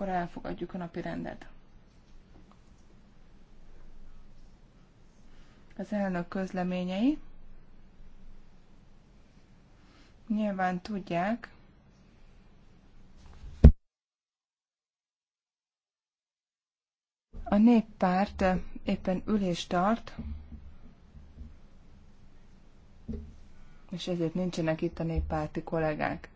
akkor elfogadjuk a napi rendet. Az elnök közleményei. Nyilván tudják, A néppárt éppen ülést tart, és ezért nincsenek itt a néppárti kollégák.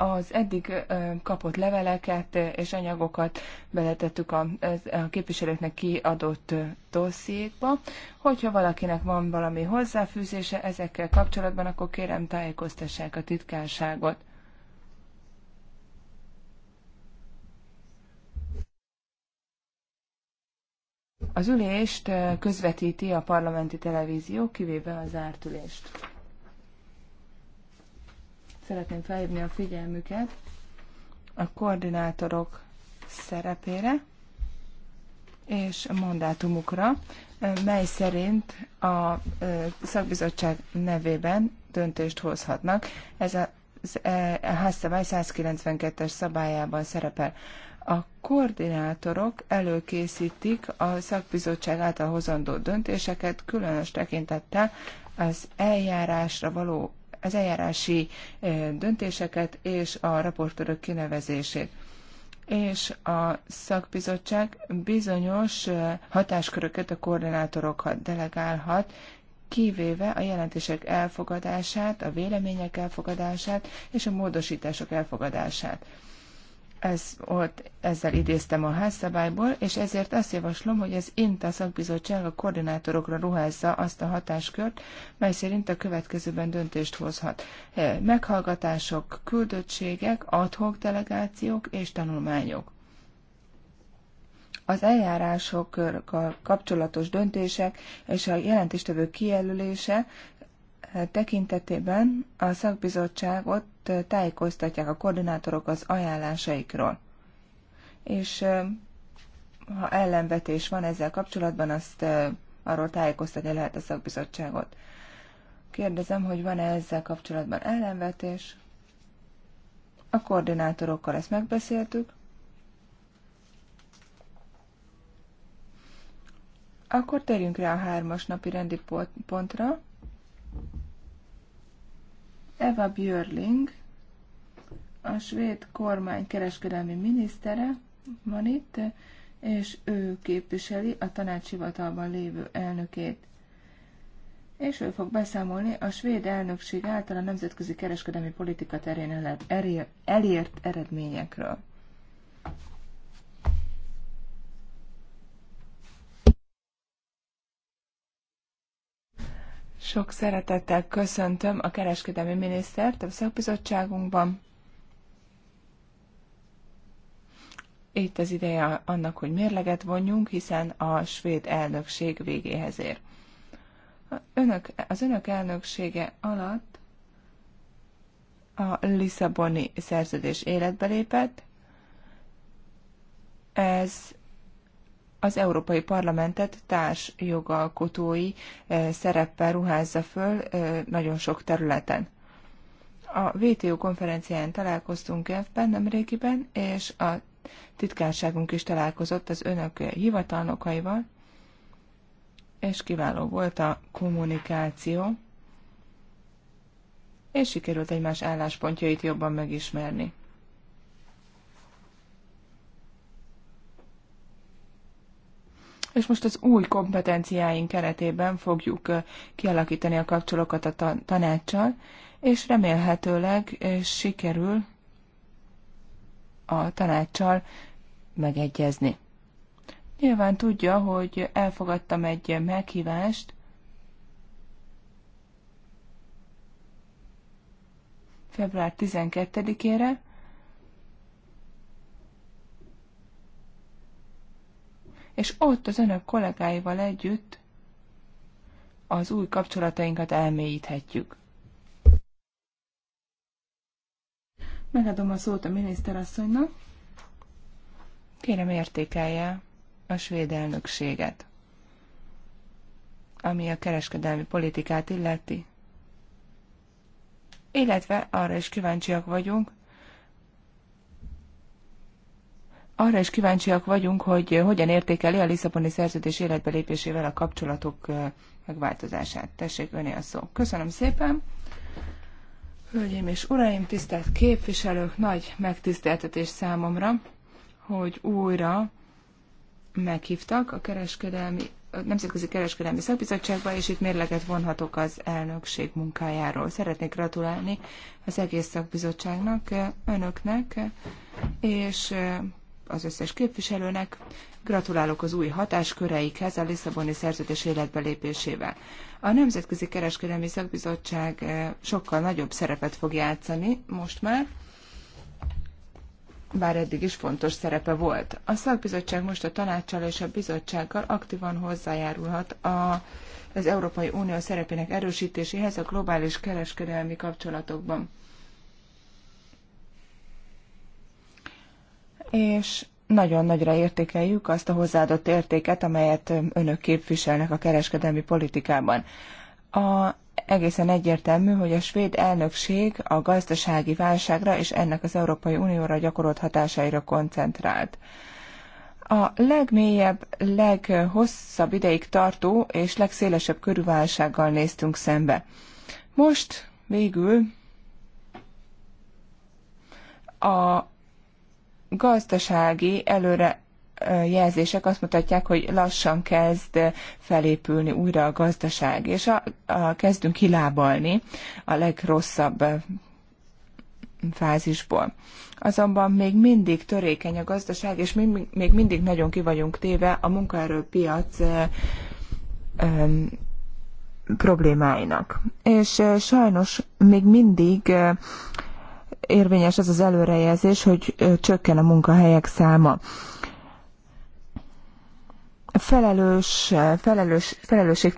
az eddig kapott leveleket és anyagokat beletettük a, a képviselőknek kiadott dossziékba. Hogyha valakinek van valami hozzáfűzése ezekkel kapcsolatban, akkor kérem tájékoztassák a titkárságot. Az ülést közvetíti a parlamenti televízió, kivéve az zárt ülést szeretném felhívni a figyelmüket a koordinátorok szerepére és a mandátumukra, mely szerint a szakbizottság nevében döntést hozhatnak. Ez a, e, a házszabály 192-es szabályában szerepel. A koordinátorok előkészítik a szakbizottság által hozandó döntéseket, különös tekintettel az eljárásra való az eljárási döntéseket és a raportőrök kinevezését. És a szakbizottság bizonyos hatásköröket a koordinátorokat delegálhat, kivéve a jelentések elfogadását, a vélemények elfogadását és a módosítások elfogadását ez volt, ezzel idéztem a házszabályból, és ezért azt javaslom, hogy az INTA szakbizottság a koordinátorokra ruházza azt a hatáskört, mely szerint a következőben döntést hozhat. E, meghallgatások, küldöttségek, adhok delegációk és tanulmányok. Az eljárásokkal kapcsolatos döntések és a jelentéstevő kijelölése tekintetében a szakbizottságot tájékoztatják a koordinátorok az ajánlásaikról. És ha ellenvetés van ezzel kapcsolatban, azt arról tájékoztatja lehet a szakbizottságot. Kérdezem, hogy van-e ezzel kapcsolatban ellenvetés? A koordinátorokkal ezt megbeszéltük. Akkor térjünk rá a hármas napi rendi pontra. Eva Björling, a svéd kormány kereskedelmi minisztere van itt, és ő képviseli a tanácshivatalban lévő elnökét. És ő fog beszámolni a svéd elnökség által a nemzetközi kereskedelmi politika terén elért eredményekről. Sok szeretettel köszöntöm a kereskedelmi minisztert a szakbizottságunkban. Itt az ideje annak, hogy mérleget vonjunk, hiszen a svéd elnökség végéhez ér. Önök, az önök elnöksége alatt a Lisszaboni szerződés életbe lépett. Ez az Európai Parlamentet társ jogalkotói eh, szereppel ruházza föl eh, nagyon sok területen. A WTO konferencián találkoztunk Genfben nemrégiben, és a titkárságunk is találkozott az önök hivatalnokaival, és kiváló volt a kommunikáció, és sikerült egymás álláspontjait jobban megismerni. és most az új kompetenciáink keretében fogjuk kialakítani a kapcsolókat a tanácssal, és remélhetőleg sikerül a tanácssal megegyezni. Nyilván tudja, hogy elfogadtam egy meghívást, február 12-ére, és ott az önök kollégáival együtt az új kapcsolatainkat elmélyíthetjük. Megadom a szót a miniszterasszonynak. Kérem értékelje a svéd elnökséget, ami a kereskedelmi politikát illeti. Illetve arra is kíváncsiak vagyunk, arra is kíváncsiak vagyunk, hogy hogyan értékeli a Lisszaboni szerződés lépésével a kapcsolatok megváltozását. Tessék, öné a szó. Köszönöm szépen. Hölgyeim és uraim, tisztelt képviselők, nagy megtiszteltetés számomra, hogy újra meghívtak a kereskedelmi a Nemzetközi Kereskedelmi Szakbizottságba, és itt mérleget vonhatok az elnökség munkájáról. Szeretnék gratulálni az egész szakbizottságnak, önöknek, és az összes képviselőnek. Gratulálok az új hatásköreikhez a Lisszaboni szerződés lépésével. A Nemzetközi Kereskedelmi Szakbizottság eh, sokkal nagyobb szerepet fog játszani most már, bár eddig is fontos szerepe volt. A szakbizottság most a tanácsal és a bizottsággal aktívan hozzájárulhat a, az Európai Unió szerepének erősítéséhez a globális kereskedelmi kapcsolatokban. és nagyon nagyra értékeljük azt a hozzáadott értéket, amelyet önök képviselnek a kereskedelmi politikában. A egészen egyértelmű, hogy a svéd elnökség a gazdasági válságra és ennek az Európai Unióra gyakorolt hatásaira koncentrált. A legmélyebb, leghosszabb ideig tartó és legszélesebb körű válsággal néztünk szembe. Most végül a gazdasági előre jelzések azt mutatják, hogy lassan kezd felépülni újra a gazdaság, és a, a, kezdünk kilábalni a legrosszabb fázisból. Azonban még mindig törékeny a gazdaság, és még, még mindig nagyon ki vagyunk téve a munkaerőpiac problémáinak. És sajnos még mindig érvényes az az előrejelzés, hogy csökken a munkahelyek száma. Felelős, felelős,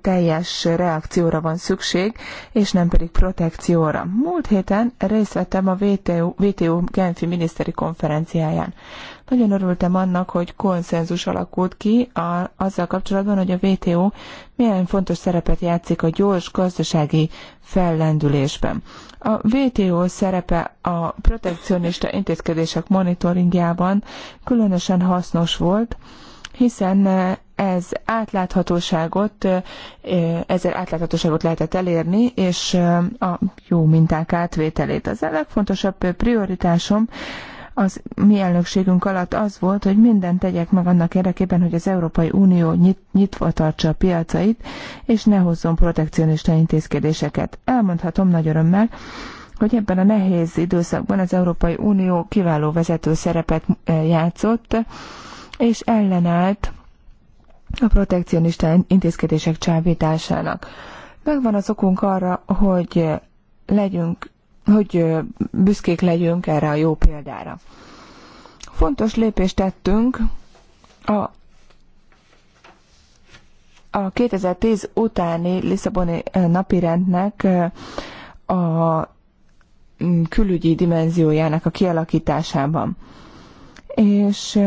teljes reakcióra van szükség, és nem pedig protekcióra. Múlt héten részt vettem a WTO, WTO Genfi miniszteri konferenciáján. Nagyon örültem annak, hogy konszenzus alakult ki a, azzal kapcsolatban, hogy a WTO milyen fontos szerepet játszik a gyors gazdasági fellendülésben. A WTO szerepe a protekcionista intézkedések monitoringjában különösen hasznos volt, hiszen eh, ez átláthatóságot, eh, ezzel átláthatóságot lehetett elérni, és eh, a jó minták átvételét. Az a legfontosabb prioritásom az mi elnökségünk alatt az volt, hogy mindent tegyek meg annak érdekében, hogy az Európai Unió nyit, nyitva tartsa a piacait, és ne hozzon protekcionista intézkedéseket. Elmondhatom nagy örömmel, hogy ebben a nehéz időszakban az Európai Unió kiváló vezető szerepet eh, játszott, és ellenállt a protekcionista intézkedések csábításának. Megvan az okunk arra, hogy legyünk hogy büszkék legyünk erre a jó példára. Fontos lépést tettünk a a 2010 utáni Lisszaboni napirendnek a külügyi dimenziójának a kialakításában. És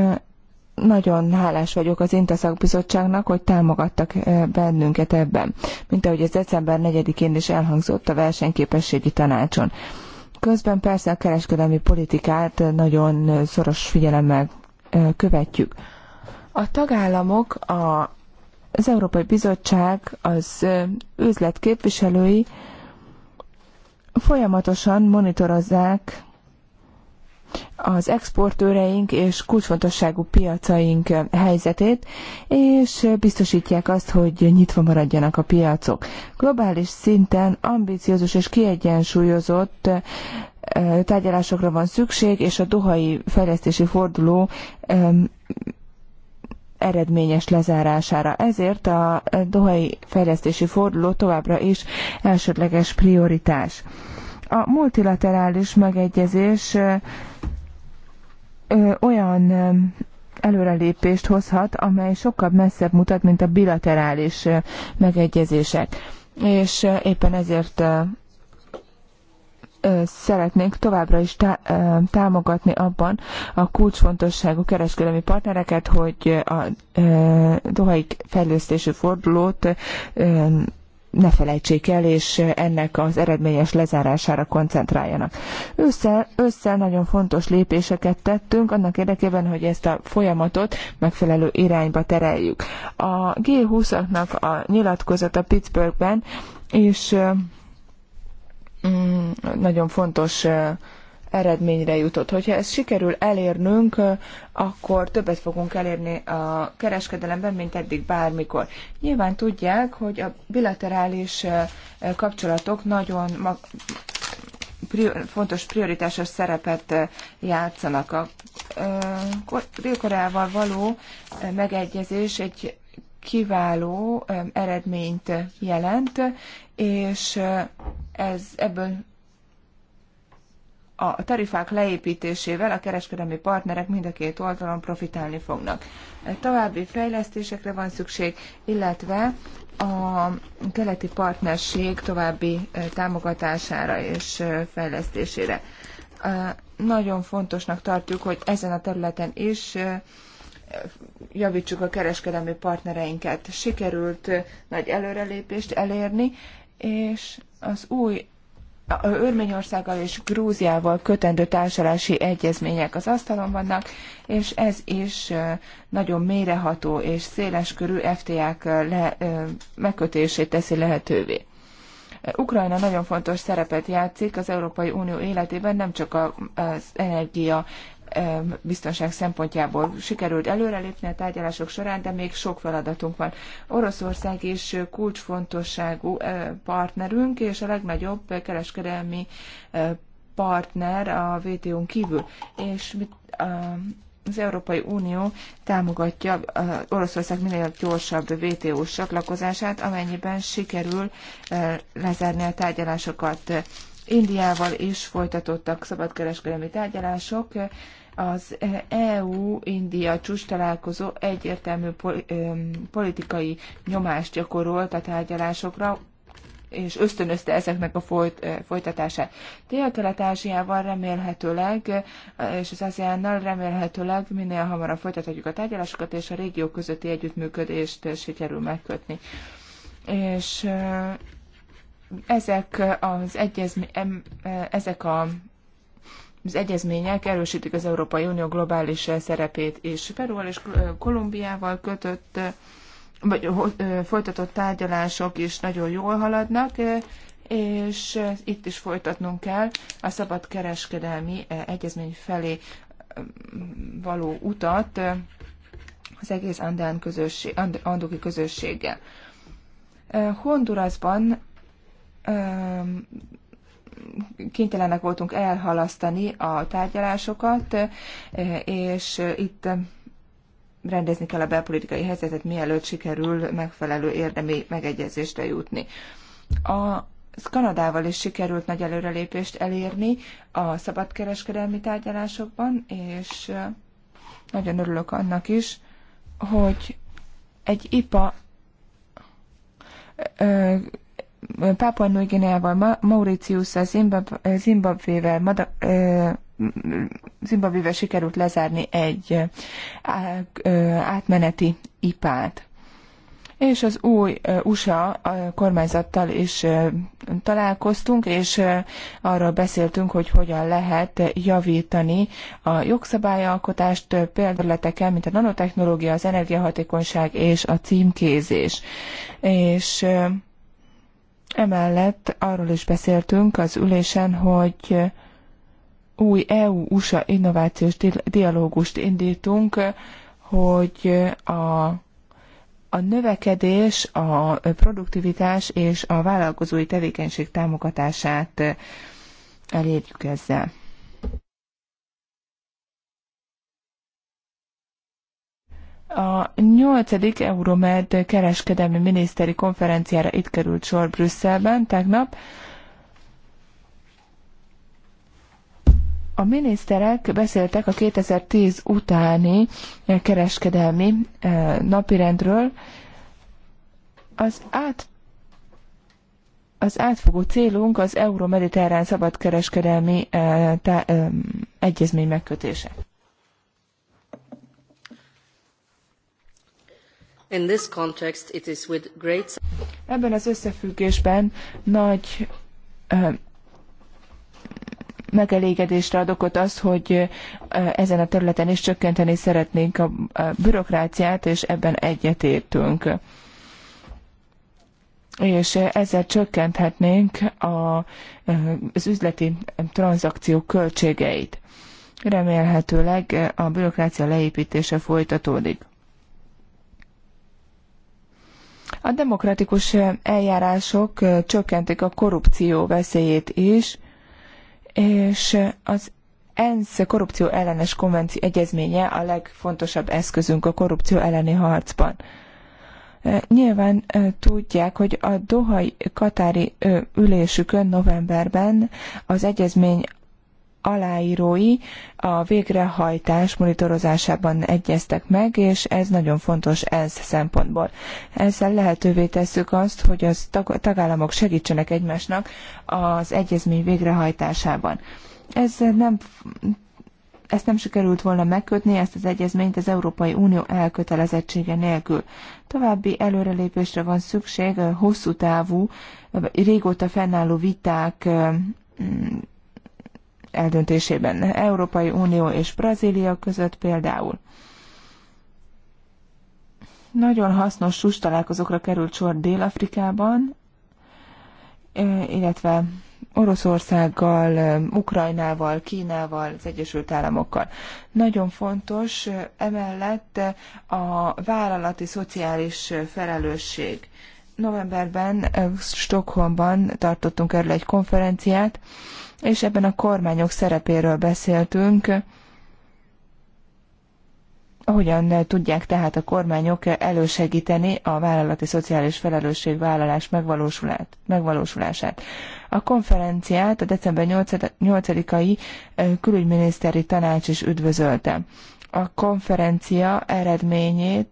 nagyon hálás vagyok az Intaszak Bizottságnak, hogy támogattak bennünket ebben, mint ahogy ez december 4-én is elhangzott a versenyképességi tanácson. Közben persze a kereskedelmi politikát nagyon szoros figyelemmel követjük. A tagállamok, a, az Európai Bizottság, az üzletképviselői folyamatosan monitorozzák az exportőreink és kulcsfontosságú piacaink helyzetét, és biztosítják azt, hogy nyitva maradjanak a piacok. Globális szinten ambiciózus és kiegyensúlyozott eh, tárgyalásokra van szükség, és a dohai fejlesztési forduló eredményes lezárására. Ezért a dohai fejlesztési forduló továbbra is elsődleges prioritás. A multilaterális megegyezés olyan előrelépést hozhat, amely sokkal messzebb mutat, mint a bilaterális megegyezések. És éppen ezért szeretnénk továbbra is támogatni abban a kulcsfontosságú kereskedelmi partnereket, hogy a dohaik fejlesztési fordulót ne felejtsék el, és ennek az eredményes lezárására koncentráljanak. Ősszel, ősszel nagyon fontos lépéseket tettünk annak érdekében, hogy ezt a folyamatot megfelelő irányba tereljük. A G20-aknak a nyilatkozata Pittsburghben és mm, nagyon fontos eredményre jutott. Hogyha ezt sikerül elérnünk, akkor többet fogunk elérni a kereskedelemben, mint eddig bármikor. Nyilván tudják, hogy a bilaterális eh, kapcsolatok nagyon fontos prioritásos szerepet eh, játszanak. A eh, Dél-Koreával való megegyezés egy kiváló eredményt jelent, és ez ebből a tarifák leépítésével a kereskedelmi partnerek mind a két oldalon profitálni fognak. További fejlesztésekre van szükség, illetve a keleti partnerség további támogatására és fejlesztésére. Nagyon fontosnak tartjuk, hogy ezen a területen is javítsuk a kereskedelmi partnereinket. Sikerült nagy előrelépést elérni, és az új Örményországgal és Grúziával kötendő társulási egyezmények az asztalon vannak, és ez is nagyon mélyreható és széleskörű FTA-k le, megkötését teszi lehetővé. Ukrajna nagyon fontos szerepet játszik az Európai Unió életében, nem csak az energia biztonság szempontjából sikerült előrelépni a tárgyalások során, de még sok feladatunk van. Oroszország is kulcsfontosságú partnerünk, és a legnagyobb kereskedelmi partner a WTO-n kívül. És az Európai Unió támogatja Oroszország minél gyorsabb WTO-s csatlakozását, amennyiben sikerül lezárni a tárgyalásokat. Indiával is folytatottak szabadkereskedelmi tárgyalások, az EU-India csúcs találkozó egyértelmű politikai nyomást gyakorolt a tárgyalásokra, és ösztönözte ezeknek a folyt, folytatását. Dél-Kelet-Ázsiával remélhetőleg, és az ASEAN-nal remélhetőleg minél hamarabb folytathatjuk a tárgyalásokat, és a régió közötti együttműködést sikerül megkötni. És ezek az egyezmény, ezek a az egyezmények erősítik az Európai Unió globális szerepét és Perúval és Kolumbiával kötött, vagy folytatott tárgyalások is nagyon jól haladnak, és itt is folytatnunk kell a szabad kereskedelmi egyezmény felé való utat az egész andán közösség, andoki közösséggel. Hondurasban kénytelenek voltunk elhalasztani a tárgyalásokat, és itt rendezni kell a belpolitikai helyzetet, mielőtt sikerül megfelelő érdemi megegyezésre jutni. A Kanadával is sikerült nagy előrelépést elérni a szabadkereskedelmi tárgyalásokban, és nagyon örülök annak is, hogy egy IPA Pápua Nőgineával, Mauritiussal, Zimbabvével, Zimbabvével Zimbabvével sikerült lezárni egy átmeneti ipát. És az új USA kormányzattal is találkoztunk, és arról beszéltünk, hogy hogyan lehet javítani a jogszabályalkotást példaleteken, mint a nanotechnológia, az energiahatékonyság és a címkézés. És Emellett arról is beszéltünk az ülésen, hogy új EU-USA innovációs dialógust indítunk, hogy a a növekedés, a produktivitás és a vállalkozói tevékenység támogatását elérjük ezzel. A nyolcadik Euromed kereskedelmi miniszteri konferenciára itt került sor Brüsszelben tegnap. A miniszterek beszéltek a 2010 utáni kereskedelmi e, napirendről. Az át az átfogó célunk az euró-mediterrán szabadkereskedelmi e, e, egyezmény megkötése. In this context, it is with great... Ebben az összefüggésben nagy ö, megelégedésre ad okot az, hogy ezen a területen is csökkenteni szeretnénk a bürokráciát, és ebben egyetértünk. És ezzel csökkenthetnénk a, az üzleti tranzakciók költségeit. Remélhetőleg a bürokrácia leépítése folytatódik. A demokratikus eljárások csökkentik a korrupció veszélyét is, és az ENSZ korrupció ellenes konvenció egyezménye a legfontosabb eszközünk a korrupció elleni harcban. Nyilván tudják, hogy a Dohai Katári ülésükön novemberben az egyezmény aláírói a végrehajtás monitorozásában egyeztek meg, és ez nagyon fontos ez szempontból. Ezzel lehetővé tesszük azt, hogy a tagállamok segítsenek egymásnak az egyezmény végrehajtásában. Ez nem ezt nem sikerült volna megkötni, ezt az egyezményt az Európai Unió elkötelezettsége nélkül. További előrelépésre van szükség eh, hosszú távú, eh, régóta fennálló viták eh, eldöntésében. Európai Unió és Brazília között például. Nagyon hasznos sus találkozókra került sor Dél-Afrikában, illetve Oroszországgal, Ukrajnával, Kínával, az Egyesült Államokkal. Nagyon fontos emellett a vállalati szociális felelősség. Novemberben Stockholmban tartottunk erről egy konferenciát, és ebben a kormányok szerepéről beszéltünk. Hogyan tudják tehát a kormányok elősegíteni a vállalati szociális felelősségvállalás megvalósulását? A konferenciát a december 8-ai külügyminiszteri tanács is üdvözölte. A konferencia eredményét,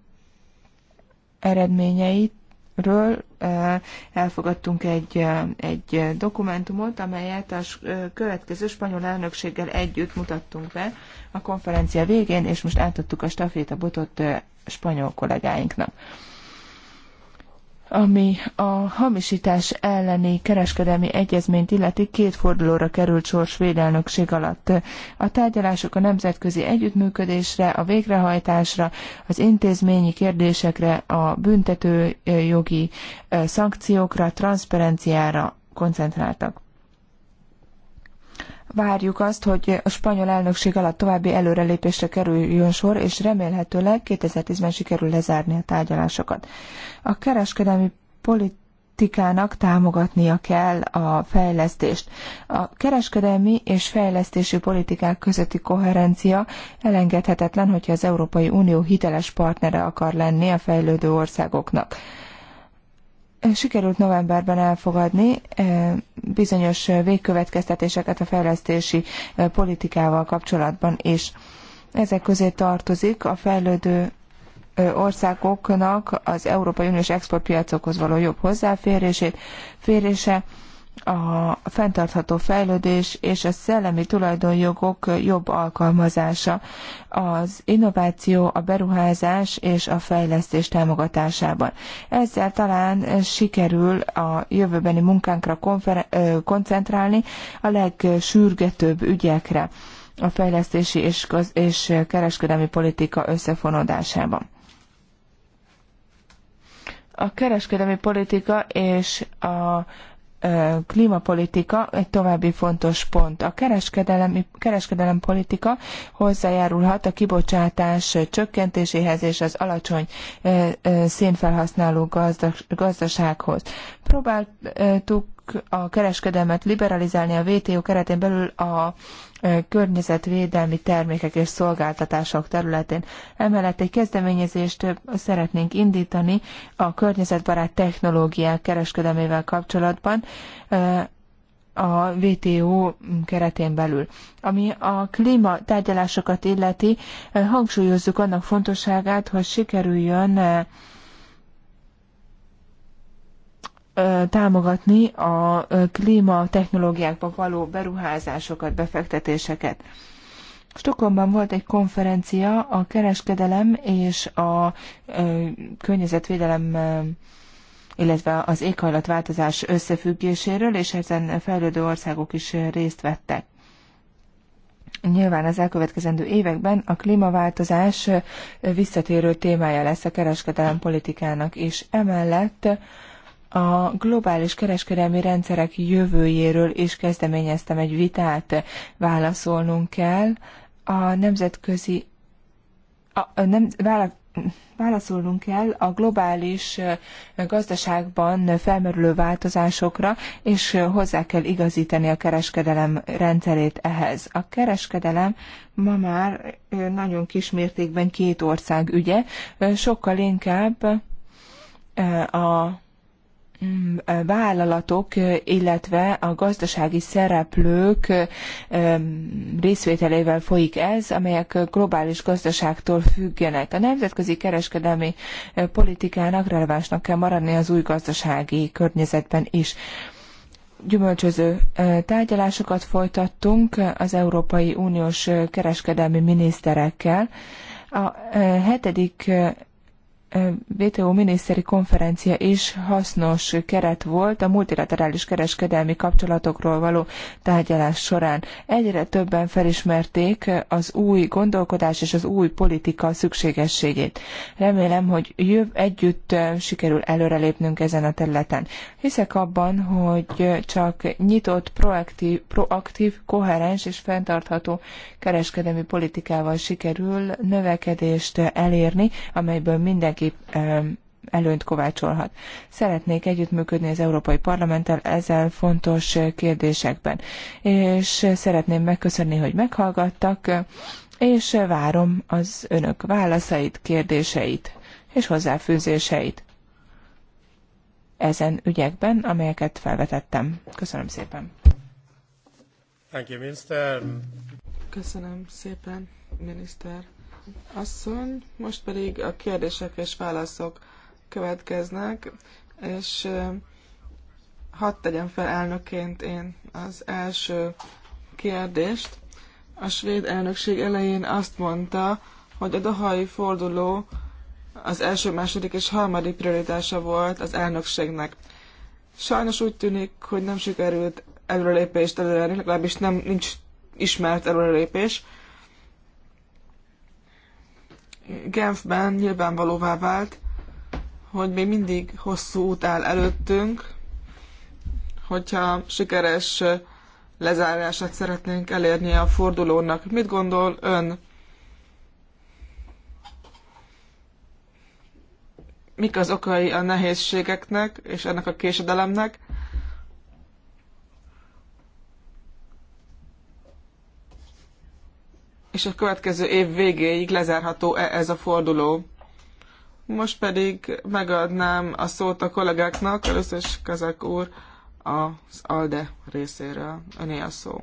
eredményeit ről elfogadtunk egy, egy dokumentumot, amelyet a következő spanyol elnökséggel együtt mutattunk be a konferencia végén, és most átadtuk a stafétabotot spanyol kollégáinknak ami a hamisítás elleni kereskedelmi egyezményt illeti két fordulóra került sor svéd elnökség alatt. A tárgyalások a nemzetközi együttműködésre, a végrehajtásra, az intézményi kérdésekre, a büntetőjogi szankciókra, transzparenciára koncentráltak várjuk azt, hogy a spanyol elnökség alatt további előrelépésre kerüljön sor, és remélhetőleg 2010-ben sikerül lezárni a tárgyalásokat. A kereskedelmi politikának támogatnia kell a fejlesztést. A kereskedelmi és fejlesztési politikák közötti koherencia elengedhetetlen, hogyha az Európai Unió hiteles partnere akar lenni a fejlődő országoknak sikerült novemberben elfogadni eh, bizonyos végkövetkeztetéseket a fejlesztési eh, politikával kapcsolatban is. Ezek közé tartozik a fejlődő eh, országoknak az Európai Uniós exportpiacokhoz való jobb hozzáférését, férése, a fenntartható fejlődés és a szellemi tulajdonjogok jobb alkalmazása, az innováció, a beruházás és a fejlesztés támogatásában. Ezzel talán sikerül a jövőbeni munkánkra koncentrálni a legsürgetőbb ügyekre a fejlesztési és, és kereskedelmi politika összefonódásában a kereskedelmi politika és a klímapolitika egy további fontos pont. A kereskedelem, kereskedelem politika hozzájárulhat a kibocsátás csökkentéséhez és az alacsony szénfelhasználó gazdasághoz. Próbáltuk a kereskedelmet liberalizálni a WTO keretén belül a környezetvédelmi termékek és szolgáltatások területén. Emellett egy kezdeményezést szeretnénk indítani a környezetbarát technológiák kereskedelmével kapcsolatban a WTO keretén belül. Ami a klíma tárgyalásokat illeti, hangsúlyozzuk annak fontosságát, hogy sikerüljön támogatni a klímatechnológiákba való beruházásokat, befektetéseket. Stockholmban volt egy konferencia a kereskedelem és a környezetvédelem illetve az éghajlatváltozás összefüggéséről, és ezen fejlődő országok is részt vettek. Nyilván az elkövetkezendő években a klímaváltozás visszatérő témája lesz a kereskedelem politikának, és emellett a globális kereskedelmi rendszerek jövőjéről is kezdeményeztem egy vitát, válaszolnunk kell a nemzetközi a, nem, vála, válaszolnunk kell a globális gazdaságban felmerülő változásokra, és hozzá kell igazítani a kereskedelem rendszerét ehhez. A kereskedelem ma már nagyon kis mértékben két ország ügye, sokkal inkább a Mm, vállalatok, illetve a gazdasági szereplők mm, részvételével folyik ez, amelyek globális gazdaságtól függenek. A nemzetközi kereskedelmi eh, politikának relevánsnak kell maradni az új gazdasági környezetben is. Gyümölcsöző eh, tárgyalásokat folytattunk az Európai Uniós eh, kereskedelmi miniszterekkel. A hetedik WTO miniszteri konferencia is hasznos keret volt a multilaterális kereskedelmi kapcsolatokról való tárgyalás során. Egyre többen felismerték az új gondolkodás és az új politika szükségességét. Remélem, hogy jöv együtt sikerül előrelépnünk ezen a területen. Hiszek abban, hogy csak nyitott, proaktív, proaktív koherens és fenntartható kereskedelmi politikával sikerül növekedést elérni, amelyből mindenki gazdasági előnyt kovácsolhat. Szeretnék együttműködni az Európai Parlamenttel ezzel fontos kérdésekben, és szeretném megköszönni, hogy meghallgattak, és várom az önök válaszait, kérdéseit és hozzáfűzéseit ezen ügyekben, amelyeket felvetettem. Köszönöm szépen. Thank you, Köszönöm szépen, miniszter asszony. Most pedig a kérdések és válaszok következnek, és hadd tegyem fel elnökként én az első kérdést. A svéd elnökség elején azt mondta, hogy a dohai forduló az első, második és harmadik prioritása volt az elnökségnek. Sajnos úgy tűnik, hogy nem sikerült előrelépést előrelépni, legalábbis nem nincs ismert előrelépés. Genfben nyilvánvalóvá vált, hogy még mindig hosszú út áll előttünk, hogyha sikeres lezárását szeretnénk elérni a fordulónak. Mit gondol ön? Mik az okai a nehézségeknek és ennek a késedelemnek? és a következő év végéig lezárható -e ez a forduló. Most pedig megadnám a szót a kollégáknak, először is Kazak úr az ALDE részéről. Öné a szó.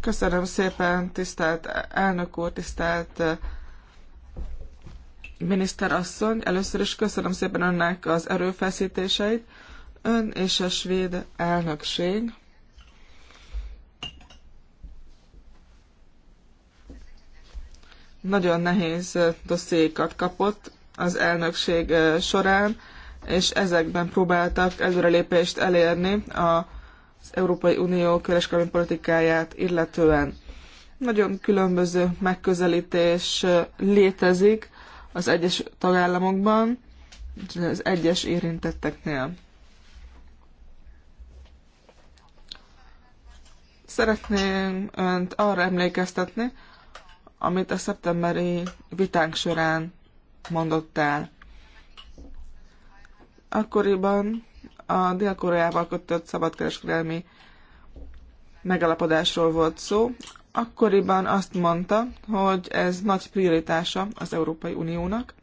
Köszönöm szépen, tisztelt elnök úr, tisztelt eh, miniszterasszony. Először is köszönöm szépen önnek az erőfeszítéseit Ön és a svéd elnökség nagyon nehéz dossziékat kapott az elnökség során, és ezekben próbáltak előrelépést elérni az Európai Unió kereskedelmi politikáját illetően. Nagyon különböző megközelítés létezik az egyes tagállamokban, az egyes érintetteknél. Szeretném önt arra emlékeztetni, amit a szeptemberi vitánk során mondott el. Akkoriban a Dél-Koreával kötött szabadkereskedelmi megalapodásról volt szó. Akkoriban azt mondta, hogy ez nagy prioritása az Európai Uniónak,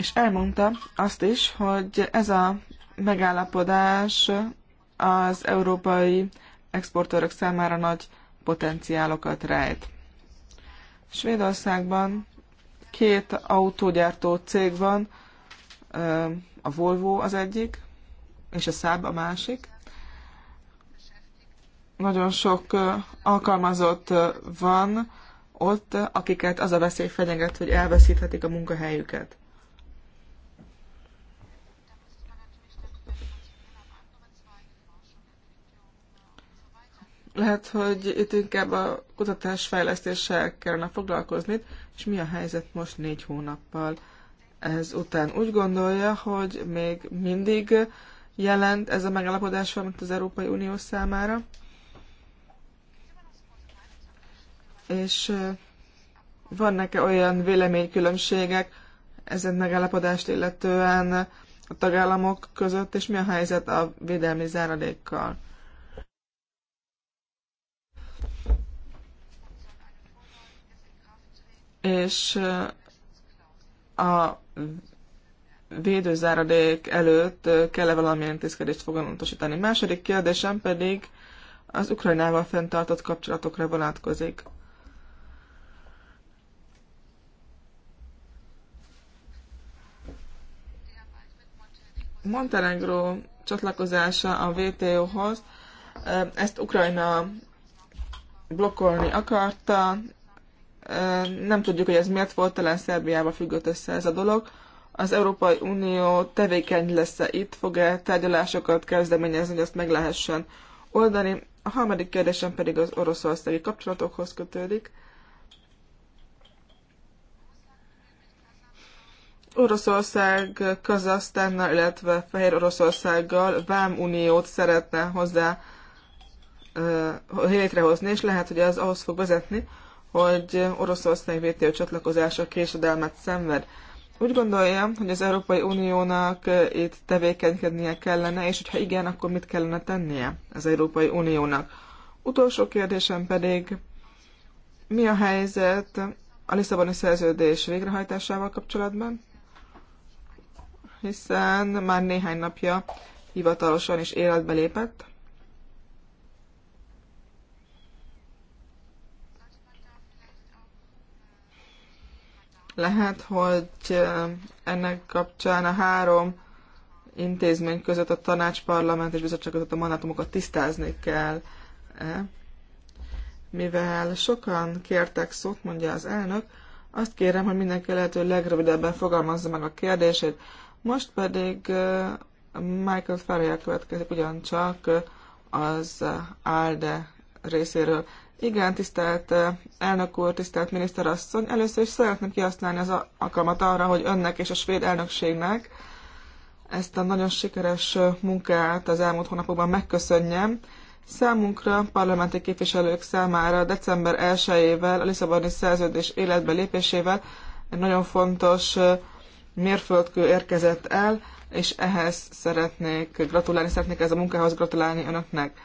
és elmondta azt is, hogy ez a megállapodás az európai exportőrök számára nagy potenciálokat rejt. Svédországban két autógyártó cég van, a Volvo az egyik, és a Saab a másik. Nagyon sok alkalmazott van ott, akiket az a veszély fenyeget, hogy elveszíthetik a munkahelyüket. Lehet, hogy itt inkább a kutatás fejlesztéssel kellene foglalkozni, és mi a helyzet most négy hónappal ez után. Úgy gondolja, hogy még mindig jelent ez a megalapodás valamit az Európai Unió számára, és vannak-e olyan véleménykülönbségek ezen megállapodást illetően a tagállamok között, és mi a helyzet a védelmi záradékkal? és a védőzáradék előtt kell-e valamilyen intézkedést fogalmatosítani. Második kérdésem pedig az Ukrajnával fenntartott kapcsolatokra vonatkozik. Montenegro csatlakozása a WTO-hoz, ezt Ukrajna blokkolni akarta, nem tudjuk, hogy ez miért volt, talán Szerbiába függött össze ez a dolog. Az Európai Unió tevékeny lesz-e itt, fog-e tárgyalásokat kezdeményezni, hogy azt meg lehessen oldani. A harmadik kérdésem pedig az oroszországi kapcsolatokhoz kötődik. Oroszország Kazasztánnal, illetve Fehér Oroszországgal vámuniót szeretne hozzá létrehozni, és lehet, hogy ez ahhoz fog vezetni, hogy Oroszország VTO csatlakozása késedelmet szenved. Úgy gondolja, hogy az Európai Uniónak eh, itt tevékenykednie kellene, és hogyha igen, akkor mit kellene tennie az Európai Uniónak? Utolsó kérdésem pedig, mi a helyzet a Lisszaboni szerződés végrehajtásával kapcsolatban? Hiszen már néhány napja hivatalosan is életbe lépett. Lehet, hogy ennek kapcsán a három intézmény között a tanács, parlament és bizottság között a mandátumokat tisztázni kell. -e. Mivel sokan kértek szót, mondja az elnök, azt kérem, hogy mindenki lehető legrövidebben fogalmazza meg a kérdését. Most pedig Michael Ferrier következik ugyancsak az ALDE részéről. Igen, tisztelt eh, elnök úr, tisztelt miniszterasszony, először is szeretném kihasználni az alkalmat arra, hogy önnek és a svéd elnökségnek ezt a nagyon sikeres eh, munkát az elmúlt hónapokban megköszönjem. Számunkra, parlamenti képviselők számára december 1-ével, a Lisszaboni szerződés életbe lépésével egy nagyon fontos eh, mérföldkő érkezett el, és ehhez szeretnék gratulálni, szeretnék ez a munkához gratulálni önöknek.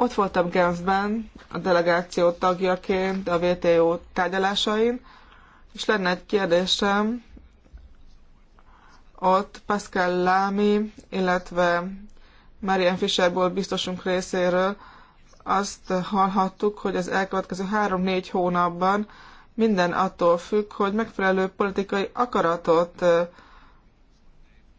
Ott voltam Genfben a delegáció tagjaként a WTO tárgyalásain, és lenne egy kérdésem, ott Pascal Lámi, illetve Marian Fisherból biztosunk részéről azt hallhattuk, hogy az elkövetkező három-négy hónapban minden attól függ, hogy megfelelő politikai akaratot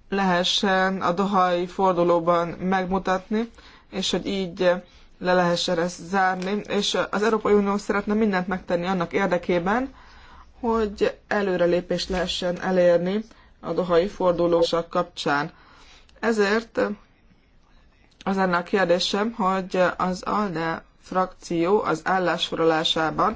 lehessen a dohai fordulóban megmutatni, és hogy így le lehessen ezt zárni, és az Európai Unió szeretne mindent megtenni annak érdekében, hogy előrelépést lehessen elérni a dohai fordulósak kapcsán. Ezért az lenne a kérdésem, hogy az ALDE frakció az állásforolásában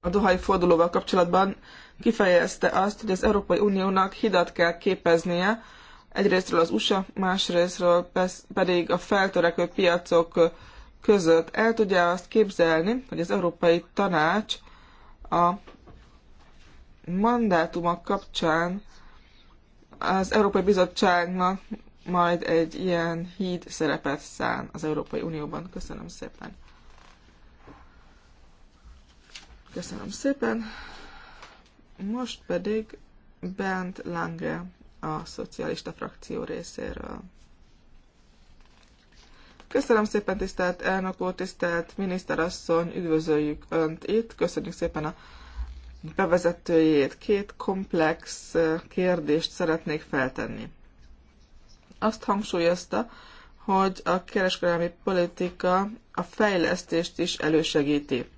a dohai fordulóval kapcsolatban kifejezte azt, hogy az Európai Uniónak hidat kell képeznie egyrésztről az USA, másrésztről pedig a feltörekvő piacok között. El tudja azt képzelni, hogy az Európai Tanács a mandátumok kapcsán az Európai Bizottságnak majd egy ilyen híd szerepet szán az Európai Unióban. Köszönöm szépen. Köszönöm szépen. Most pedig Bent Lange a szocialista frakció részéről. Köszönöm szépen, tisztelt elnök úr, tisztelt miniszterasszony, üdvözöljük Önt itt, köszönjük szépen a bevezetőjét. Két komplex kérdést szeretnék feltenni. Azt hangsúlyozta, hogy a kereskedelmi politika a fejlesztést is elősegíti.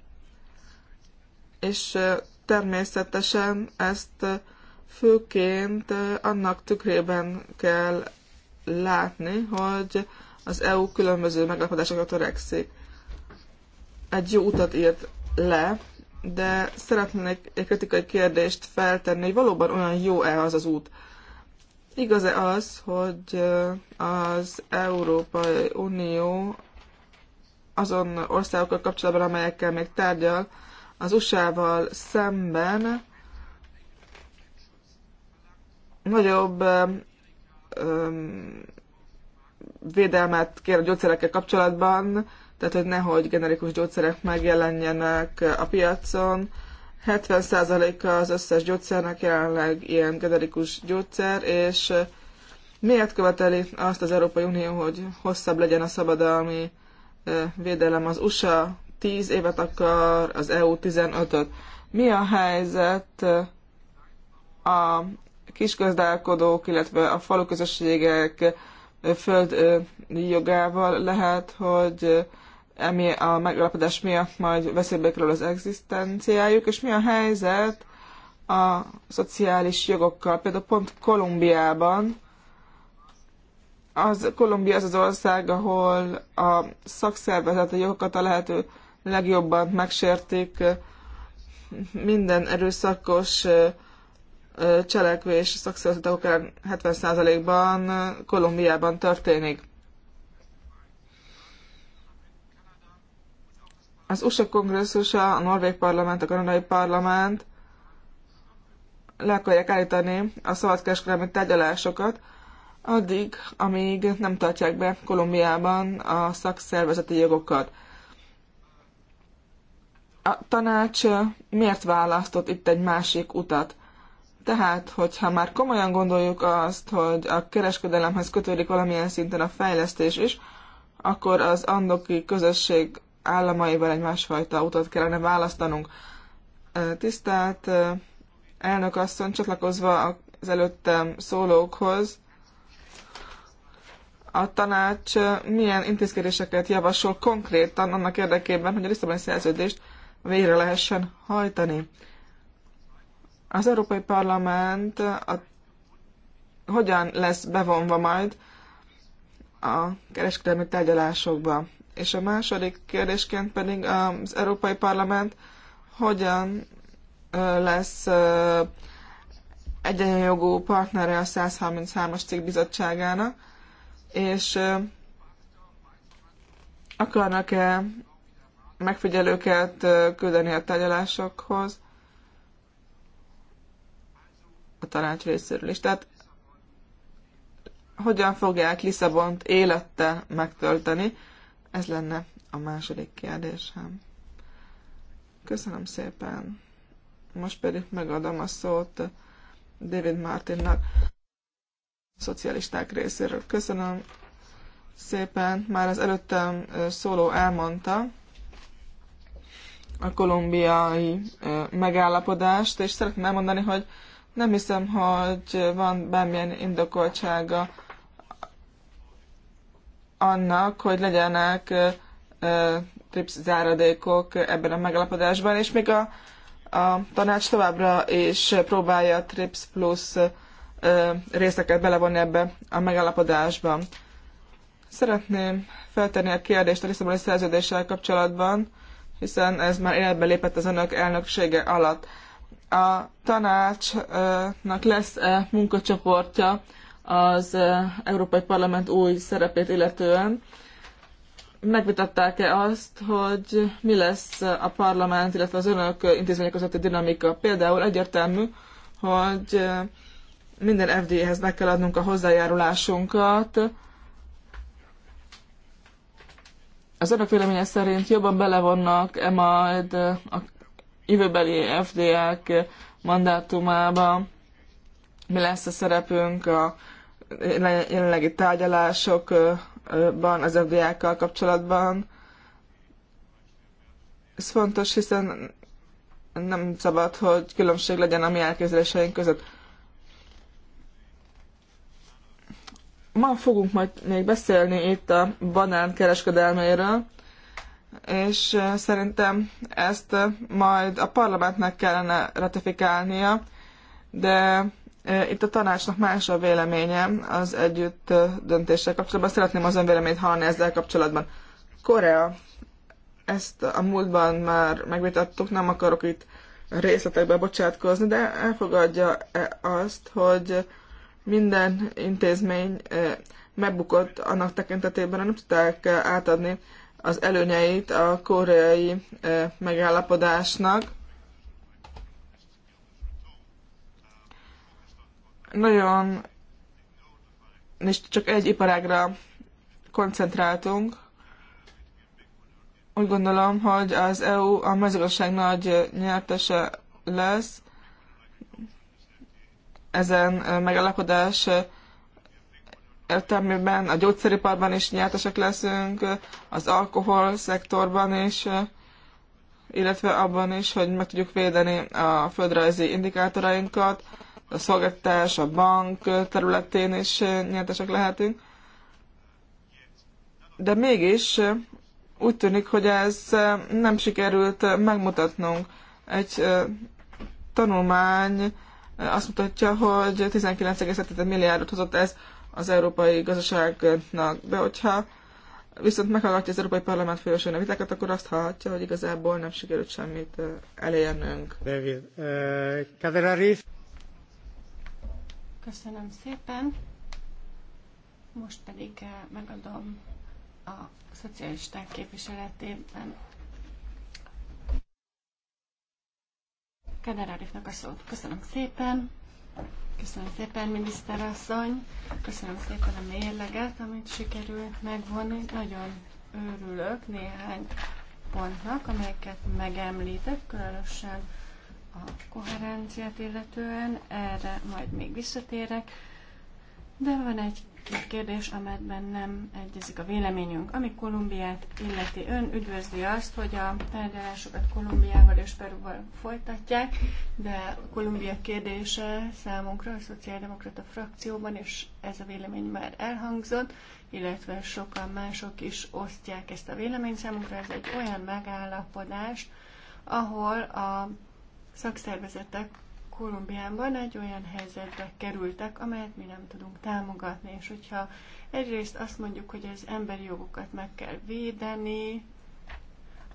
És természetesen ezt főként annak tükrében kell látni, hogy az EU különböző megállapodásokra törekszik. Egy jó utat írt le, de szeretnék egy kritikai kérdést feltenni, hogy valóban olyan jó-e az az út. Igaz-e az, hogy az Európai Unió azon országokkal kapcsolatban, amelyekkel még tárgyal, az USA-val szemben nagyobb védelmet kér a gyógyszerekkel kapcsolatban, tehát hogy nehogy generikus gyógyszerek megjelenjenek a piacon. 70%-a az összes gyógyszernek jelenleg ilyen generikus gyógyszer, és miért követeli azt az Európai Unió, hogy hosszabb legyen a szabadalmi védelem? Az USA 10 évet akar, az EU 15-öt. Mi a helyzet a kisgazdálkodók, illetve a falu közösségek föld jogával lehet, hogy emi a megalapodás miatt majd veszélybe kerül az egzisztenciájuk, és mi a helyzet a szociális jogokkal. Például pont Kolumbiában, az, Kolumbia az az ország, ahol a szakszervezeti jogokat a lehető legjobban megsértik minden erőszakos cselekvés szakszervezetek 70%-ban Kolumbiában történik. Az USA kongresszusa, a norvég parlament, a kanadai parlament le akarják állítani a szabadkereskedelmi tárgyalásokat, addig, amíg nem tartják be Kolumbiában a szakszervezeti jogokat. A tanács miért választott itt egy másik utat? Tehát, hogyha már komolyan gondoljuk azt, hogy a kereskedelemhez kötődik valamilyen szinten a fejlesztés is, akkor az andoki közösség államaival egy másfajta utat kellene választanunk. Tisztelt elnök asszony, csatlakozva az előttem szólókhoz, a tanács milyen intézkedéseket javasol konkrétan annak érdekében, hogy a Lisszaboni szerződést végre lehessen hajtani. Az Európai Parlament a, hogyan lesz bevonva majd a kereskedelmi tárgyalásokba? És a második kérdésként pedig az Európai Parlament hogyan lesz egyenjogú partnere a 133-as cikk bizottságának, és akarnak-e megfigyelőket küldeni a tárgyalásokhoz, a tanács részéről is. Tehát hogyan fogják Lisszabont élettel megtölteni? Ez lenne a második kérdésem. Köszönöm szépen. Most pedig megadom a szót David Martinnak, szocialisták részéről. Köszönöm szépen. Már az előttem szóló elmondta a kolumbiai megállapodást, és szeretném elmondani, hogy nem hiszem, hogy van bármilyen indokoltsága annak, hogy legyenek TRIPS záradékok ebben a megalapodásban, és még a, a tanács továbbra is próbálja a TRIPS plus részeket belevonni ebbe a megalapodásban. Szeretném feltenni a kérdést a Lisszaboni szerződéssel kapcsolatban, hiszen ez már életbe lépett az önök elnöksége alatt a tanácsnak lesz-e munkacsoportja az Európai Parlament új szerepét illetően. Megvitatták-e azt, hogy mi lesz a parlament, illetve az önök intézmények közötti dinamika? Például egyértelmű, hogy minden FD-hez meg kell adnunk a hozzájárulásunkat. Az önök véleménye szerint jobban belevonnak-e majd a jövőbeli FDA-k mandátumába, mi lesz a szerepünk a jelenlegi tárgyalásokban az FDA-kkal kapcsolatban. Ez fontos, hiszen nem szabad, hogy különbség legyen a mi elképzeléseink között. Ma fogunk majd még beszélni itt a banán kereskedelméről, és szerintem ezt majd a parlamentnek kellene ratifikálnia, de itt a tanácsnak más a véleménye az együtt döntéssel kapcsolatban. Szeretném az önvéleményt hallani ezzel kapcsolatban. Korea. Ezt a múltban már megvitattuk, nem akarok itt részletekbe bocsátkozni, de elfogadja -e azt, hogy minden intézmény megbukott annak tekintetében, nem tudták átadni az előnyeit a koreai megállapodásnak. Nagyon és csak egy iparágra koncentráltunk. Úgy gondolom, hogy az EU a mezőgazdaság nagy nyertese lesz ezen megállapodás értelmében, a gyógyszeriparban is nyertesek leszünk, az alkohol szektorban is, illetve abban is, hogy meg tudjuk védeni a földrajzi indikátorainkat, a szolgáltatás, a bank területén is nyertesek lehetünk. De mégis úgy tűnik, hogy ez nem sikerült megmutatnunk. Egy tanulmány azt mutatja, hogy 19,7 milliárdot hozott ez az európai gazdaságnak. De hogyha viszont meghallgatja az Európai Parlament folyosón a vitákat, akkor azt hallhatja, hogy igazából nem sikerült semmit elérnünk. David, uh, Köszönöm szépen. Most pedig megadom a szocialisták képviseletében Kader a szót. Köszönöm szépen. Köszönöm szépen, miniszterasszony. Köszönöm szépen a mérleget, amit sikerült megvonni. Nagyon örülök néhány pontnak, amelyeket megemlített, különösen a koherenciát illetően. Erre majd még visszatérek. De van egy a kérdés, amelyben nem egyezik a véleményünk. Ami Kolumbiát illeti, ön üdvözli azt, hogy a tárgyalásokat Kolumbiával és Perúval folytatják, de Kolumbia kérdése számunkra a Szociáldemokrata frakcióban, és ez a vélemény már elhangzott, illetve sokan mások is osztják ezt a véleményt számunkra. Ez egy olyan megállapodás, ahol a szakszervezetek Kolumbiában egy olyan helyzetbe kerültek, amelyet mi nem tudunk támogatni. És hogyha egyrészt azt mondjuk, hogy az emberi jogokat meg kell védeni,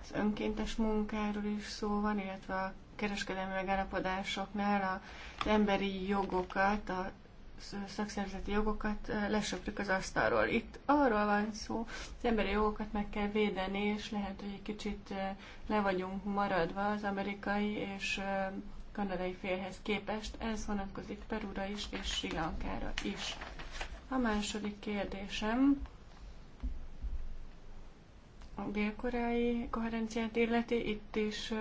az önkéntes munkáról is szó van, illetve a kereskedelmi megállapodásoknál az emberi jogokat, a szakszervezeti jogokat lesöprük az asztalról. Itt arról van szó, az emberi jogokat meg kell védeni, és lehet, hogy egy kicsit le vagyunk maradva az amerikai és kanadai félhez képest. Ez vonatkozik Perúra is és Sri Lankára is. A második kérdésem a dél-koreai koherenciát illeti. Itt is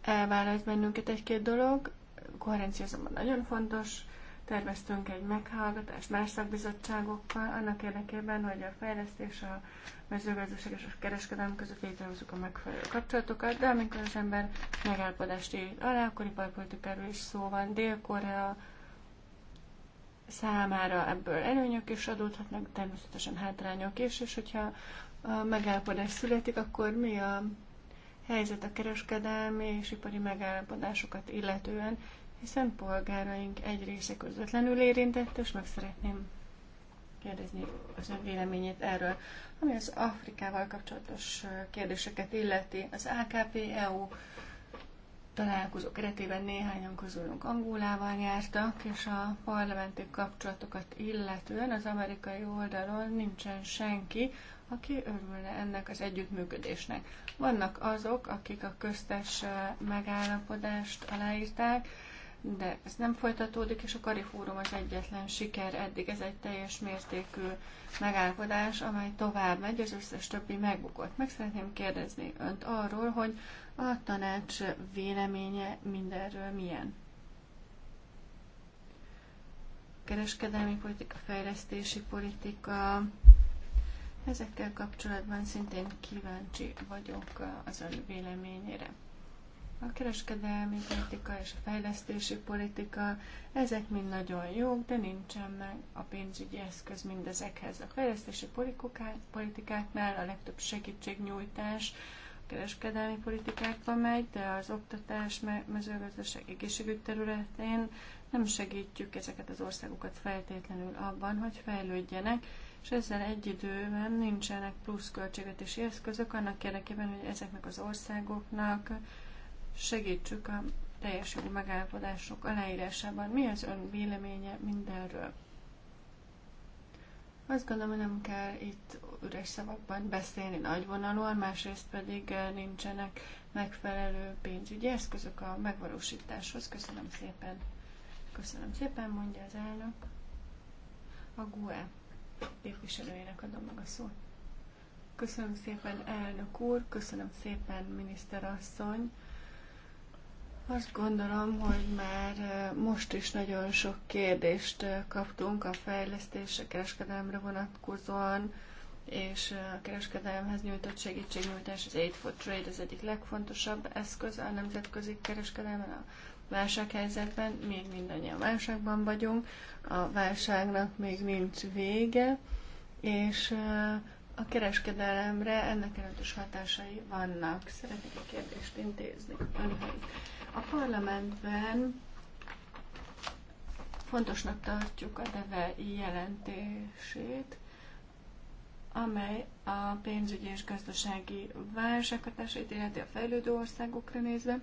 elválaszt bennünket egy-két dolog. Koherencia azonban nagyon fontos terveztünk egy meghallgatást más szakbizottságokkal, annak érdekében, hogy a fejlesztés, a mezőgazdaság és a kereskedelem között létrehozzuk a megfelelő kapcsolatokat, de amikor az ember megállapodást ír alá, akkor iparpolitikáról is szó van. Dél-Korea számára ebből előnyök is adódhatnak, természetesen hátrányok is, és hogyha a megállapodás születik, akkor mi a helyzet a kereskedelmi és ipari megállapodásokat illetően, hiszen polgáraink egy része közvetlenül érintett, és meg szeretném kérdezni az ön véleményét erről. Ami az Afrikával kapcsolatos kérdéseket illeti, az AKP-EU találkozó keretében néhányan közülünk Angolával jártak, és a parlamenti kapcsolatokat illetően az amerikai oldalon nincsen senki, aki örülne ennek az együttműködésnek. Vannak azok, akik a köztes megállapodást aláírták, de ez nem folytatódik, és a Karifórum az egyetlen siker eddig. Ez egy teljes mértékű megállapodás, amely tovább megy, az összes többi megbukott. Meg szeretném kérdezni Önt arról, hogy a tanács véleménye mindenről milyen? Kereskedelmi politika, fejlesztési politika, ezekkel kapcsolatban szintén kíváncsi vagyok az ön véleményére. A kereskedelmi politika és a fejlesztési politika, ezek mind nagyon jók, de nincsen meg a pénzügyi eszköz mindezekhez. A fejlesztési politikáknál a legtöbb segítségnyújtás a kereskedelmi politikákba megy, de az oktatás, mezőgazdaság, egészségügy területén nem segítjük ezeket az országokat feltétlenül abban, hogy fejlődjenek, és ezzel egy időben nincsenek plusz költségvetési eszközök annak érdekében, hogy ezeknek az országoknak segítsük a teljes jó megállapodások aláírásában. Mi az ön véleménye mindenről? Azt gondolom, nem kell itt üres szavakban beszélni nagyvonalúan, másrészt pedig eh, nincsenek megfelelő pénzügyi eszközök a megvalósításhoz. Köszönöm szépen. Köszönöm szépen, mondja az elnök. A GUE képviselőjének adom meg a szót. Köszönöm szépen, elnök úr, köszönöm szépen, miniszterasszony. asszony azt gondolom, hogy már most is nagyon sok kérdést kaptunk a fejlesztésre, kereskedelemre vonatkozóan, és a kereskedelemhez nyújtott segítségnyújtás, az Aid for Trade az egyik legfontosabb eszköz a nemzetközi kereskedelemben, a válsághelyzetben, még mindannyian válságban vagyunk, a válságnak még nincs vége, és a kereskedelemre ennek előttes hatásai vannak. Szeretnék a kérdést intézni Önként. A parlamentben fontosnak tartjuk a DEVE jelentését, amely a pénzügyi és gazdasági válsághatásait illeti a fejlődő országokra nézve.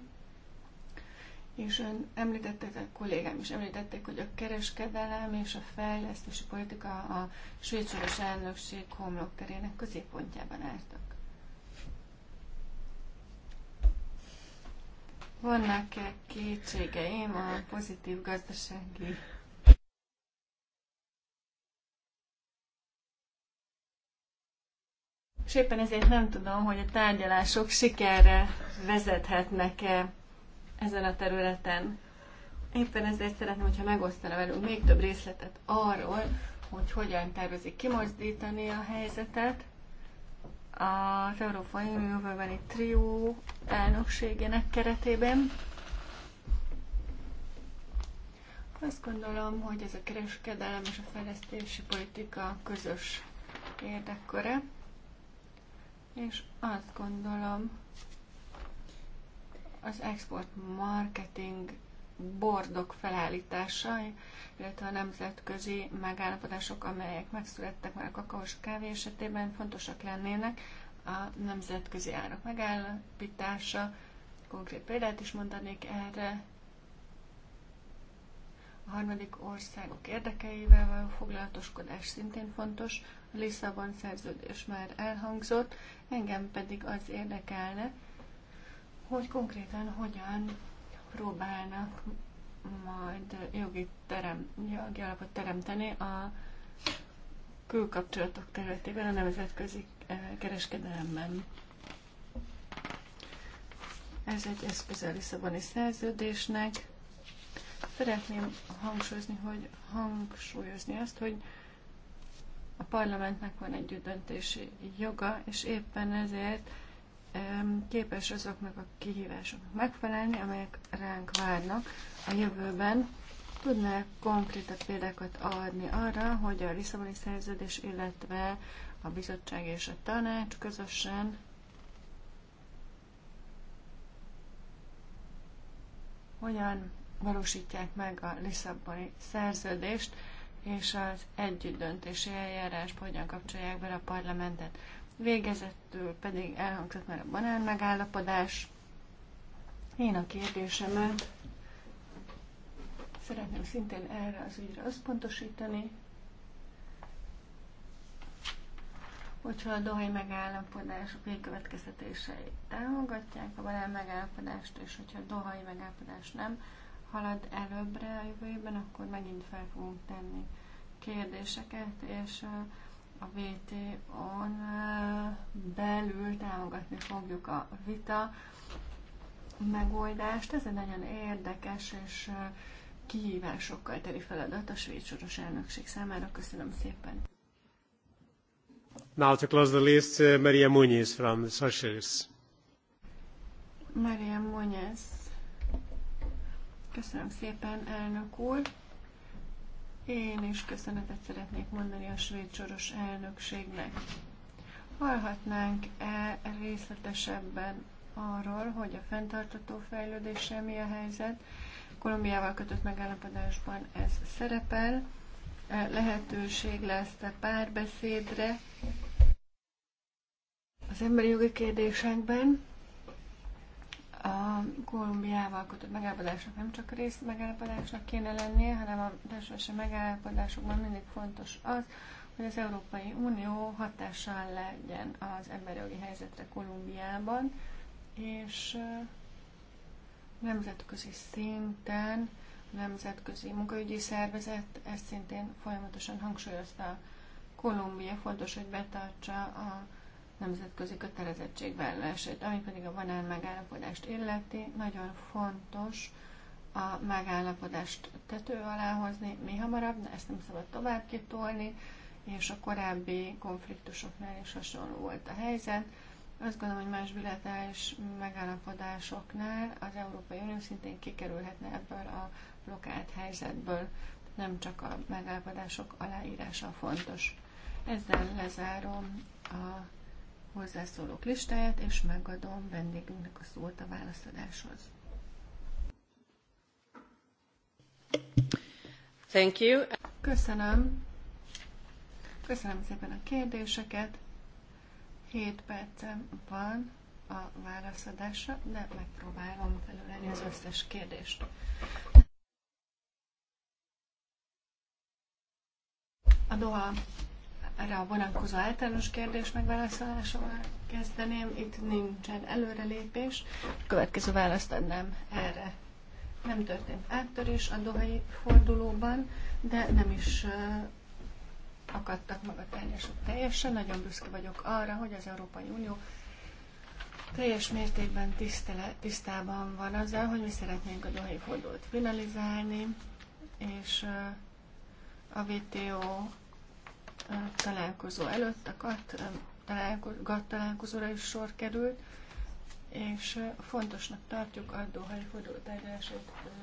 És ön említette, a kollégám is említették, hogy a kereskedelem és a fejlesztési politika a svéd elnökség homlokterének középpontjában álltak. Vannak-e kétségeim a pozitív gazdasági És éppen ezért nem tudom, hogy a tárgyalások sikerre vezethetnek-e ezen a területen. Éppen ezért szeretném, hogyha megosztana velünk még több részletet arról, hogy hogyan tervezik kimozdítani a helyzetet, az Európai Unió jövőbeni trió elnökségének keretében. Azt gondolom, hogy ez a kereskedelem és a fejlesztési politika közös érdekköre, és azt gondolom, az export marketing bordok felállítása, illetve a nemzetközi megállapodások, amelyek megszülettek már a kakaós kávé esetében, fontosak lennének a nemzetközi árak megállapítása. Konkrét példát is mondanék erre. A harmadik országok érdekeivel való foglalatoskodás szintén fontos. A Lisszabon szerződés már elhangzott, engem pedig az érdekelne, hogy konkrétan hogyan próbálnak majd jogi, terem, jogi alapot teremteni a külkapcsolatok területében, a nemzetközi eh, kereskedelemben. Ez egy eszköz a Lisszaboni szerződésnek. Szeretném hangsúlyozni, hogy hangsúlyozni azt, hogy a parlamentnek van egy döntési joga, és éppen ezért képes azoknak a kihívásoknak megfelelni, amelyek ránk várnak a jövőben. Tudná konkrétabb példákat adni arra, hogy a Lisszaboni szerződés, illetve a bizottság és a tanács közösen hogyan valósítják meg a Lisszaboni szerződést, és az együttdöntési eljárásba hogyan kapcsolják bele a parlamentet. Végezettől pedig elhangzott már a banán megállapodás. Én a kérdésemet szeretném szintén erre az ügyre összpontosítani, hogyha a dohai megállapodás végkövetkeztetései támogatják, a banán megállapodást, és hogyha a dohai megállapodás nem halad előbbre a jövőben, akkor megint fel fogunk tenni kérdéseket, és a vt on eh, belül támogatni fogjuk a vita megoldást. Ez egy nagyon érdekes és eh, kihívásokkal teli feladat a svéd soros elnökség számára. Köszönöm szépen. Now to close the list, eh, Maria Muñiz from the Socialists. Maria Muñiz. Köszönöm szépen, elnök úr. Én is köszönetet szeretnék mondani a svéd soros elnökségnek. Hallhatnánk-e részletesebben arról, hogy a fenntartató fejlődéssel mi a helyzet? Kolumbiával kötött megállapodásban ez szerepel. E, lehetőség lesz a párbeszédre az emberi jogi kérdésekben a Kolumbiával kötött megállapodásnak nem csak rész megállapodásnak kéne lennie, hanem a társadalmi megállapodásokban mindig fontos az, hogy az Európai Unió hatással legyen az emberi jogi helyzetre Kolumbiában, és nemzetközi szinten a Nemzetközi Munkaügyi Szervezet ezt szintén folyamatosan hangsúlyozta. Kolumbia fontos, hogy betartsa a nemzetközi kötelezettségvállalásait, ami pedig a banán megállapodást illeti, nagyon fontos a megállapodást tető alá hozni, mi hamarabb, de ezt nem szabad tovább kitolni, és a korábbi konfliktusoknál is hasonló volt a helyzet. Azt gondolom, hogy más bilaterális megállapodásoknál az Európai Unió szintén kikerülhetne ebből a blokkált helyzetből. Nem csak a megállapodások aláírása fontos. Ezzel lezárom a hozzászólók listáját, és megadom vendégünknek a szót a válaszadáshoz. Thank you. Köszönöm. Köszönöm szépen a kérdéseket. Hét percem van a válaszadása, de megpróbálom felölelni az összes kérdést. A Doha erre a vonatkozó általános kérdés megválaszolásával kezdeném. Itt nincsen előrelépés. Következő választ adnám erre. Nem történt áttörés a dohai fordulóban, de nem is akadtak tányások teljesen. Nagyon büszke vagyok arra, hogy az Európai Unió teljes mértékben tisztele, tisztában van azzal, hogy mi szeretnénk a dohai fordulót finalizálni, és a WTO találkozó előtt, a GATT találkozó, találkozóra is sor került, és fontosnak tartjuk a Dohai forduló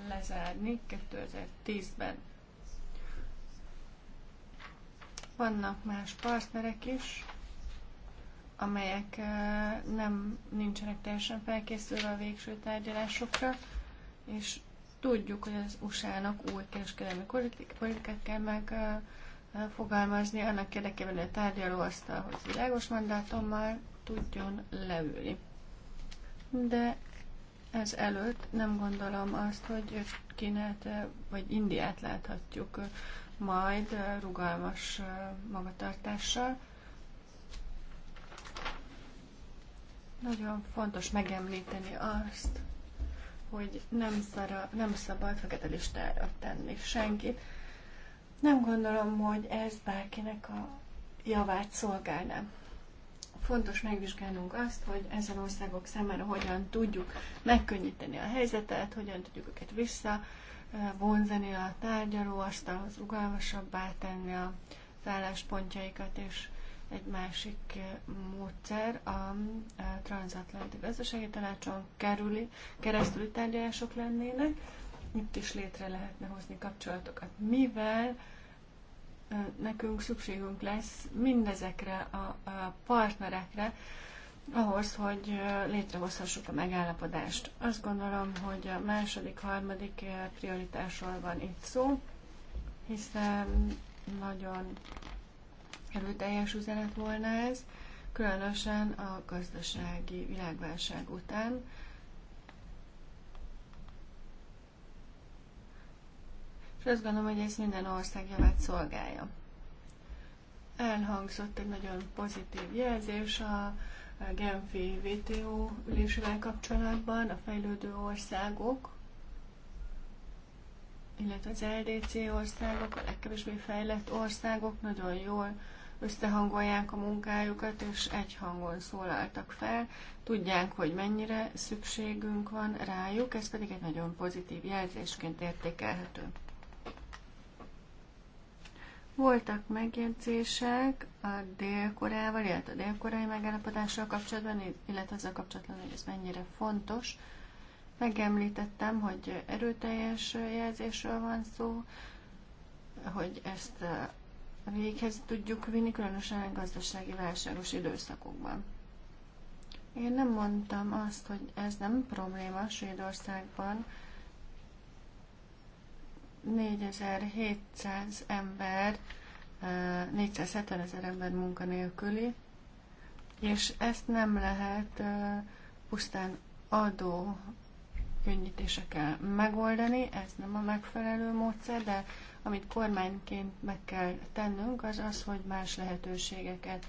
lezárni 2010-ben. Vannak más partnerek is, amelyek nem nincsenek teljesen felkészülve a végső tárgyalásokra, és tudjuk, hogy az USA-nak új kereskedelmi politikát kell meg fogalmazni annak érdekében, hogy a tárgyalóasztalhoz világos mandátummal tudjon leülni. De ez előtt nem gondolom azt, hogy Kínát vagy Indiát láthatjuk majd rugalmas magatartással. Nagyon fontos megemlíteni azt, hogy nem, szara, nem szabad fekete listára tenni senkit, nem gondolom, hogy ez bárkinek a javát szolgálná. Fontos megvizsgálnunk azt, hogy ezen országok számára hogyan tudjuk megkönnyíteni a helyzetet, hogyan tudjuk őket vissza vonzani a tárgyalóasztalhoz, rugalmasabbá tenni az álláspontjaikat, és egy másik eh, módszer a eh, transatlanti gazdasági tanácson kerüli, keresztüli tárgyalások lennének, itt is létre lehetne hozni kapcsolatokat, mivel nekünk szükségünk lesz mindezekre a, a partnerekre, ahhoz, hogy létrehozhassuk a megállapodást. Azt gondolom, hogy a második, harmadik prioritásról van itt szó, hiszen nagyon erőteljes üzenet volna ez, különösen a gazdasági világválság után, és azt gondolom, hogy ez minden ország javát szolgálja. Elhangzott egy nagyon pozitív jelzés a Genfi WTO ülésével kapcsolatban a fejlődő országok, illetve az LDC országok, a legkevésbé fejlett országok nagyon jól összehangolják a munkájukat, és egy hangon szólaltak fel. Tudják, hogy mennyire szükségünk van rájuk, ez pedig egy nagyon pozitív jelzésként értékelhető. Voltak megjegyzések a délkorával, illetve a délkorai megállapodással kapcsolatban, illetve azzal kapcsolatban, hogy ez mennyire fontos. Megemlítettem, hogy erőteljes jelzésről van szó, hogy ezt véghez tudjuk vinni, különösen gazdasági válságos időszakokban. Én nem mondtam azt, hogy ez nem probléma Svédországban, 4700 ember, 470 ezer ember munkanélküli, és ezt nem lehet pusztán adó könnyítésekkel megoldani, ez nem a megfelelő módszer, de amit kormányként meg kell tennünk, az az, hogy más lehetőségeket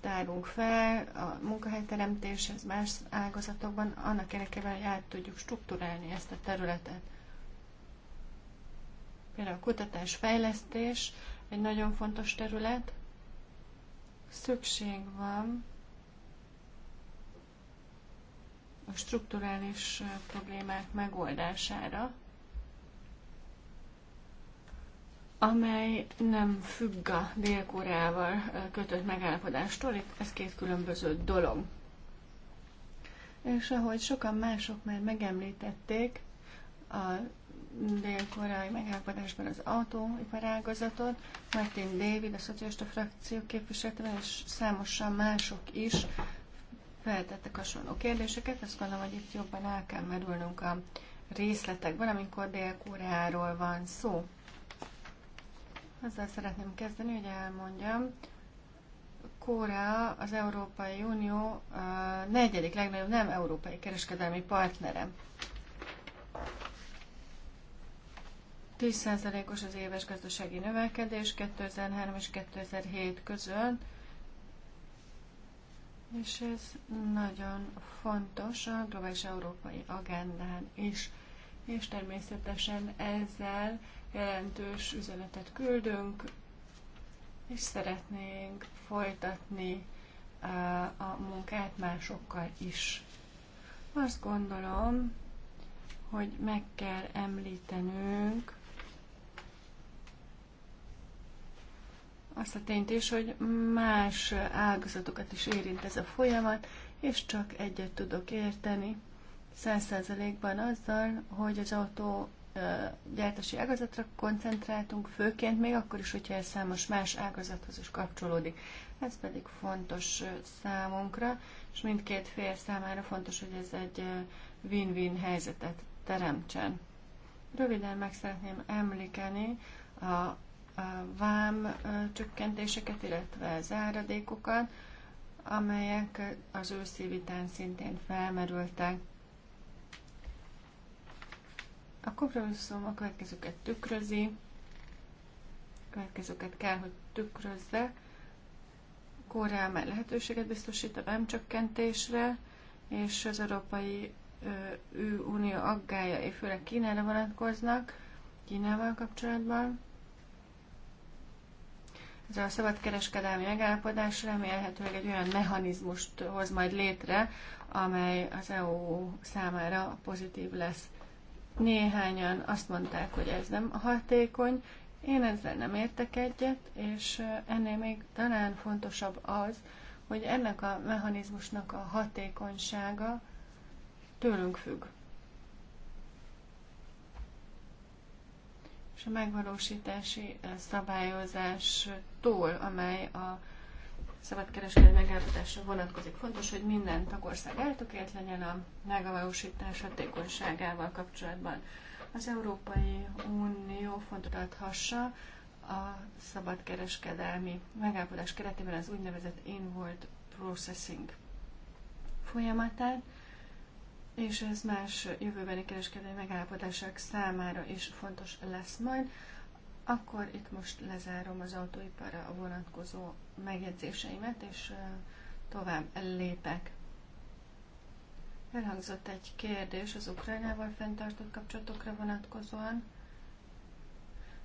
tárunk fel a munkahelyteremtéshez más ágazatokban, annak érdekében, hogy át tudjuk strukturálni ezt a területet. Például a kutatás, fejlesztés egy nagyon fontos terület. Szükség van a strukturális problémák megoldására, amely nem függ a dél kötött megállapodástól. Itt ez két különböző dolog. És ahogy sokan mások már megemlítették, a dél-koreai megállapodásban az autóiparágazatot, Martin David, a szocialista frakció képviseletében, és számosan mások is feltettek hasonló kérdéseket. Azt gondolom, hogy itt jobban el kell merülnünk a részletekben, amikor Dél-Koreáról van szó. Azzal szeretném kezdeni, hogy elmondjam, Korea az Európai Unió negyedik legnagyobb nem európai kereskedelmi partnere. 10%-os az éves gazdasági növekedés 2003 és 2007 között, és ez nagyon fontos a globális európai agendán is. És természetesen ezzel jelentős üzenetet küldünk, és szeretnénk folytatni a munkát másokkal is. Azt gondolom, hogy meg kell említenünk azt a tényt is, hogy más ágazatokat is érint ez a folyamat, és csak egyet tudok érteni száz százalékban azzal, hogy az autó gyártási ágazatra koncentráltunk, főként még akkor is, hogyha ez számos más ágazathoz is kapcsolódik. Ez pedig fontos számunkra, és mindkét fél számára fontos, hogy ez egy win-win helyzetet teremtsen. Röviden meg szeretném említeni a vám csökkentéseket, illetve záradékokat, amelyek az őszi vitán szintén felmerültek. A kompromisszum a következőket tükrözi, a következőket kell, hogy tükrözze, Koreá már lehetőséget biztosít a BEM csökkentésre, és az Európai Unió aggájai főleg Kínára vonatkoznak, Kínával kapcsolatban ez a szabadkereskedelmi megállapodás remélhetőleg egy olyan mechanizmust hoz majd létre, amely az EU számára pozitív lesz. Néhányan azt mondták, hogy ez nem hatékony, én ezzel nem értek egyet, és ennél még talán fontosabb az, hogy ennek a mechanizmusnak a hatékonysága tőlünk függ. és a megvalósítási eh, szabályozás túl, amely a szabadkereskedő megállapodásra vonatkozik. Fontos, hogy minden tagország eltökélt legyen a megvalósítás hatékonyságával kapcsolatban. Az Európai Unió fontot adhassa a szabadkereskedelmi megállapodás keretében az úgynevezett inward processing folyamatát, és ez más jövőbeni kereskedelmi megállapodások számára is fontos lesz majd. Akkor itt most lezárom az autóiparra vonatkozó megjegyzéseimet, és tovább lépek. Elhangzott egy kérdés az Ukrajnával fenntartott kapcsolatokra vonatkozóan,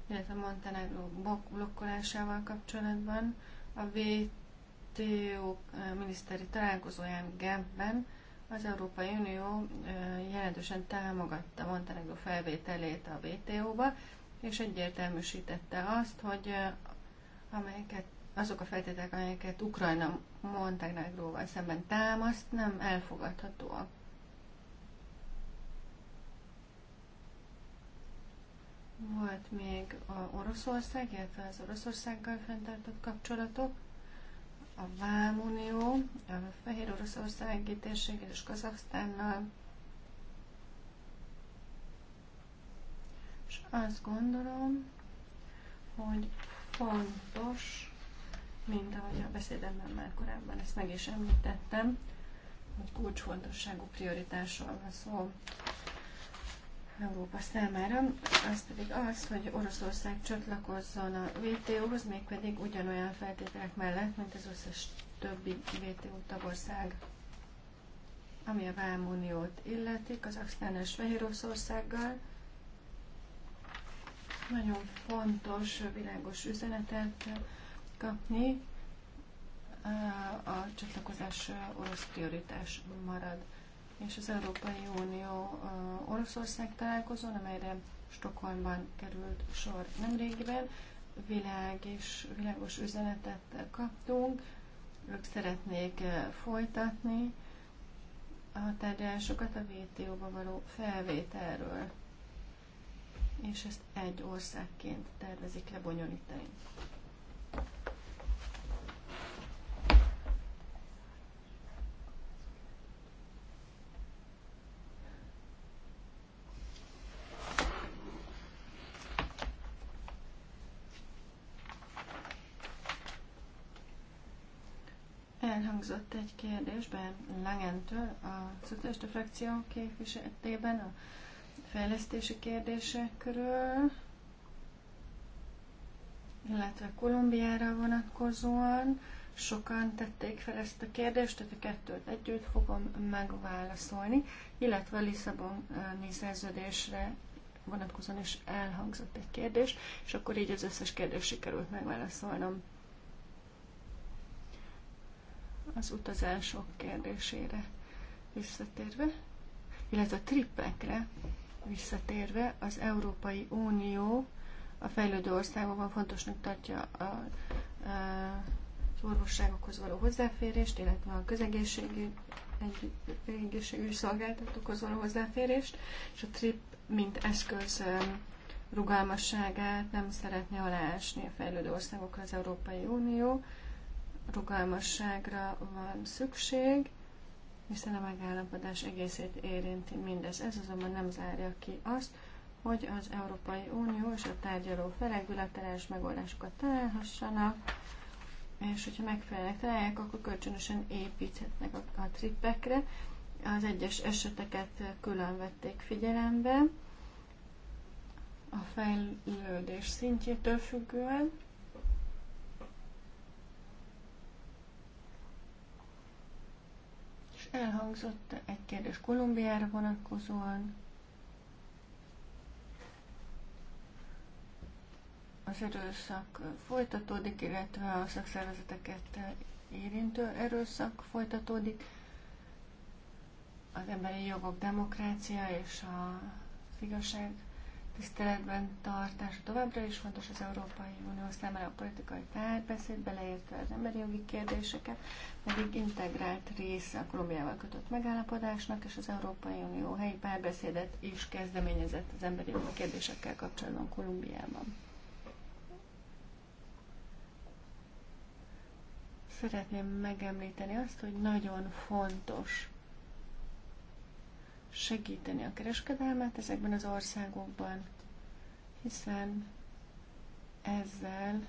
illetve Montenegro blokkolásával kapcsolatban. A VTO miniszteri találkozóján Genfben az Európai Unió jelentősen támogatta Montenegro felvételét a WTO-ba, és egyértelműsítette azt, hogy amelyeket, azok a feltételek, amelyeket Ukrajna Montenegróval szemben támaszt, nem elfogadhatóak. Volt még a Oroszország, illetve az Oroszországgal fenntartott kapcsolatok a Vámunió, a Fehér Oroszország térség és Kazaksztánnal, és azt gondolom, hogy fontos, mint ahogy a beszédemben már korábban ezt meg is említettem, hogy kulcsfontosságú prioritásról van szó. Európa számára, az pedig az, hogy Oroszország csatlakozzon a WTO-hoz, mégpedig ugyanolyan feltételek mellett, mint az összes többi WTO tagország. Ami a Vámuniót illeti, Kazaksztán és Fehér Oroszországgal, nagyon fontos, világos üzenetet kapni. A csatlakozás orosz prioritás marad és az Európai Unió Oroszország találkozón, amelyre Stockholmban került sor nemrégiben, világ és világos üzenetet kaptunk, ők szeretnék folytatni a tárgyalásokat a WTO-ba való felvételről, és ezt egy országként tervezik lebonyolítani. elhangzott egy kérdésben Langentől, a szocialista frakció képviseletében a fejlesztési kérdésekről, illetve Kolumbiára vonatkozóan. Sokan tették fel ezt a kérdést, tehát a kettőt együtt fogom megválaszolni, illetve a Lisszaboni szerződésre vonatkozóan is elhangzott egy kérdés, és akkor így az összes kérdést sikerült megválaszolnom az utazások kérdésére visszatérve, illetve a trippekre visszatérve, az Európai Unió a fejlődő országokban fontosnak tartja a, a, az orvosságokhoz való hozzáférést, illetve a közegészségügy szolgáltatókhoz való hozzáférést, és a TRIP mint eszköz um, rugalmasságát nem szeretné aláásni a fejlődő országokra az Európai Unió, rugalmasságra van szükség, hiszen a megállapodás egészét érinti mindez. Ez azonban nem zárja ki azt, hogy az Európai Unió és a tárgyaló felek bilaterális megoldásokat találhassanak, és hogyha megfelelnek találják, akkor kölcsönösen építhetnek a, a trippekre. Az egyes eseteket külön vették figyelembe a fejlődés szintjétől függően. elhangzott egy kérdés Kolumbiára vonatkozóan. Az erőszak folytatódik, illetve a szakszervezeteket érintő erőszak folytatódik. Az emberi jogok demokrácia és a igazság tiszteletben tartása továbbra is fontos az Európai Unió számára a politikai párbeszéd, beleértve az emberi jogi kérdéseket, pedig integrált része a Kolumbiával kötött megállapodásnak, és az Európai Unió helyi párbeszédet is kezdeményezett az emberi jogi kérdésekkel kapcsolatban Kolumbiában. Szeretném megemlíteni azt, hogy nagyon fontos segíteni a kereskedelmet ezekben az országokban, hiszen ezzel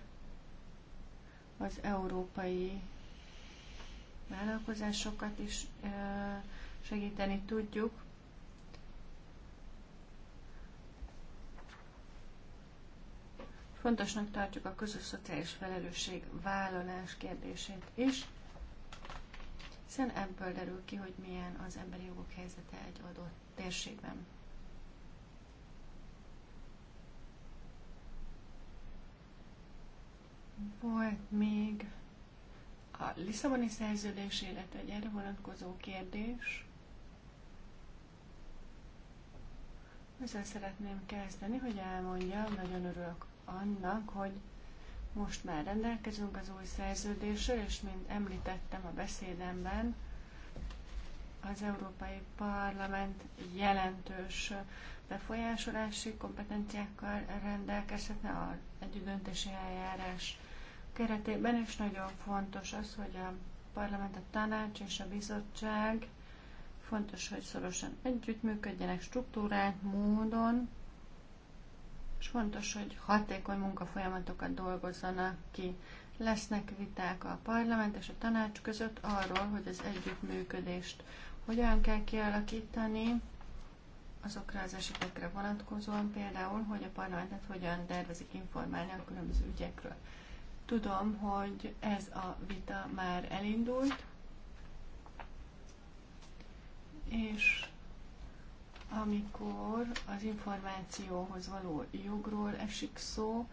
az európai vállalkozásokat is segíteni tudjuk. Fontosnak tartjuk a közös szociális felelősség vállalás kérdését is hiszen ebből derül ki, hogy milyen az emberi jogok helyzete egy adott térségben. Volt még a Lisszaboni szerződés, illetve egy erre vonatkozó kérdés. Ezzel szeretném kezdeni, hogy elmondjam, nagyon örülök annak, hogy most már rendelkezünk az új szerződésről, és mint említettem a beszédemben, az Európai Parlament jelentős befolyásolási kompetenciákkal rendelkezhetne az együttdöntési eljárás keretében, és nagyon fontos az, hogy a parlament, a tanács és a bizottság fontos, hogy szorosan együttműködjenek struktúrált módon, és fontos, hogy hatékony munkafolyamatokat dolgozzanak ki. Lesznek viták a parlament és a tanács között arról, hogy az együttműködést hogyan kell kialakítani, azokra az esetekre vonatkozóan például, hogy a parlamentet hogyan tervezik informálni a különböző ügyekről. Tudom, hogy ez a vita már elindult, és amikor az információhoz való jogról esik szó,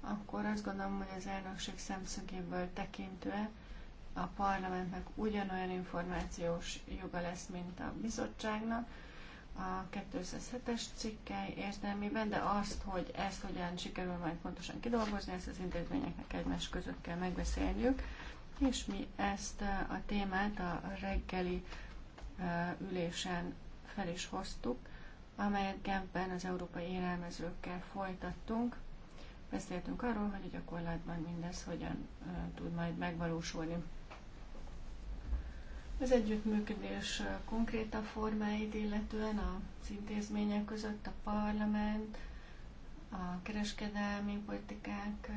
akkor azt gondolom, hogy az elnökség szemszögéből tekintve a parlamentnek ugyanolyan információs joga lesz, mint a bizottságnak a 207-es cikkely értelmében, de azt, hogy ezt hogyan sikerül majd pontosan kidolgozni, ezt az intézményeknek egymás között kell megbeszélniük, és mi ezt a témát a reggeli ülésen fel is hoztuk, amelyet Genfben az európai élelmezőkkel folytattunk. Beszéltünk arról, hogy a gyakorlatban mindez hogyan tud majd megvalósulni. Az együttműködés konkréta formáit illetően az intézmények között a parlament, a kereskedelmi politikák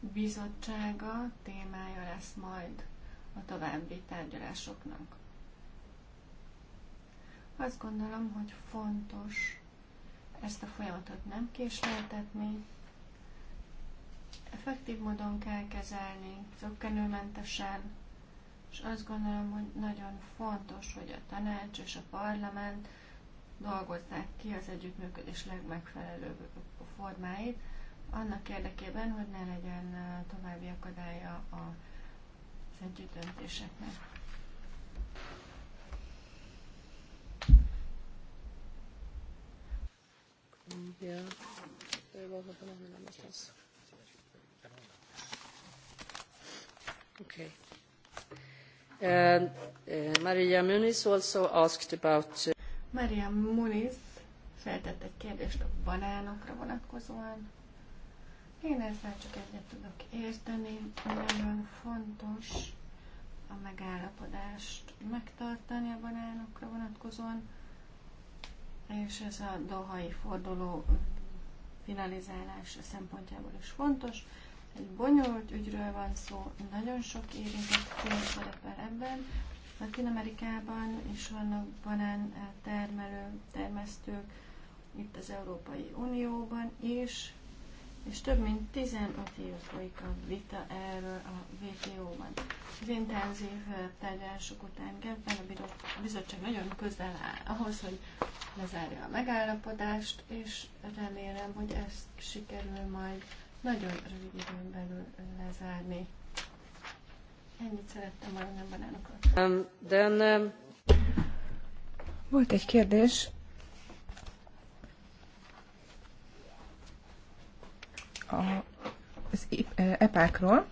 bizottsága témája lesz majd a további tárgyalásoknak. Azt gondolom, hogy fontos ezt a folyamatot nem késleltetni, effektív módon kell kezelni, zöggenőmentesen, és azt gondolom, hogy nagyon fontos, hogy a tanács és a parlament dolgozzák ki az együttműködés legmegfelelőbb formáit, annak érdekében, hogy ne legyen uh, további akadálya az együttdöntéseknek. Ja. And, um, uh, Maria Muniz also asked about... Uh... Maria Muniz feltett egy kérdést a banánokra vonatkozóan. Én ezzel csak egyet tudok érteni. Nagyon fontos a megállapodást megtartani a banánokra vonatkozóan és ez a dohai forduló finalizálás szempontjából is fontos. Egy bonyolult ügyről van szó, nagyon sok érintett fél szerepel ebben. Latin Amerikában is vannak banán termelő, termesztők, itt az Európai Unióban is, és több mint 15 év folyik a vita erről a WTO-ban. Az intenzív tárgyalások után Gebben a bizottság nagyon közel áll ahhoz, hogy lezárja a megállapodást, és remélem, hogy ezt sikerül majd nagyon rövid időn belül lezárni. Ennyit szerettem volna nem banánokról. Um, um... Volt egy kérdés az epákról.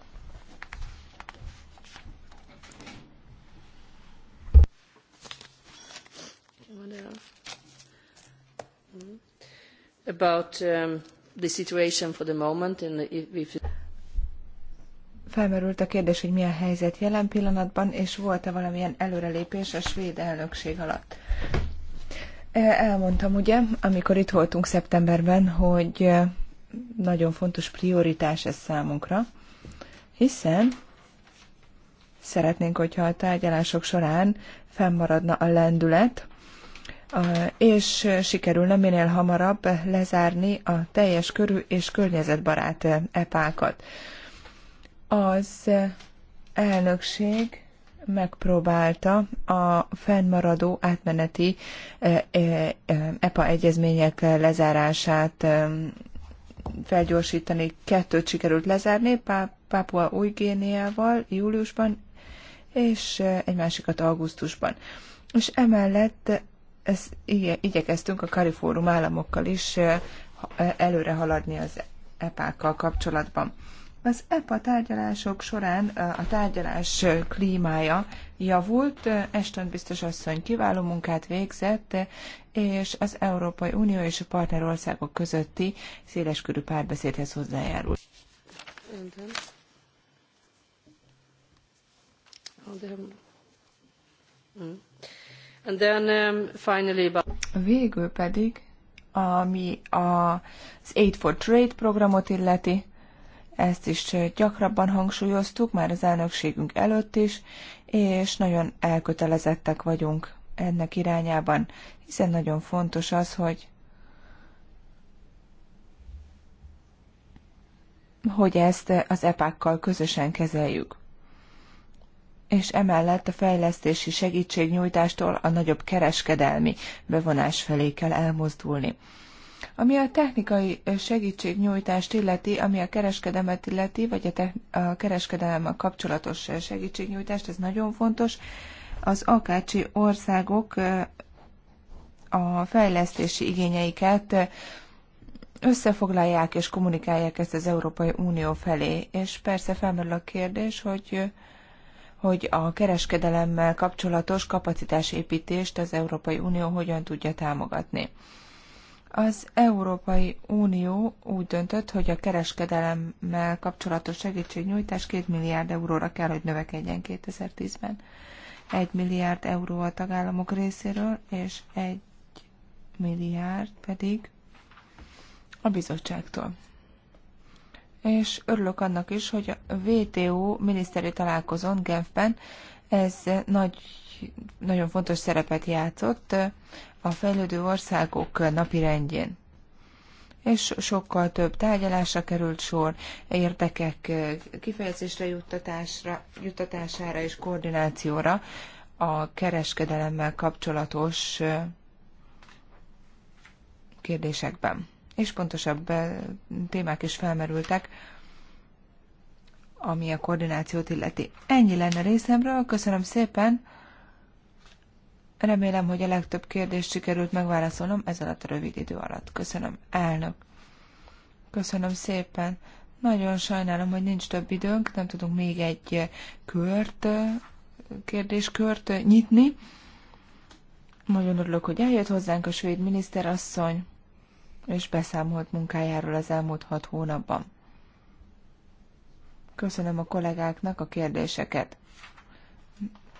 About um, the situation for the moment and if felmerült a kérdés, hogy mi a helyzet jelen pillanatban, és volt-e valamilyen előrelépés a svéd elnökség alatt. E, elmondtam ugye, amikor itt voltunk szeptemberben, hogy nagyon fontos prioritás ez számunkra, hiszen szeretnénk, hogyha a tárgyalások során fennmaradna a lendület, és sikerülne minél hamarabb lezárni a teljes körű és környezetbarát epákat. Az elnökség megpróbálta a fennmaradó átmeneti EPA egyezmények lezárását felgyorsítani. Kettőt sikerült lezárni, Pápua új Géniával júliusban, és eh, egy másikat augusztusban. És emellett ez, igyekeztünk a Karifórum államokkal is eh, előre haladni az epákkal kapcsolatban. Az EPA tárgyalások során eh, a tárgyalás klímája javult, Eston biztos asszony kiváló munkát végzett, és az Európai Unió és a partnerországok közötti széleskörű párbeszédhez hozzájárul. And then, um, finally... Végül pedig, ami az Aid for Trade programot illeti, ezt is gyakrabban hangsúlyoztuk, már az elnökségünk előtt is, és nagyon elkötelezettek vagyunk ennek irányában, hiszen nagyon fontos az, hogy hogy ezt az epákkal közösen kezeljük. És emellett a fejlesztési segítségnyújtástól a nagyobb kereskedelmi bevonás felé kell elmozdulni. Ami a technikai segítségnyújtást illeti, ami a kereskedelmet illeti, vagy a, a kereskedelemmel kapcsolatos segítségnyújtást, ez nagyon fontos. Az akácsi országok a fejlesztési igényeiket összefoglalják és kommunikálják ezt az Európai Unió felé. És persze felmerül a kérdés, hogy hogy a kereskedelemmel kapcsolatos kapacitásépítést az Európai Unió hogyan tudja támogatni. Az Európai Unió úgy döntött, hogy a kereskedelemmel kapcsolatos segítségnyújtás 2 milliárd euróra kell, hogy növekedjen 2010-ben. 1 milliárd euró a tagállamok részéről, és 1 milliárd pedig a bizottságtól. És örülök annak is, hogy a WTO miniszteri találkozón Genfben ez nagy, nagyon fontos szerepet játszott a fejlődő országok napirendjén. És sokkal több tárgyalásra került sor, érdekek kifejezésre juttatásra, juttatására és koordinációra a kereskedelemmel kapcsolatos kérdésekben. És pontosabb eh, témák is felmerültek, ami a koordinációt illeti. Ennyi lenne részemről, köszönöm szépen! Remélem, hogy a legtöbb kérdést sikerült megválaszolnom ez alatt a rövid idő alatt. Köszönöm, elnök. Köszönöm szépen. Nagyon sajnálom, hogy nincs több időnk, nem tudunk még egy kört, kérdéskört nyitni. Nagyon örülök, hogy eljött hozzánk a svéd miniszterasszony, és beszámolt munkájáról az elmúlt hat hónapban. Köszönöm a kollégáknak a kérdéseket.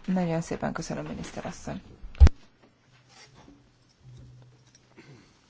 Nagyon szépen köszönöm, miniszterasszony.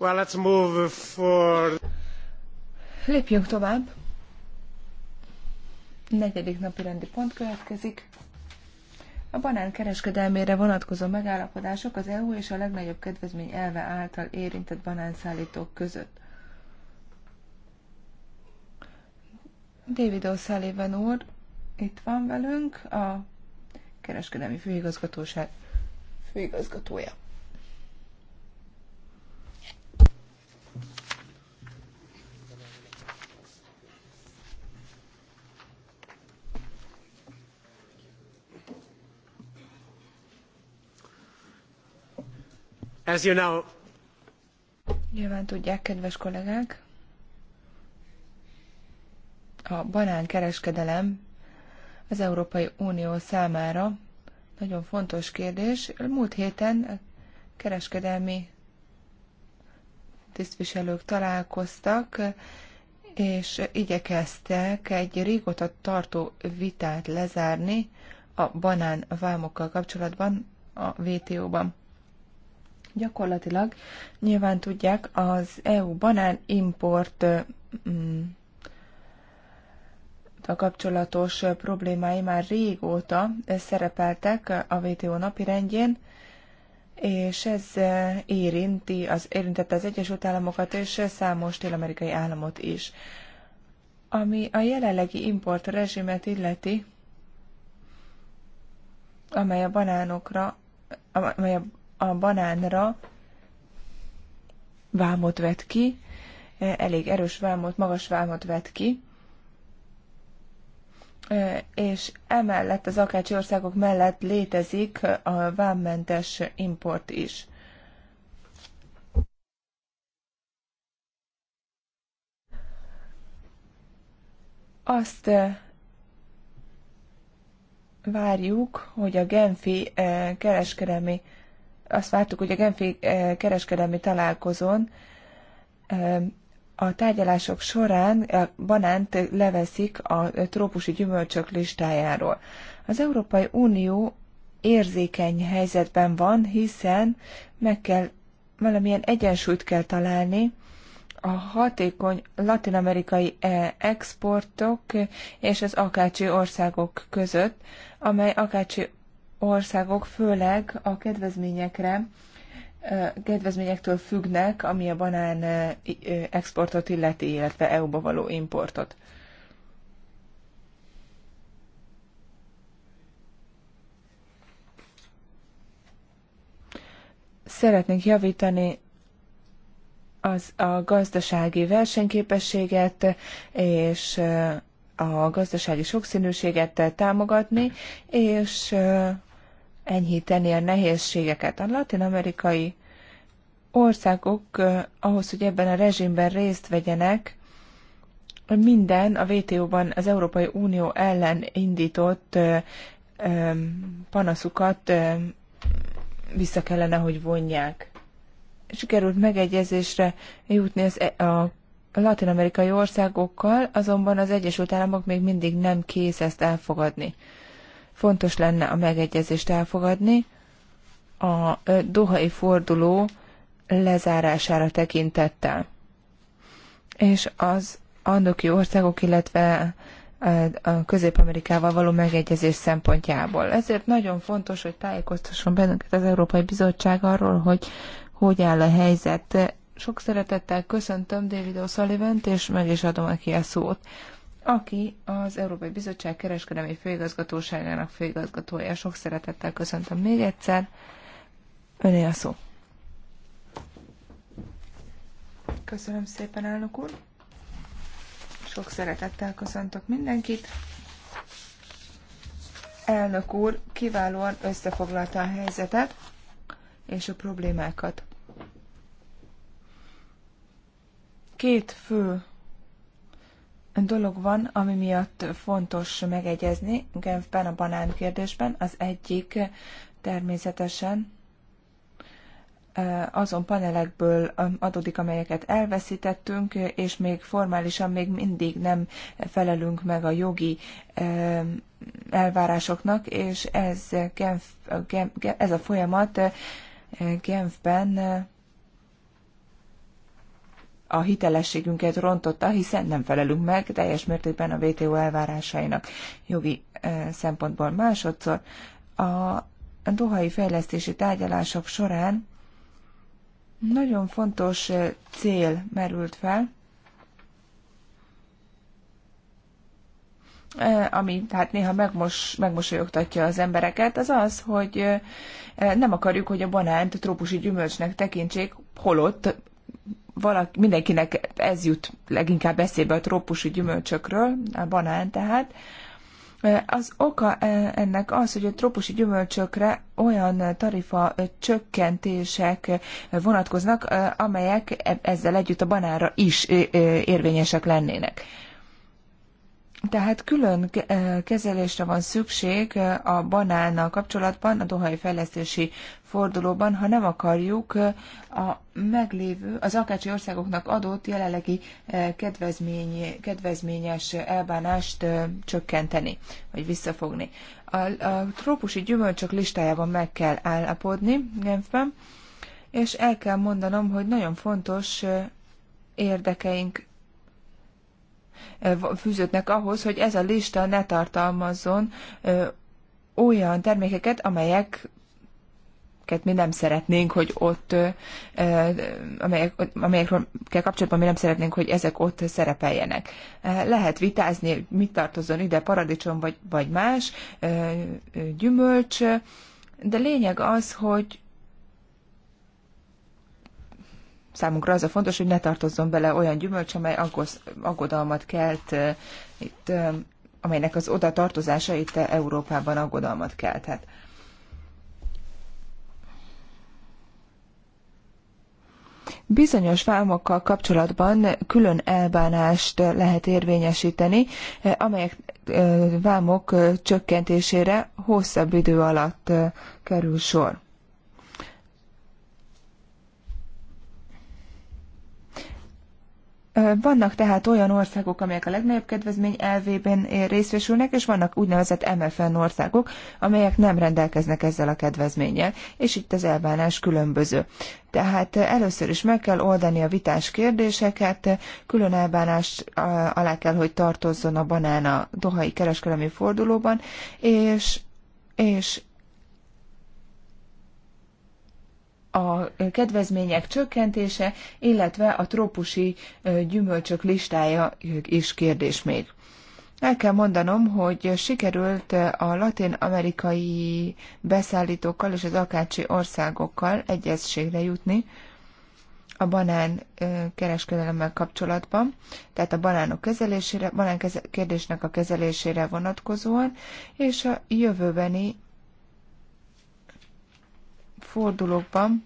Well, let's move for... Lépjünk tovább. Negyedik napi rendi pont következik. A banán kereskedelmére vonatkozó megállapodások az EU és a legnagyobb kedvezmény elve által érintett banánszállítók között. David O'Sullivan úr itt van velünk, a kereskedelmi főigazgatóság főigazgatója. Nyilván tudják, kedves kollégák, a banánkereskedelem az Európai Unió számára nagyon fontos kérdés. Múlt héten a kereskedelmi tisztviselők találkoztak, és igyekeztek egy régóta tartó vitát lezárni a banán vámokkal kapcsolatban a WTO-ban. Gyakorlatilag nyilván tudják, az EU banán import mm, a kapcsolatos problémái már régóta szerepeltek a WTO napirendjén, és ez érinti, az, érintette az Egyesült Államokat és számos télamerikai amerikai államot is. Ami a jelenlegi import rezsimet illeti, amely a banánokra, amely a a banánra vámot vet ki, e, elég erős vámot, magas vámot vet ki, e, és emellett az akácsi országok mellett létezik a vámmentes import is. Azt e, várjuk, hogy a Genfi kereskedelmi azt vártuk, hogy a Genfi eh, kereskedelmi találkozón eh, a tárgyalások során a banánt leveszik a trópusi gyümölcsök listájáról. Az Európai Unió érzékeny helyzetben van, hiszen meg kell, valamilyen egyensúlyt kell találni a hatékony latinamerikai eh, exportok és az akácsi országok között, amely akácsi országok főleg a kedvezményekre, kedvezményektől függnek, ami a banán exportot illeti, illetve EU-ba való importot. Szeretnénk javítani az a gazdasági versenyképességet és a gazdasági sokszínűséget támogatni, és enyhíteni a nehézségeket. A latin-amerikai országok ahhoz, hogy ebben a rezsimben részt vegyenek, minden a WTO-ban az Európai Unió ellen indított panaszukat vissza kellene, hogy vonják. Sikerült megegyezésre jutni az, e- a latin-amerikai országokkal, azonban az Egyesült Államok még mindig nem kész ezt elfogadni fontos lenne a megegyezést elfogadni a dohai forduló lezárására tekintettel. És az andoki országok, illetve a Közép-Amerikával való megegyezés szempontjából. Ezért nagyon fontos, hogy tájékoztasson bennünket az Európai Bizottság arról, hogy hogy áll a helyzet. Sok szeretettel köszöntöm David O'Sullivan-t, és meg is adom neki a szót aki az Európai Bizottság kereskedelmi főigazgatóságának főigazgatója. Sok szeretettel köszöntöm még egyszer. Öné a szó. Köszönöm szépen, elnök úr. Sok szeretettel köszöntök mindenkit. Elnök úr kiválóan összefoglalta a helyzetet és a problémákat. Két fő dolog van, ami miatt fontos megegyezni Genfben a banán kérdésben. Az egyik természetesen azon panelekből adódik, amelyeket elveszítettünk, és még formálisan még mindig nem felelünk meg a jogi elvárásoknak, és ez, Genf, ez a folyamat Genfben a hitelességünket rontotta, hiszen nem felelünk meg teljes mértékben a WTO elvárásainak jogi eh, szempontból. Másodszor a dohai fejlesztési tárgyalások során nagyon fontos eh, cél merült fel, eh, ami hát néha megmos, megmosolyogtatja az embereket, az az, hogy nem akarjuk, hogy a banánt trópusi gyümölcsnek tekintsék, holott valaki, mindenkinek ez jut leginkább eszébe a trópusi gyümölcsökről, a banán tehát. Az oka ennek az, hogy a trópusi gyümölcsökre olyan tarifa csökkentések vonatkoznak, amelyek e-, ezzel együtt a banánra is érvényesek lennének. Tehát külön kezelésre van szükség a banánnal kapcsolatban, a dohai fejlesztési fordulóban, ha nem akarjuk a meglévő, az akácsi országoknak adott jelenlegi kedvezmény, kedvezményes elbánást csökkenteni, vagy visszafogni. A, a trópusi gyümölcsök listájában meg kell állapodni Genfben, és el kell mondanom, hogy nagyon fontos érdekeink Eh, fűződnek ahhoz, hogy ez a lista ne tartalmazzon eh, olyan termékeket, amelyek mi nem szeretnénk, hogy ott, eh, amelyek, amelyekről kapcsolatban mi nem szeretnénk, hogy ezek ott szerepeljenek. Lehet vitázni, mit tartozon ide, paradicsom vagy, vagy más, gyümölcs, de lényeg az, hogy számunkra az a fontos, hogy ne tartozzon bele olyan gyümölcs, amely aggodalmat kelt itt, amelynek az oda tartozása itt Európában aggodalmat kelthet. Bizonyos vámokkal kapcsolatban külön elbánást lehet érvényesíteni, amelyek vámok csökkentésére hosszabb idő alatt kerül sor. Vannak tehát olyan országok, amelyek a legnagyobb kedvezmény elvében eh, részesülnek, és vannak úgynevezett MFN országok, amelyek nem rendelkeznek ezzel a kedvezménnyel, és itt az elbánás különböző. Tehát eh, először is meg kell oldani a vitás kérdéseket, eh, külön elbánás alá kell, hogy tartozzon a banán a dohai kereskedelmi fordulóban, és és a kedvezmények csökkentése, illetve a trópusi gyümölcsök listája is kérdés még. El kell mondanom, hogy sikerült a latin-amerikai beszállítókkal és az akácsi országokkal egyezségre jutni a banán kereskedelemmel kapcsolatban, tehát a banánok kezelésére, banán kérdésnek a kezelésére vonatkozóan, és a jövőbeni fordulókban.